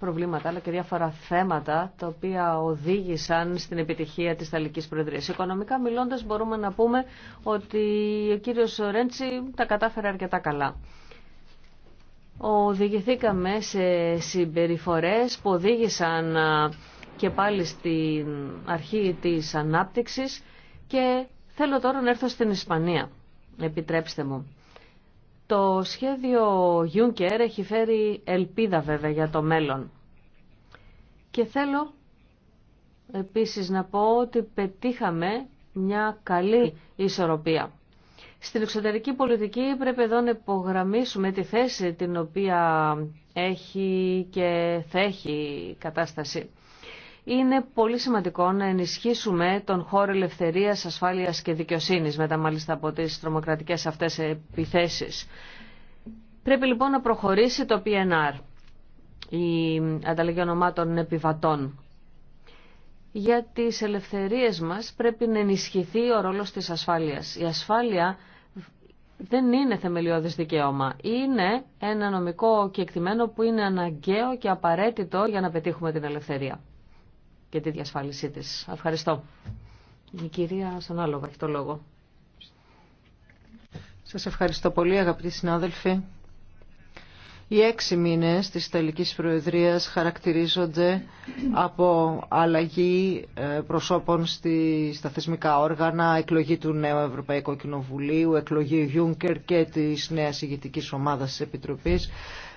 Speaker 4: προβλήματα αλλά και διάφορα θέματα τα οποία οδήγησαν στην επιτυχία της Ιταλικής Προεδρίας. Οικονομικά μιλώντας μπορούμε να πούμε ότι ο κύριος Ρέντσι τα κατάφερε αρκετά καλά. Οδηγηθήκαμε σε συμπεριφορές που οδήγησαν και πάλι στην αρχή της ανάπτυξης και θέλω τώρα να έρθω στην Ισπανία. Επιτρέψτε μου. Το σχέδιο Juncker έχει φέρει ελπίδα βέβαια για το μέλλον. Και θέλω επίσης να πω ότι πετύχαμε μια καλή ισορροπία. Στην εξωτερική πολιτική πρέπει εδώ να υπογραμμίσουμε τη θέση την οποία έχει και θα έχει κατάσταση είναι πολύ σημαντικό να ενισχύσουμε τον χώρο ελευθερίας, ασφάλειας και δικαιοσύνης μετά μάλιστα από τις τρομοκρατικές αυτές επιθέσεις. Πρέπει λοιπόν να προχωρήσει το PNR, η ανταλλαγή ονομάτων επιβατών. Για τις ελευθερίες μας πρέπει να ενισχυθεί ο ρόλος της ασφάλειας. Η ασφάλεια δεν είναι θεμελιώδης δικαίωμα. Είναι ένα νομικό κεκτημένο που είναι αναγκαίο και απαραίτητο για να πετύχουμε την ελευθερία και τη διασφάλισή τη. Ευχαριστώ. Η κυρία Σανάλοβα έχει το λόγο.
Speaker 1: Σας ευχαριστώ πολύ αγαπητοί συνάδελφοι. Οι έξι μήνες της τελικής Προεδρίας χαρακτηρίζονται από αλλαγή ε, προσώπων στη, στα θεσμικά όργανα, εκλογή του νέου Ευρωπαϊκού Κοινοβουλίου, εκλογή γιουνκερ και της νέας ηγετικής ομάδας της Επιτροπής.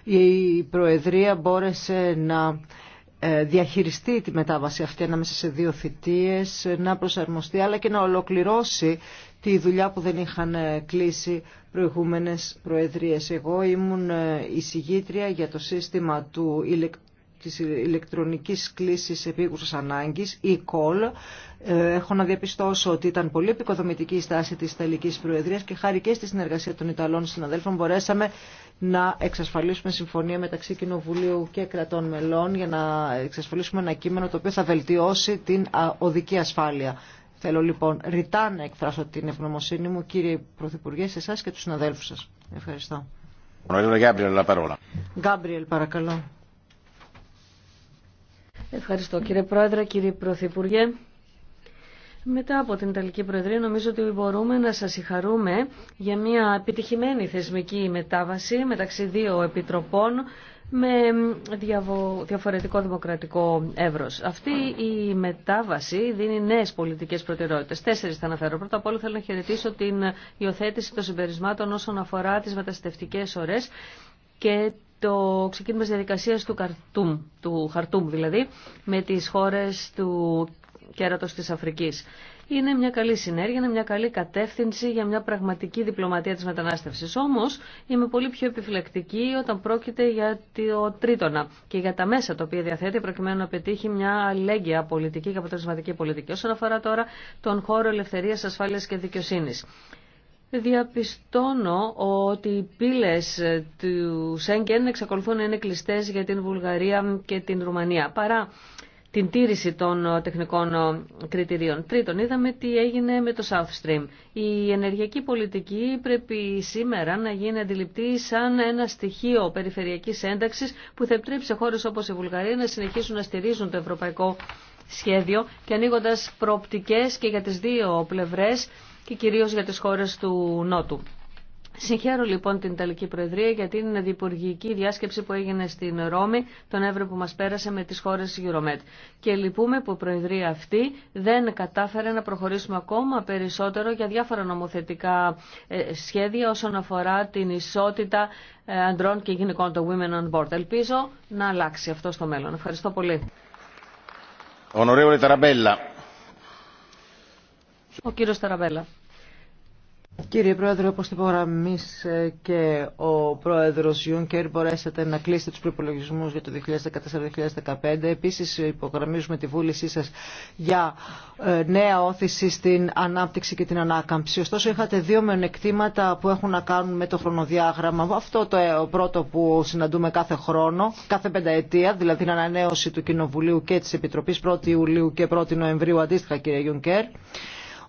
Speaker 1: Η Προεδρία μπόρεσε να ε, διαχειριστεί τη μετάβαση αυτή ανάμεσα σε δύο θητείες, να προσαρμοστεί αλλά και να ολοκληρώσει τη δουλειά που δεν είχαν ε, κλείσει προηγούμενες προεδρίες. Εγώ ήμουν ε, εισηγήτρια για το σύστημα του ηλεκτρονικού της ηλεκτρονικής ανάγκης ή κόλλ. επίγουσας ανάγκης, η Ε, έχω να διαπιστώσω ότι ήταν πολύ επικοδομητική η στάση της Ιταλικής Προεδρίας και χάρη και στη συνεργασία των Ιταλών συναδέλφων μπορέσαμε να εξασφαλίσουμε συμφωνία μεταξύ Κοινοβουλίου και κρατών μελών για να εξασφαλίσουμε ένα κείμενο το οποίο θα βελτιώσει την οδική ασφάλεια. Θέλω λοιπόν ρητά να εκφράσω την ευγνωμοσύνη μου κύριε Πρωθυπουργέ σε εσά και του συναδέλφου σα. Ευχαριστώ. Γκάμπριελ παρακαλώ. Ευχαριστώ κύριε Πρόεδρε, κύριε
Speaker 4: Πρωθυπουργέ. Μετά από την Ιταλική Προεδρία νομίζω ότι μπορούμε να σας συγχαρούμε για μια επιτυχημένη θεσμική μετάβαση μεταξύ δύο επιτροπών με διαφορετικό δημοκρατικό εύρος. Αυτή η μετάβαση δίνει νέες πολιτικές προτεραιότητες. Τέσσερις θα αναφέρω. Πρώτα απ' όλα θέλω να χαιρετήσω την υιοθέτηση των συμπερισμάτων όσον αφορά τις μεταστευτικές ώρες και το ξεκίνημα της διαδικασίας του, Καρτούμ, του Χαρτούμ δηλαδή, με τις χώρες του κέρατος της Αφρικής. Είναι μια καλή συνέργεια, είναι μια καλή κατεύθυνση για μια πραγματική διπλωματία της μετανάστευσης. Όμως είμαι πολύ πιο επιφυλακτική όταν πρόκειται για το τρίτονα και για τα μέσα τα οποία διαθέτει προκειμένου να πετύχει μια αλληλέγγυα πολιτική και αποτελεσματική πολιτική όσον αφορά τώρα τον χώρο ελευθερίας, ασφάλειας και δικαιοσύνης. Διαπιστώνω ότι οι πύλες του Σέγγεν εξακολουθούν να είναι κλειστές για την Βουλγαρία και την Ρουμανία, παρά την τήρηση των τεχνικών κριτηρίων. Τρίτον, είδαμε τι έγινε με το South Stream. Η ενεργειακή πολιτική πρέπει σήμερα να γίνει αντιληπτή σαν ένα στοιχείο περιφερειακής ένταξης που θα επιτρέψει σε χώρες όπως η Βουλγαρία να συνεχίσουν να στηρίζουν το ευρωπαϊκό σχέδιο και ανοίγοντα προοπτικές και για τις δύο πλευρές και κυρίως για τις χώρες του Νότου. Συγχαίρω λοιπόν την Ιταλική Προεδρία για την διπουργική διάσκεψη που έγινε στην Ρώμη τον Εύρο που μας πέρασε με τις χώρες Euromed. Και λυπούμε που η Προεδρία αυτή δεν κατάφερε να προχωρήσουμε ακόμα περισσότερο για διάφορα νομοθετικά ε, σχέδια όσον αφορά την ισότητα ε, ανδρών και γυναικών των Women on Board. Ελπίζω να αλλάξει αυτό στο μέλλον. Ευχαριστώ πολύ. Ο κύριος Ταραβέλα.
Speaker 1: Κύριε Πρόεδρε, όπως υπογραμμίσε και ο Πρόεδρος Γιούνκερ, μπορέσατε να κλείσετε τους προπολογισμού για το 2014-2015. Επίσης υπογραμμίζουμε τη βούλησή σας για ε, νέα όθηση στην ανάπτυξη και την ανάκαμψη. Ωστόσο είχατε δύο μενεκτήματα που έχουν να κάνουν με το χρονοδιάγραμμα. Αυτό το ε, πρώτο που συναντούμε κάθε χρόνο, κάθε πενταετία, δηλαδή την ανανέωση του Κοινοβουλίου και της Επιτροπής 1η Ιουλίου και 1η Νοεμβρίου αντίστοιχα κύριε Ιούνκερ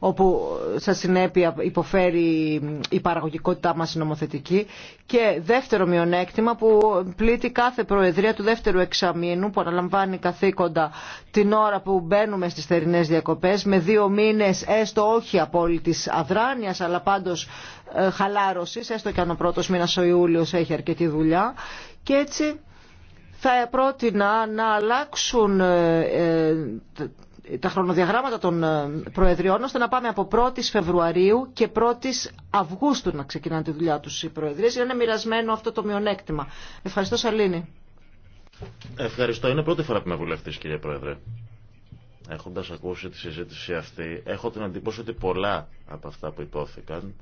Speaker 1: όπου σαν συνέπεια υποφέρει η παραγωγικότητά μας η νομοθετική και δεύτερο μειονέκτημα που πλήττει κάθε προεδρία του δεύτερου εξαμήνου που αναλαμβάνει καθήκοντα την ώρα που μπαίνουμε στις θερινές διακοπές με δύο μήνες έστω όχι απόλυτης αδράνειας αλλά πάντως ε, χαλάρωσης έστω και αν ο πρώτος μήνας ο Ιούλιος έχει αρκετή δουλειά και έτσι θα πρότεινα να αλλάξουν ε, ε, τα χρονοδιαγράμματα των ε, Προεδριών ώστε να πάμε από 1η Φεβρουαρίου και 1η Αυγούστου να ξεκινάνε τη δουλειά του οι Προεδρίε. Είναι μοιρασμένο αυτό το μειονέκτημα. Ευχαριστώ, Σαλίνη.
Speaker 2: Ευχαριστώ. Είναι πρώτη φορά που είμαι βουλευτή, κύριε Πρόεδρε. Έχοντα ακούσει τη συζήτηση αυτή, έχω την εντύπωση ότι πολλά από αυτά που υπόθηκαν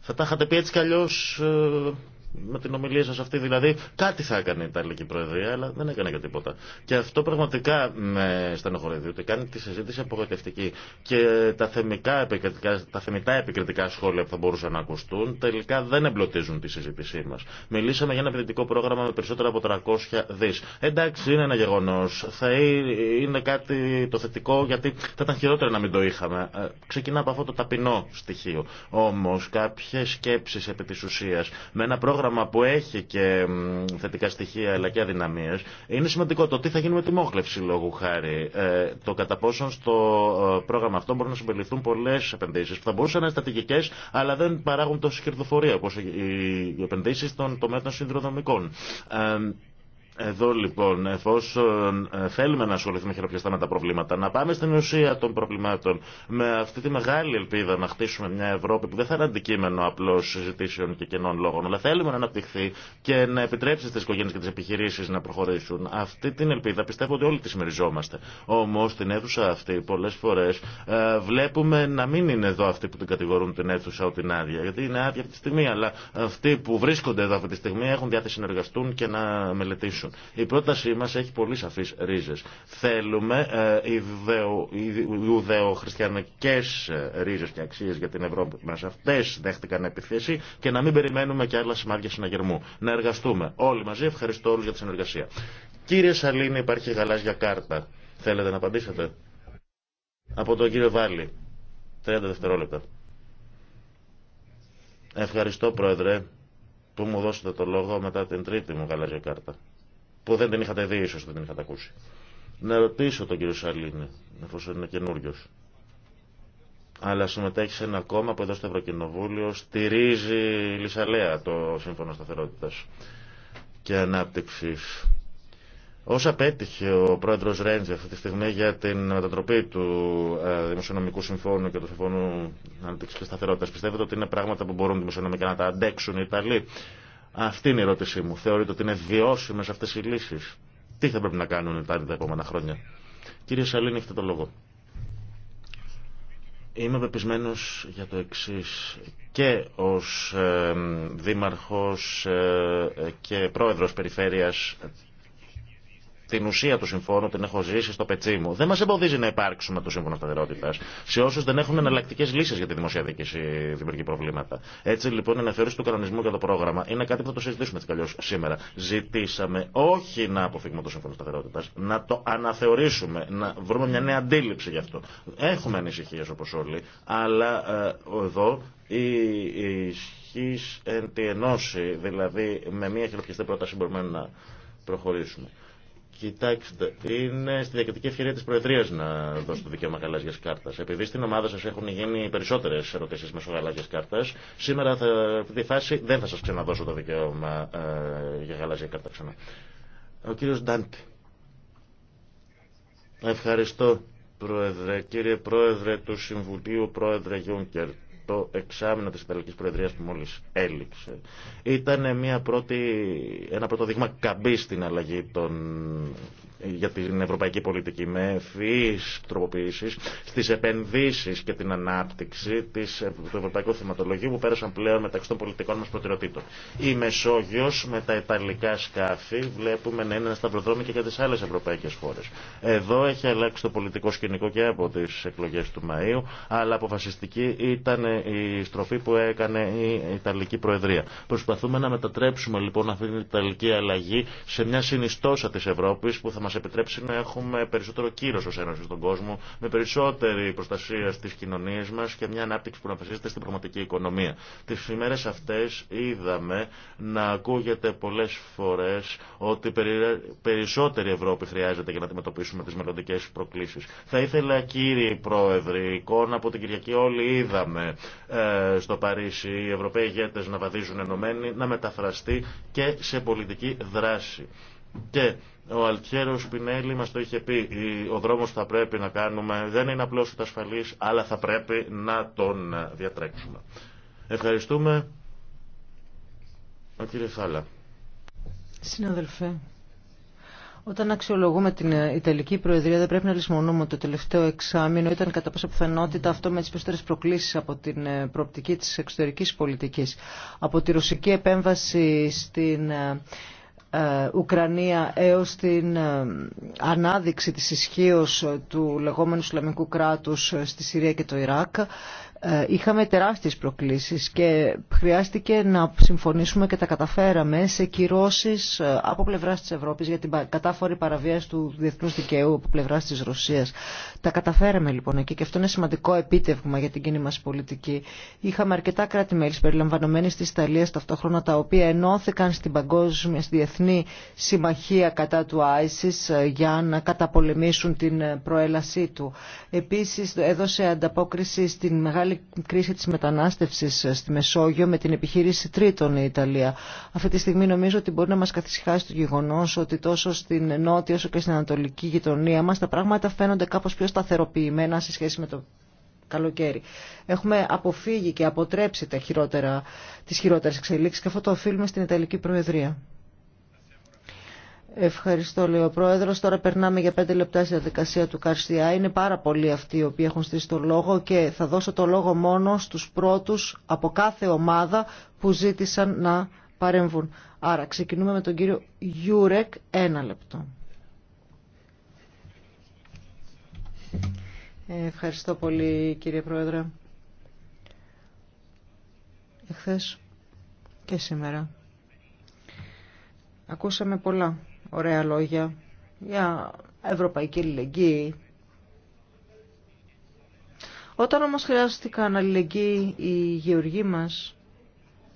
Speaker 2: θα τα είχατε πει έτσι κι αλλιώ ε, με την ομιλία σα αυτή δηλαδή κάτι θα έκανε η Ιταλική Προεδρία αλλά δεν έκανε και τίποτα. Και αυτό πραγματικά με στενοχωρεί διότι κάνει τη συζήτηση απογοητευτική και τα, θεμικά επικριτικά, τα θεμητά επικριτικά σχόλια που θα μπορούσαν να ακουστούν τελικά δεν εμπλωτίζουν τη συζήτησή μα. Μιλήσαμε για ένα επενδυτικό πρόγραμμα με περισσότερα από 300 δι. Εντάξει είναι ένα γεγονό. θα είναι κάτι το θετικό γιατί θα ήταν χειρότερο να μην το είχαμε. Ε, ξεκινά από αυτό το ταπεινό στοιχείο. Όμω, κάποιε σκέψει επί τη ουσία με ένα πρόγραμμα πρόγραμμα που έχει και θετικά στοιχεία αλλά και αδυναμίε, είναι σημαντικό το τι θα γίνει με τη μόχλευση λόγου χάρη. Ε, το κατά πόσον στο ε, πρόγραμμα αυτό μπορούν να συμπεριληφθούν πολλέ επενδύσει που θα μπορούσαν να είναι στατικικέ αλλά δεν παράγουν τόση κερδοφορία όπω οι επενδύσει των τομέων των συνδρομικών. Ε, εδώ λοιπόν, εφόσον ε, θέλουμε να ασχοληθούμε χειροπιαστά με τα προβλήματα, να πάμε στην ουσία των προβλημάτων, με αυτή τη μεγάλη ελπίδα να χτίσουμε μια Ευρώπη που δεν θα είναι αντικείμενο απλώ συζητήσεων και κενών λόγων, αλλά θέλουμε να αναπτυχθεί και να επιτρέψει στι οικογένειε και τι επιχειρήσει να προχωρήσουν. Αυτή την ελπίδα πιστεύω ότι όλοι τη συμμεριζόμαστε. Όμω στην αίθουσα αυτή πολλέ φορέ ε, βλέπουμε να μην είναι εδώ αυτοί που την κατηγορούν την αίθουσα ότι είναι άδεια, γιατί είναι άδεια αυτή τη στιγμή, αλλά αυτοί που βρίσκονται εδώ αυτή τη στιγμή έχουν διάθεση να εργαστούν και να μελετήσουν. Η πρότασή μα έχει πολύ σαφεί ρίζε. Θέλουμε ε, ιδεοχριστιανικέ ε, ρίζε και αξίε για την Ευρώπη μα. Αυτέ δέχτηκαν επιθέση και να μην περιμένουμε και άλλα σημάδια συναγερμού. Να εργαστούμε όλοι μαζί. Ευχαριστώ όλου για τη συνεργασία. Κύριε Σαλίνη, υπάρχει γαλάζια κάρτα. Θέλετε να απαντήσετε. Από τον κύριο Βάλλη. 30 δευτερόλεπτα. Ευχαριστώ, Πρόεδρε, που μου δώσετε το λόγο μετά την τρίτη μου γαλάζια κάρτα που δεν την είχατε δει ίσως, δεν την είχατε ακούσει. Να ρωτήσω τον κύριο Σαλίνη, εφόσον είναι καινούριο. Αλλά συμμετέχει σε ένα κόμμα που εδώ στο Ευρωκοινοβούλιο στηρίζει λησαλέα το Σύμφωνο Σταθερότητα και Ανάπτυξη. Όσα πέτυχε ο πρόεδρο Ρέντζε αυτή τη στιγμή για την μετατροπή του ε, Δημοσιονομικού Συμφώνου και του Συμφώνου Ανάπτυξη και Σταθερότητα, πιστεύετε ότι είναι πράγματα που μπορούν δημοσιονομικά να τα αντέξουν οι Ιταλοί. Αυτή είναι η ερώτησή μου. Θεωρείτε ότι είναι βιώσιμε αυτέ οι λύσει. Τι θα πρέπει να κάνουν τα επόμενα χρόνια. Κύριε Σαλήνη, έχετε το λόγο. Είμαι πεπισμένο για το εξή. Και ω ε, δήμαρχο ε, και πρόεδρο περιφέρεια την ουσία του συμφώνου την έχω ζήσει στο πετσί μου. Δεν μα εμποδίζει να υπάρξουμε το Σύμφωνο Σταθερότητα σε όσου δεν έχουν εναλλακτικέ λύσει για τη δημοσία διοίκηση δημιουργεί προβλήματα. Έτσι λοιπόν η αναθεώρηση του κανονισμού για το πρόγραμμα είναι κάτι που θα το συζητήσουμε έτσι σήμερα. Ζητήσαμε όχι να αποφύγουμε το Σύμφωνο Σταθερότητα, να το αναθεωρήσουμε, να βρούμε μια νέα αντίληψη γι' αυτό. Έχουμε ανησυχίε όπω όλοι, αλλά ε, εδώ η ισχύ εν τη ενώση, δηλαδή με μια χειροπιαστή πρόταση μπορούμε να προχωρήσουμε. Κοιτάξτε, είναι στη διακριτική ευκαιρία τη Προεδρία να δώσει το δικαίωμα γαλάζια κάρτα. Επειδή στην ομάδα σα έχουν γίνει περισσότερε ερωτήσει μέσω γαλάζια κάρτα, σήμερα θα, τη φάση δεν θα σα ξαναδώσω το δικαίωμα ε, για γαλάζια κάρτα ξανά. Ο κύριο Ντάντη. Ευχαριστώ, Πρόεδρε. Κύριε Πρόεδρε του Συμβουλίου, Πρόεδρε Γιούνκερ το εξάμεινο της Ιταλικής Προεδρίας που μόλις έληξε ήταν μια πρώτη, ένα πρώτο δείγμα καμπή στην αλλαγή για την ευρωπαϊκή πολιτική με ευφυείς τροποποιήσεις στις επενδύσεις και την ανάπτυξη της, του ευρωπαϊκού θεματολογίου που πέρασαν πλέον μεταξύ των πολιτικών μας προτεραιοτήτων. Η Μεσόγειος με τα ιταλικά σκάφη βλέπουμε να είναι ένα σταυροδρόμι και για τις άλλες ευρωπαϊκές χώρες. Εδώ έχει αλλάξει το πολιτικό σκηνικό και από τις εκλογές του Μαΐου αλλά αποφασιστική ήταν η στροφή που έκανε η Ιταλική Προεδρία. Προσπαθούμε να μετατρέψουμε λοιπόν αυτή την Ιταλική αλλαγή σε μια συνιστόσα τη Ευρώπη που θα μα επιτρέψει να έχουμε περισσότερο κύρο ω Ένωση στον κόσμο, με περισσότερη προστασία στι κοινωνίε μα και μια ανάπτυξη που να βασίζεται στην πραγματική οικονομία. Τι ημέρε αυτέ είδαμε να ακούγεται πολλέ φορέ ότι περισσότερη Ευρώπη χρειάζεται για να αντιμετωπίσουμε τι μελλοντικέ προκλήσει. Θα ήθελα κύριοι Πρόεδροι, εικόνα από την Κυριακή όλοι είδαμε ε, στο Παρίσι οι Ευρωπαίοι ηγέτες να βαδίζουν ενωμένοι να μεταφραστεί και σε πολιτική δράση. Και ο Αλτιέρο Σπινέλη μα το είχε πει. Ο δρόμο θα πρέπει να κάνουμε δεν είναι απλώς ούτε ασφαλή, αλλά θα πρέπει να τον διατρέξουμε. Ευχαριστούμε. Ο κύριε
Speaker 1: Συναδελφέ, όταν αξιολογούμε την ε, Ιταλική Προεδρία, δεν πρέπει να λησμονούμε ότι το τελευταίο εξάμεινο ήταν κατά πάσα πιθανότητα αυτό με τι περισσότερε προκλήσει από την ε, προοπτική τη εξωτερική πολιτική. Από τη ρωσική επέμβαση στην ε, Ουκρανία έως την ανάδειξη της ισχύω του λεγόμενου Ισλαμικού κράτους στη Συρία και το Ιράκ ε, είχαμε τεράστιες προκλήσεις και χρειάστηκε να συμφωνήσουμε και τα καταφέραμε σε κυρώσεις ε, από πλευράς της Ευρώπης για την κατάφορη παραβίαση του διεθνούς δικαίου από πλευράς της Ρωσίας. Τα καταφέραμε λοιπόν εκεί και αυτό είναι σημαντικό επίτευγμα για την κοινή μας πολιτική. Είχαμε αρκετά κράτη-μέλη περιλαμβανομένης της Ιταλίας ταυτόχρονα τα οποία ενώθηκαν στην παγκόσμια στη διεθνή συμμαχία κατά του ISIS ε, για να καταπολεμήσουν την προέλασή του. Επίσης έδωσε ανταπόκριση στην μεγάλη μεγάλη κρίση της μετανάστευσης στη Μεσόγειο με την επιχείρηση τρίτων η Ιταλία. Αυτή τη στιγμή νομίζω ότι μπορεί να μας καθησυχάσει το γεγονός ότι τόσο στην νότια όσο και στην ανατολική γειτονία μας τα πράγματα φαίνονται κάπως πιο σταθεροποιημένα σε σχέση με το καλοκαίρι. Έχουμε αποφύγει και αποτρέψει τα χειρότερα, τις χειρότερες εξελίξεις και αυτό το οφείλουμε στην Ιταλική Προεδρία. Ευχαριστώ, λέει ο Πρόεδρο. Τώρα περνάμε για πέντε λεπτά στη διαδικασία του Καρστιά. Είναι πάρα πολλοί αυτοί οι οποίοι έχουν στήσει το λόγο και θα δώσω το λόγο μόνο στου πρώτου από κάθε ομάδα που ζήτησαν να παρέμβουν. Άρα ξεκινούμε με τον κύριο Γιούρεκ. Ένα λεπτό. Ευχαριστώ πολύ κύριε Πρόεδρε. Εχθές και σήμερα. Ακούσαμε πολλά ωραία λόγια για ευρωπαϊκή αλληλεγγύη. Όταν όμως χρειάστηκαν αλληλεγγύη οι γεωργοί μας,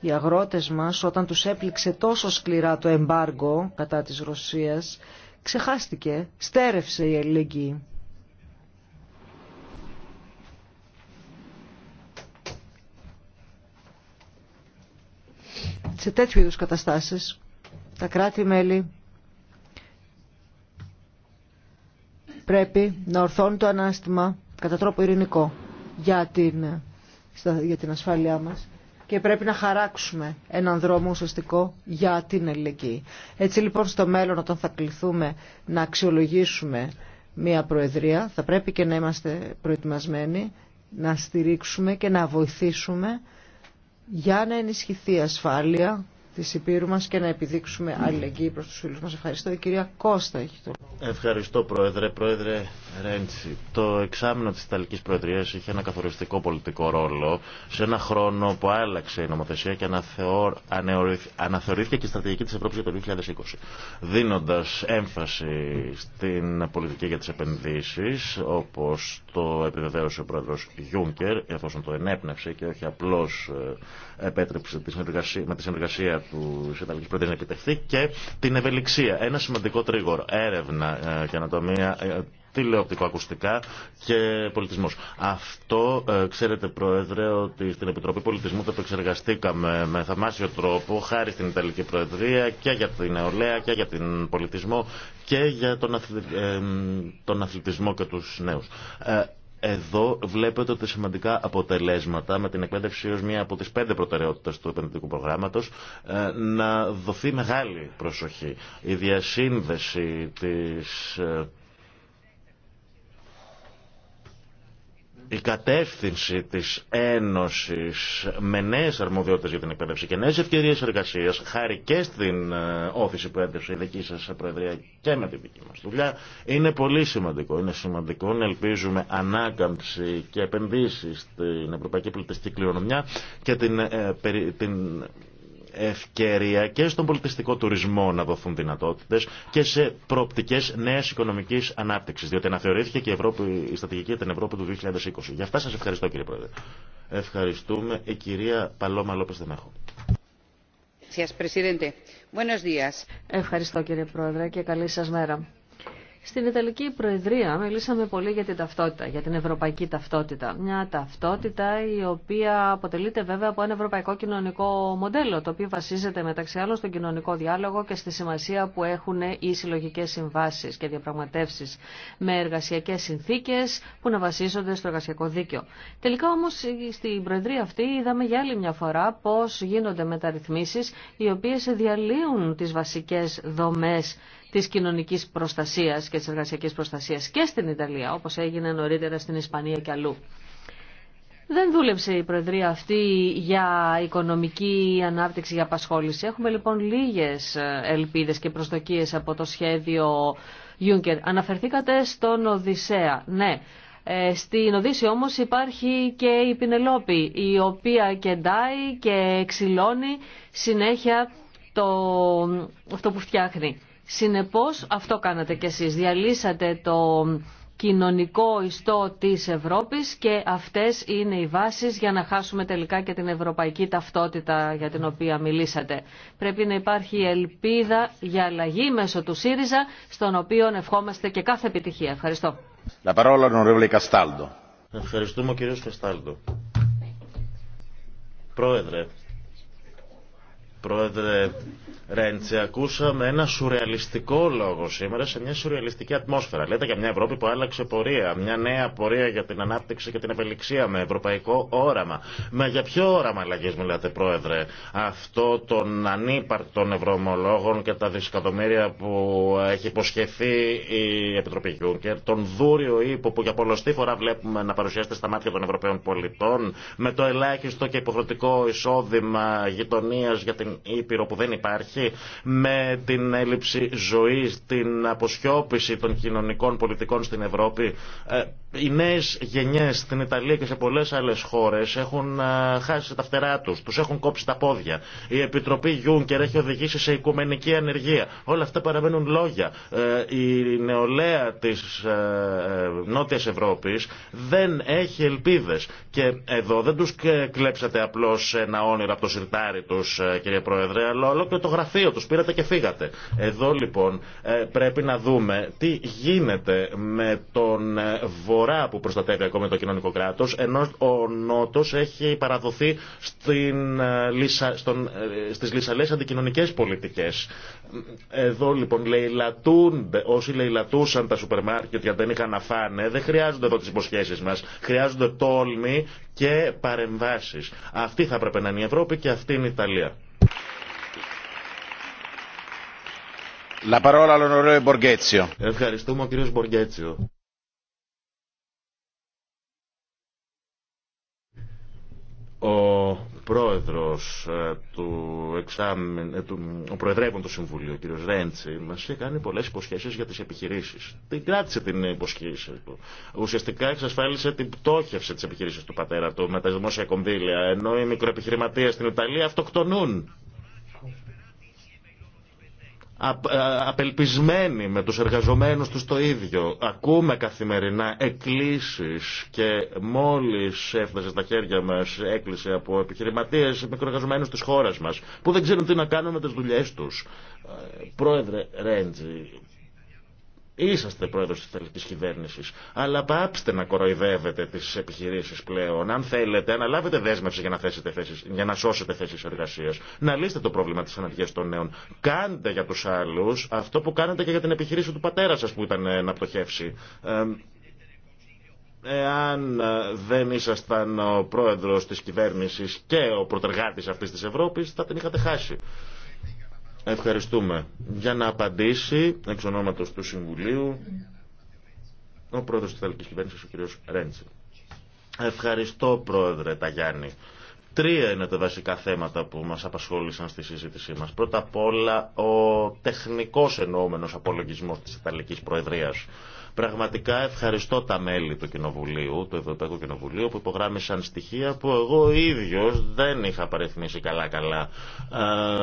Speaker 1: οι αγρότες μας, όταν τους έπληξε τόσο σκληρά το εμπάργκο κατά της Ρωσίας, ξεχάστηκε, στέρευσε η αλληλεγγύη. Σε τέτοιου είδους καταστάσεις, τα κράτη-μέλη πρέπει να ορθώνει το ανάστημα κατά τρόπο ειρηνικό για την, για την ασφάλειά μας και πρέπει να χαράξουμε έναν δρόμο ουσιαστικό για την ελληνική. Έτσι λοιπόν στο μέλλον όταν θα κληθούμε να αξιολογήσουμε μια προεδρία θα πρέπει και να είμαστε προετοιμασμένοι να στηρίξουμε και να βοηθήσουμε για να ενισχυθεί η ασφάλεια της Υπήρου μας και να επιδείξουμε αλληλεγγύη προς τους φίλους μας. Ευχαριστώ. Η κυρία Κώστα έχει το
Speaker 2: Ευχαριστώ Πρόεδρε. Πρόεδρε Ρέντσι, το εξάμεινο της Ιταλικής Προεδρίας είχε ένα καθοριστικό πολιτικό ρόλο σε ένα χρόνο που άλλαξε η νομοθεσία και αναθεωρήθηκε και η στρατηγική της Ευρώπης για το 2020. Δίνοντας έμφαση στην πολιτική για τις επενδύσεις, όπως το επιβεβαίωσε ο Πρόεδρος Γιούνκερ, εφόσον το ενέπνευσε και όχι απλώς ε, επέτρεψε με τη συνεργασία του Ιταλική Προεδρία να επιτευχθεί και την ευελιξία. Ένα σημαντικό τρίγωρο. Έρευνα ε, και ανατομία, ε, τηλεοπτικοακουστικά και πολιτισμό. Αυτό, ε, ξέρετε, Πρόεδρε, ότι στην Επιτροπή Πολιτισμού το επεξεργαστήκαμε με θαυμάσιο τρόπο, χάρη στην Ιταλική Προεδρία και για την νεολαία και για τον πολιτισμό και για τον, τον αθλητισμό και του νέου. Εδώ βλέπετε ότι σημαντικά αποτελέσματα με την εκπαίδευση ως μία από τις πέντε προτεραιότητες του επενδυτικού προγράμματος ε, να δοθεί μεγάλη προσοχή. Η διασύνδεση της ε, η κατεύθυνση της Ένωσης με νέες αρμοδιότητες για την εκπαίδευση και νέες ευκαιρίες εργασίας, χάρη και στην ε, όθηση που έδωσε η δική σας Προεδρία και με τη δική μας δουλειά, είναι πολύ σημαντικό. Είναι σημαντικό να ελπίζουμε ανάκαμψη και επενδύσεις στην ευρωπαϊκή πολιτιστική κληρονομιά και την, ε, την ευκαιρία και στον πολιτιστικό τουρισμό να δοθούν δυνατότητε και σε προοπτικέ νέα οικονομική ανάπτυξη. Διότι αναθεωρήθηκε και η, Ευρώπη, η στρατηγική για την Ευρώπη του 2020. Γι' αυτά σα ευχαριστώ κύριε Πρόεδρε. Ευχαριστούμε. Η κυρία Παλώμα Λόπε Δεμέχο.
Speaker 4: Ευχαριστώ κύριε Πρόεδρε και καλή σα μέρα. Στην Ιταλική Προεδρία μιλήσαμε πολύ για την ταυτότητα, για την ευρωπαϊκή ταυτότητα. Μια ταυτότητα η οποία αποτελείται βέβαια από ένα ευρωπαϊκό κοινωνικό μοντέλο, το οποίο βασίζεται μεταξύ άλλων στον κοινωνικό διάλογο και στη σημασία που έχουν οι συλλογικέ συμβάσει και διαπραγματεύσει με εργασιακέ συνθήκε που να βασίζονται στο εργασιακό δίκαιο. Τελικά όμω στην Προεδρία αυτή είδαμε για άλλη μια φορά πώ γίνονται μεταρρυθμίσει οι οποίε διαλύουν τι βασικέ δομέ της κοινωνικής προστασίας και της εργασιακής προστασίας και στην Ιταλία, όπως έγινε νωρίτερα στην Ισπανία και αλλού. Δεν δούλεψε η Προεδρία αυτή για οικονομική ανάπτυξη, για απασχόληση. Έχουμε λοιπόν λίγες ε, ελπίδες και προσδοκίες από το σχέδιο Juncker. Αναφερθήκατε στον Οδυσσέα. Ναι, ε, στην Οδύση όμως υπάρχει και η Πινελόπη, η οποία κεντάει και ξυλώνει συνέχεια το, αυτό που φτιάχνει. Συνεπώς αυτό κάνατε κι εσείς. Διαλύσατε το κοινωνικό ιστό της Ευρώπης και αυτές είναι οι βάσεις για να χάσουμε τελικά και την ευρωπαϊκή ταυτότητα για την οποία μιλήσατε. Πρέπει να υπάρχει ελπίδα για αλλαγή μέσω του ΣΥΡΙΖΑ, στον οποίο ευχόμαστε και κάθε επιτυχία. Ευχαριστώ.
Speaker 3: La parola Castaldo.
Speaker 2: Ευχαριστούμε κύριος Καστάλντο. Πρόεδρε, Πρόεδρε Ρέντσε, ακούσαμε ένα σουρεαλιστικό λόγο σήμερα σε μια σουρεαλιστική ατμόσφαιρα. Λέτε για μια Ευρώπη που άλλαξε πορεία, μια νέα πορεία για την ανάπτυξη και την ευελιξία με ευρωπαϊκό όραμα. Μα για ποιο όραμα αλλαγή, μιλάτε, Πρόεδρε, αυτό των ανύπαρτων ευρωομολόγων και τα δισεκατομμύρια που έχει υποσχεθεί η Επιτροπή και τον δούριο ύπο που για πολλωστή φορά βλέπουμε να παρουσιάζεται στα μάτια των Ευρωπαίων πολιτών, με το ελάχιστο και υποχρεωτικό εισόδημα γειτονία για την Ήπειρο που δεν υπάρχει με την έλλειψη ζωή, την αποσιώπηση των κοινωνικών πολιτικών στην Ευρώπη. Ε, οι νέε γενιέ στην Ιταλία και σε πολλέ άλλε χώρε έχουν ε, χάσει τα φτερά του, του έχουν κόψει τα πόδια. Η Επιτροπή Γιούνκερ έχει οδηγήσει σε οικουμενική ανεργία. Όλα αυτά παραμένουν λόγια. Ε, η νεολαία τη Νότια Ευρώπη δεν έχει ελπίδε. Και εδώ δεν του κλέψατε απλώ ένα όνειρο από το σιρτάρι του, κύριε Πρόεδρε, αλλά ολόκληρο το γραφείο του, πήρατε και φύγατε. Εδώ λοιπόν ε, πρέπει να δούμε τι γίνεται με τον ε, Βορρά που προστατεύει ακόμη το κοινωνικό κράτο, ενώ ο Νότο έχει παραδοθεί στι ε, λησαλέ στις πολιτικέ. αντικοινωνικές πολιτικές. Εδώ λοιπόν όσοι λαιλατούσαν τα σούπερ μάρκετ γιατί δεν είχαν να φάνε, δεν χρειάζονται εδώ τι υποσχέσει μα χρειάζονται τόλμη και παρεμβάσει. Αυτή θα έπρεπε να είναι η Ευρώπη και αυτή είναι η Ιταλία. Ευχαριστούμε ο κύριος Μποργέτσιο. Ο πρόεδρος ε, του εξάμεινου, ε, του, ο προεδρεύων Συμβουλίου, ο κύριος Ρέντσι, μας είχε κάνει πολλές υποσχέσεις για τις επιχειρήσεις. Την κράτησε την υποσχέση του. Ουσιαστικά εξασφάλισε την πτώχευση της επιχειρήσης του πατέρα του με τα δημόσια κονδύλια, ενώ οι μικροεπιχειρηματίες στην Ιταλία αυτοκτονούν ε, απελπισμένοι με τους εργαζομένους τους το ίδιο. Ακούμε καθημερινά εκκλήσεις και μόλις έφτασε στα χέρια μας έκκληση από επιχειρηματίες μικροεργαζομένους της χώρας μας που δεν ξέρουν τι να κάνουν με τις δουλειές τους. Ε, πρόεδρε Ρέντζη, Είσαστε πρόεδρος της κυβέρνησης, αλλά πάψτε να κοροϊδεύετε τις επιχειρήσεις πλέον. Αν θέλετε, αναλάβετε δέσμευση για να, θέσετε θέσεις, για να σώσετε θέσεις εργασίας. Να λύσετε το πρόβλημα της ανεργίας των νέων. Κάντε για τους άλλους αυτό που κάνετε και για την επιχειρήση του πατέρα σας που ήταν ε, να πτωχεύσει. Εάν ε, δεν ήσασταν ο πρόεδρος της κυβέρνησης και ο πρωτεργάτης αυτής της Ευρώπης, θα την είχατε χάσει. Ευχαριστούμε. Για να απαντήσει εξ ονόματος του Συμβουλίου ο πρόεδρος της Ιταλικής Κυβέρνησης, ο κ. Ρέντσι. Ευχαριστώ πρόεδρε Ταγιάννη. Τρία είναι τα βασικά θέματα που μας απασχόλησαν στη συζήτησή μας. Πρώτα απ' όλα ο τεχνικός εννοούμενος απολογισμός της Ιταλικής Προεδρίας. Πραγματικά ευχαριστώ τα μέλη του Κοινοβουλίου, του Ευρωπαϊκού Κοινοβουλίου, που υπογράμμισαν στοιχεία που εγώ ίδιο δεν είχα παρεθμίσει καλά-καλά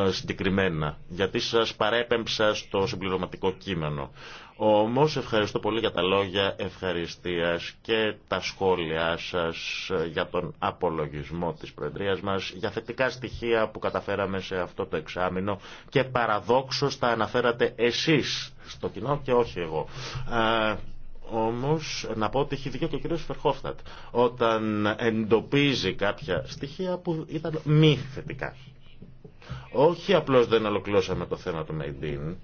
Speaker 2: ε, συγκεκριμένα. Γιατί σα παρέπεμψα στο συμπληρωματικό κείμενο. Όμως ευχαριστώ πολύ για τα λόγια ευχαριστίας και τα σχόλιά σας για τον απολογισμό της Προεδρίας μας, για θετικά στοιχεία που καταφέραμε σε αυτό το εξάμεινο και παραδόξω τα αναφέρατε εσείς στο κοινό και όχι εγώ. Όμω, να πω ότι έχει δίκιο και ο κ. Φερχόφτατ όταν εντοπίζει κάποια στοιχεία που ήταν μη θετικά. Όχι απλώς δεν ολοκληρώσαμε το θέμα του Μεϊντίν,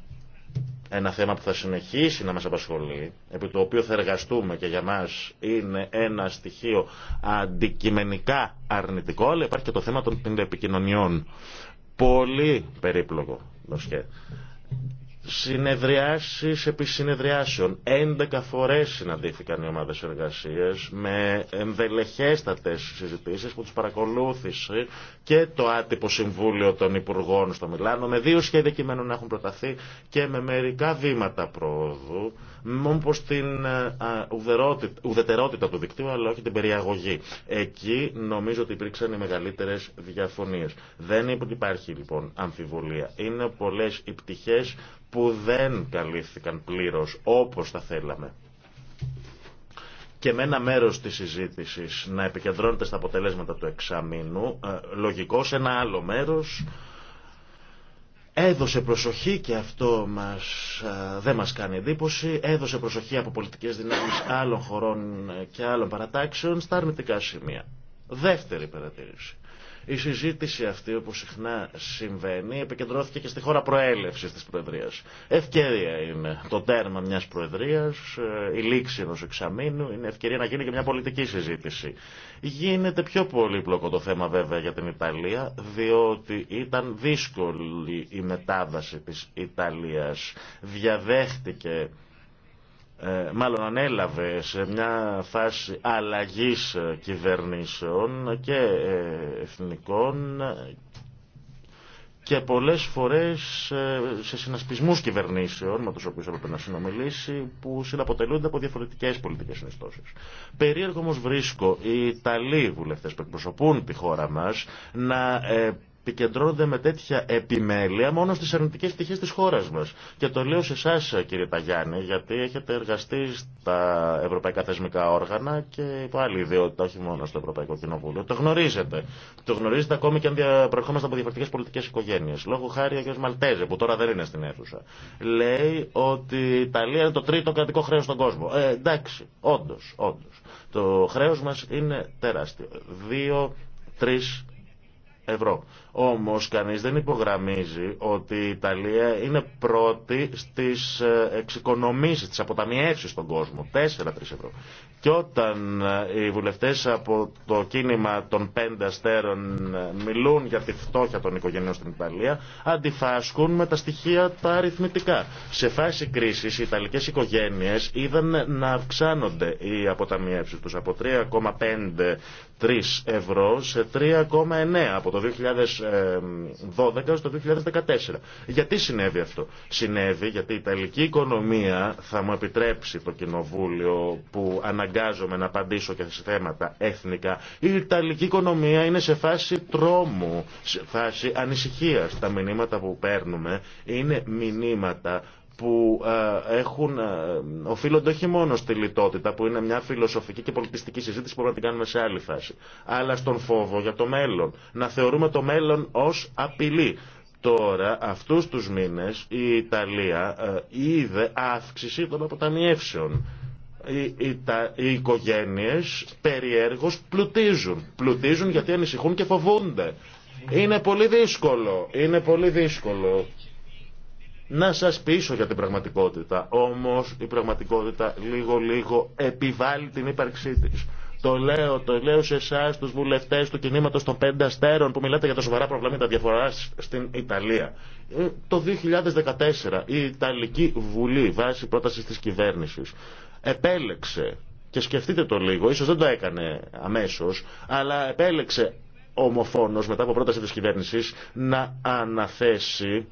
Speaker 2: ένα θέμα που θα συνεχίσει να μας απασχολεί, επί το οποίο θα εργαστούμε και για μας είναι ένα στοιχείο αντικειμενικά αρνητικό, αλλά υπάρχει και το θέμα των επικοινωνιών. Πολύ περίπλοκο συνεδριάσεις επί συνεδριάσεων. 11 φορές συναντήθηκαν οι ομάδες εργασίες με ενδελεχέστατες συζητήσεις που τους παρακολούθησε και το άτυπο Συμβούλιο των Υπουργών στο Μιλάνο με δύο σχέδια κειμένων να έχουν προταθεί και με μερικά βήματα πρόοδου όπως την ε, ουδετερότητα του δικτύου αλλά όχι την περιαγωγή. Εκεί νομίζω ότι υπήρξαν οι μεγαλύτερες διαφωνίες. Δεν υπάρχει λοιπόν αμφιβολία. Είναι πολλέ οι που δεν καλύφθηκαν πλήρως όπως τα θέλαμε και με ένα μέρος της συζήτησης να επικεντρώνεται στα αποτελέσματα του εξαμήνου, ε, λογικό σε ένα άλλο μέρος έδωσε προσοχή και αυτό μας, ε, δεν μας κάνει εντύπωση, έδωσε προσοχή από πολιτικές δυνάμεις άλλων χωρών και άλλων παρατάξεων στα αρνητικά σημεία. Δεύτερη παρατήρηση. Η συζήτηση αυτή, όπως συχνά συμβαίνει, επικεντρώθηκε και στη χώρα προέλευσης της προεδρία. Ευκαιρία είναι το τέρμα μιας Προεδρίας, ε, η λήξη ενό εξαμήνου, είναι ευκαιρία να γίνει και μια πολιτική συζήτηση. Γίνεται πιο πολύπλοκο το θέμα βέβαια για την Ιταλία, διότι ήταν δύσκολη η μετάβαση της Ιταλίας. Διαδέχτηκε ε, μάλλον ανέλαβε σε μια φάση αλλαγής κυβερνήσεων και ε, εθνικών και πολλές φορές ε, σε συνασπισμούς κυβερνήσεων με τους οποίους έπρεπε να συνομιλήσει που συναποτελούνται από διαφορετικές πολιτικές συνιστώσεις. Περίεργο όμως βρίσκω οι Ιταλοί βουλευτές που εκπροσωπούν τη χώρα μας να επικεντρώνονται με τέτοια επιμέλεια μόνο στις αρνητικές πτυχές της χώρας μας. Και το λέω σε εσά κύριε Ταγιάννη, γιατί έχετε εργαστεί στα ευρωπαϊκά θεσμικά όργανα και υπό άλλη ιδιότητα, όχι μόνο στο Ευρωπαϊκό Κοινοβούλιο. Το γνωρίζετε. Το γνωρίζετε ακόμη και αν προερχόμαστε από διαφορετικές πολιτικές οικογένειες. Λόγω χάρη ο κ. Μαλτέζε, που τώρα δεν είναι στην αίθουσα, λέει ότι η Ιταλία είναι το τρίτο κρατικό χρέο στον κόσμο. Ε, εντάξει, όντω, όντω. Το χρέος μας είναι τεράστιο. Δύο, τρει ευρώ. Όμως κανείς δεν υπογραμμίζει ότι η Ιταλία είναι πρώτη στις ε, εξοικονομήσεις, στις αποταμιεύσεις στον κόσμο. 4-3 ευρώ. Και όταν ε, οι βουλευτές από το κίνημα των πέντε αστέρων ε, μιλούν για τη φτώχεια των οικογενειών στην Ιταλία, αντιφάσκουν με τα στοιχεία τα αριθμητικά. Σε φάση κρίσης οι Ιταλικές οικογένειες είδαν να αυξάνονται οι αποταμιεύσεις τους από 3 ευρώ σε 3,9 από το 2000 2012 στο 2014. Γιατί συνέβη αυτό. Συνέβη γιατί η Ιταλική οικονομία θα μου επιτρέψει το Κοινοβούλιο που αναγκάζομαι να απαντήσω και σε θέματα εθνικά. Η Ιταλική οικονομία είναι σε φάση τρόμου, σε φάση ανησυχίας. Τα μηνύματα που παίρνουμε είναι μηνύματα που ε, έχουν, ε, οφείλονται όχι μόνο στη λιτότητα, που είναι μια φιλοσοφική και πολιτιστική συζήτηση που μπορούμε να την κάνουμε σε άλλη φάση, αλλά στον φόβο για το μέλλον. Να θεωρούμε το μέλλον ως απειλή. Τώρα, αυτούς τους μήνες, η Ιταλία ε, είδε αύξηση των αποταμιεύσεων. Οι, οι, οι οικογένειες περιέργως πλουτίζουν. Πλουτίζουν γιατί ανησυχούν και φοβούνται. Είναι πολύ δύσκολο. Είναι πολύ δύσκολο να σας πείσω για την πραγματικότητα. Όμως η πραγματικότητα λίγο-λίγο επιβάλλει την ύπαρξή της. Το λέω, το λέω σε εσά, του βουλευτέ του κινήματο των Πέντε Αστέρων που μιλάτε για τα σοβαρά προβλήματα διαφορά στην Ιταλία. Ε, το 2014 η Ιταλική Βουλή, βάσει πρόταση τη κυβέρνηση, επέλεξε, και σκεφτείτε το λίγο, ίσω δεν το έκανε αμέσω, αλλά επέλεξε ομοφόνο μετά από πρόταση τη κυβέρνηση να αναθέσει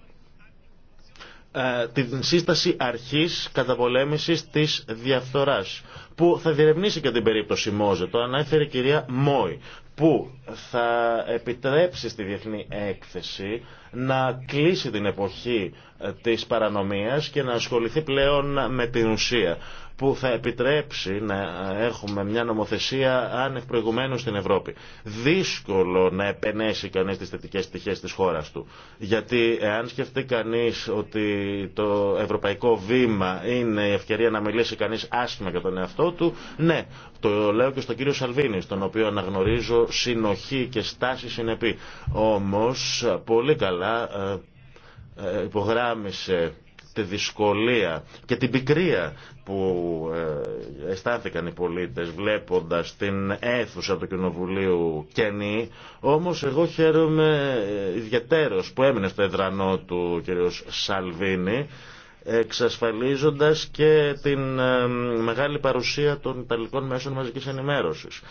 Speaker 2: ε, την σύσταση αρχής καταπολέμησης της διαφθοράς που θα διερευνήσει και την περίπτωση Μόζε, το ανέφερε η κυρία Μόη που θα επιτρέψει στη Διεθνή Έκθεση να κλείσει την εποχή ε, της παρανομίας και να ασχοληθεί πλέον με την ουσία που θα επιτρέψει να έχουμε μια νομοθεσία άνευ προηγουμένου στην Ευρώπη. Δύσκολο να επενέσει κανείς τις θετικές πτυχές της χώρας του. Γιατί εάν σκεφτεί κανείς ότι το ευρωπαϊκό βήμα είναι η ευκαιρία να μιλήσει κανείς άσχημα για τον εαυτό του, ναι, το λέω και στον κύριο Σαλβίνη, στον οποίο αναγνωρίζω συνοχή και στάση συνεπή. Όμως, πολύ καλά ε, ε, υπογράμισε τη δυσκολία και την πικρία που ε, αισθάνθηκαν οι πολίτες βλέποντας την αίθουσα του Κοινοβουλίου κενή. Όμως εγώ χαίρομαι ε, ιδιαίτερος που έμεινε στο εδρανό του κ. Σαλβίνη εξασφαλίζοντας και την ε, μεγάλη παρουσία των Ιταλικών μέσων μαζικής ενημέρωσης.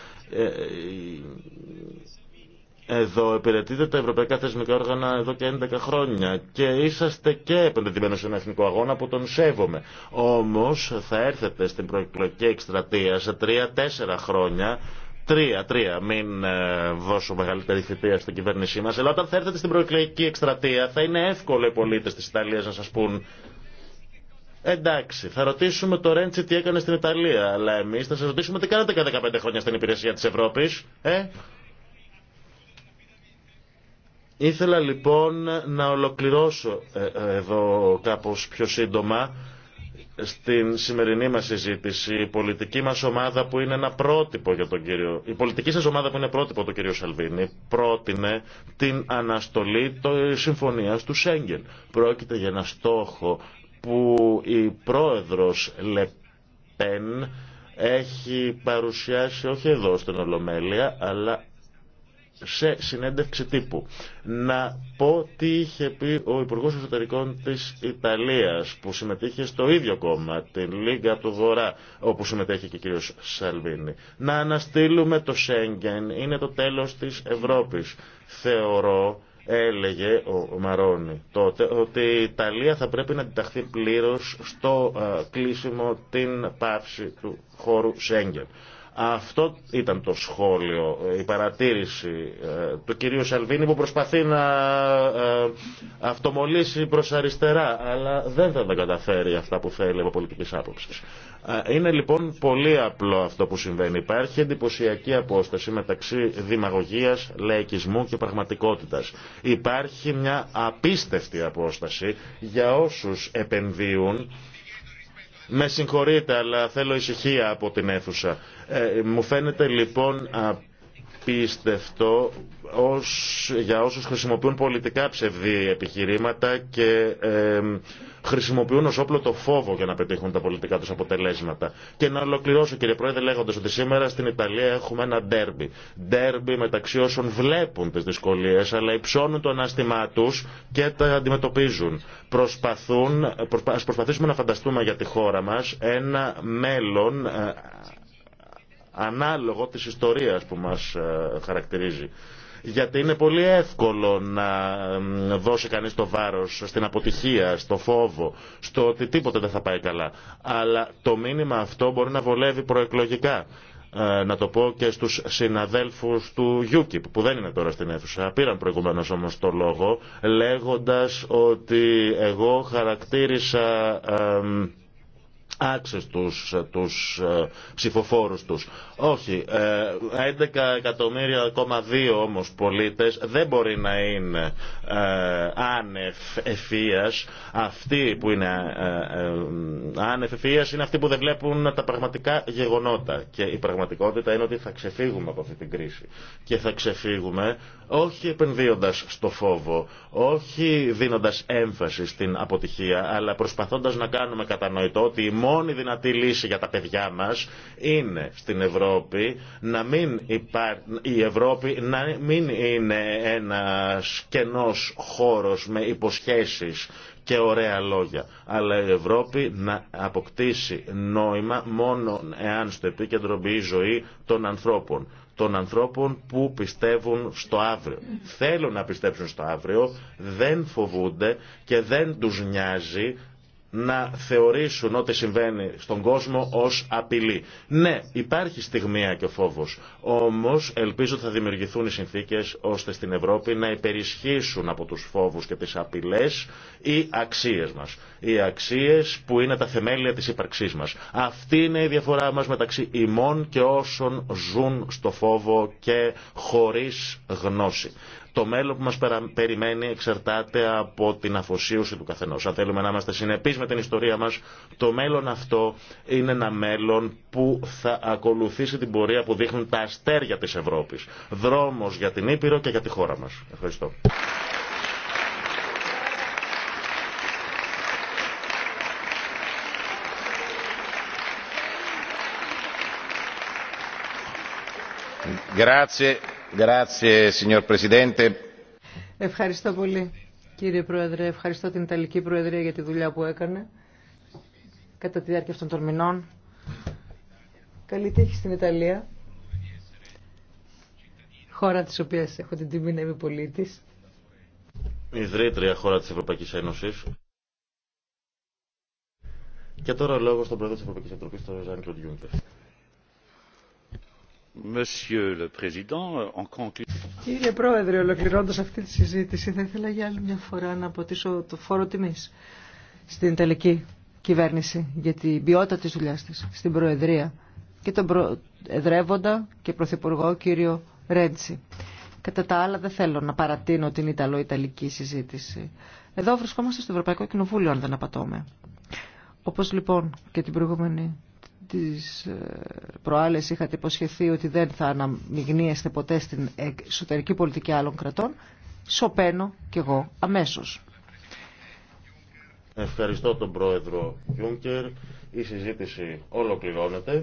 Speaker 2: Εδώ υπηρετείτε τα ευρωπαϊκά θεσμικά όργανα εδώ και 11 χρόνια και είσαστε και επενδυμένοι σε ένα εθνικό αγώνα που τον σέβομαι. Όμω θα έρθετε στην προεκλογική εκστρατεία σε 3-4 χρόνια. Τρία-τρία, μην ε, δώσω μεγαλύτερη θητεία στην κυβέρνησή μα. Αλλά όταν θα έρθετε στην προεκλογική εκστρατεία θα είναι εύκολο οι πολίτε τη Ιταλία να σα πούν Εντάξει, θα ρωτήσουμε το Ρέντσι τι έκανε στην Ιταλία, αλλά εμεί θα σα ρωτήσουμε τι κάνατε κατά 15 χρόνια στην υπηρεσία τη Ευρώπη. Ε, Ήθελα λοιπόν να ολοκληρώσω ε, ε, εδώ κάπως πιο σύντομα στην σημερινή μας συζήτηση η πολιτική μας ομάδα που είναι ένα πρότυπο για τον κύριο η πολιτική σας ομάδα που είναι πρότυπο τον κύριο Σαλβίνη πρότεινε την αναστολή της συμφωνίας του Σέγγεν πρόκειται για ένα στόχο που η πρόεδρος Λεπέν έχει παρουσιάσει όχι εδώ στην Ολομέλεια αλλά σε συνέντευξη τύπου. Να πω τι είχε πει ο Υπουργό Εσωτερικών τη Ιταλία που συμμετείχε στο ίδιο κόμμα, την Λίγκα του Βορρά, όπου συμμετέχει και ο κ. Σαλβίνη. Να αναστείλουμε το Σέγγεν, είναι το τέλο τη Ευρώπη. Θεωρώ, έλεγε ο Μαρόνι τότε, ότι η Ιταλία θα πρέπει να αντιταχθεί πλήρω στο ε, κλείσιμο την πάυση του χώρου Σέγγεν. Αυτό ήταν το σχόλιο, ε, η παρατήρηση ε, του κυρίου Σαλβίνη που προσπαθεί να ε, αυτομολύσει προς αριστερά, αλλά δεν θα τα καταφέρει αυτά που θέλει από πολιτικής άποψης. Είναι λοιπόν πολύ απλό αυτό που συμβαίνει. Υπάρχει εντυπωσιακή απόσταση μεταξύ δημαγωγίας, λαϊκισμού και πραγματικότητας. Υπάρχει μια απίστευτη απόσταση για όσους επενδύουν με συγχωρείτε, αλλά θέλω ησυχία από την αίθουσα. Ε, μου φαίνεται λοιπόν απίστευτο ως, για όσους χρησιμοποιούν πολιτικά ψευδή επιχειρήματα και ε, χρησιμοποιούν ως όπλο το φόβο για να πετύχουν τα πολιτικά τους αποτελέσματα. Και να ολοκληρώσω κύριε Πρόεδρε λέγοντας ότι σήμερα στην Ιταλία έχουμε ένα ντέρμπι. Ντέρμπι μεταξύ όσων βλέπουν τις δυσκολίες αλλά υψώνουν το ανάστημά τους και τα αντιμετωπίζουν. Προσπαθούν, προσπαθήσουμε να φανταστούμε για τη χώρα μας ένα μέλλον ε, ανάλογο της ιστορίας που μας ε, χαρακτηρίζει. Γιατί είναι πολύ εύκολο να δώσει κανείς το βάρος στην αποτυχία, στο φόβο, στο ότι τίποτε δεν θα πάει καλά. Αλλά το μήνυμα αυτό μπορεί να βολεύει προεκλογικά. Ε, να το πω και στους συναδέλφους του UKIP που δεν είναι τώρα στην αίθουσα. Πήραν προηγουμένως όμως το λόγο λέγοντας ότι εγώ χαρακτήρισα... Ε, άξες τους, τους ε, ψηφοφόρους τους. Όχι, 11 ε, εκατομμύρια ακόμα δύο όμως πολίτες δεν μπορεί να είναι ε, άνευ ευφίας. Αυτοί που είναι άνευ είναι αυτοί που δεν βλέπουν τα πραγματικά γεγονότα. Και η πραγματικότητα είναι ότι θα ξεφύγουμε από αυτή την κρίση. Και θα ξεφύγουμε όχι επενδύοντας στο φόβο, όχι δίνοντας έμφαση στην αποτυχία, αλλά προσπαθώντας να κάνουμε κατανοητό ότι η μόνη δυνατή λύση για τα παιδιά μας είναι στην Ευρώπη να μην η Ευρώπη να μην είναι ένας κενός χώρος με υποσχέσεις και ωραία λόγια. Αλλά η Ευρώπη να αποκτήσει νόημα μόνο εάν στο επίκεντρο μπει η ζωή των ανθρώπων των ανθρώπων που πιστεύουν στο αύριο. Θέλουν να πιστέψουν στο αύριο, δεν φοβούνται και δεν τους νοιάζει να θεωρήσουν ό,τι συμβαίνει στον κόσμο ως απειλή. Ναι, υπάρχει στιγμία και φόβος, όμως ελπίζω ότι θα δημιουργηθούν οι συνθήκες ώστε στην Ευρώπη να υπερισχύσουν από τους φόβους και τις απειλές οι αξίες μας. Οι αξίες που είναι τα θεμέλια της ύπαρξής μας. Αυτή είναι η διαφορά μας μεταξύ ημών και όσων ζουν στο φόβο και χωρίς γνώση. Το μέλλον που μας περιμένει εξαρτάται από την αφοσίωση του καθενός. Αν θέλουμε να είμαστε συνεπείς με την ιστορία μας, το μέλλον αυτό είναι ένα μέλλον που θα ακολουθήσει την πορεία που δείχνουν τα αστέρια της Ευρώπης. Δρόμος για την Ήπειρο και για τη χώρα μας. Ευχαριστώ.
Speaker 3: Grazie.
Speaker 1: Ευχαριστώ πολύ κύριε Πρόεδρε. Ευχαριστώ την Ιταλική Προεδρία για τη δουλειά που έκανε κατά τη διάρκεια αυτών των μηνών. Καλή τύχη στην Ιταλία, χώρα της οποίας έχω την τιμή να είμαι πολίτης.
Speaker 2: Ιδρύτρια χώρα της Ευρωπαϊκής Ένωσης. Και τώρα λόγο στον Πρόεδρο της Ευρωπαϊκής του τον Ζαν Κλοντ
Speaker 3: Κύριε Πρόεδρε,
Speaker 1: ολοκληρώνοντας αυτή τη συζήτηση, θα ήθελα για άλλη μια φορά να αποτίσω το φόρο τιμής στην τελική κυβέρνηση για την ποιότητα της δουλειάς της, στην Προεδρία και τον Προεδρεύοντα και Πρωθυπουργό κύριο Ρέντσι. Κατά τα άλλα δεν θέλω να παρατείνω την Ιταλο-Ιταλική συζήτηση. Εδώ βρισκόμαστε στο Ευρωπαϊκό Κοινοβούλιο, αν δεν απατώμε. Όπως λοιπόν και την προηγούμενη τις ε, προάλλες είχατε υποσχεθεί ότι δεν θα αναμειγνύεστε ποτέ στην εσωτερική πολιτική άλλων κρατών, σοπαίνω κι εγώ αμέσως.
Speaker 2: Ευχαριστώ τον πρόεδρο Γιούγκερ. Η συζήτηση ολοκληρώνεται.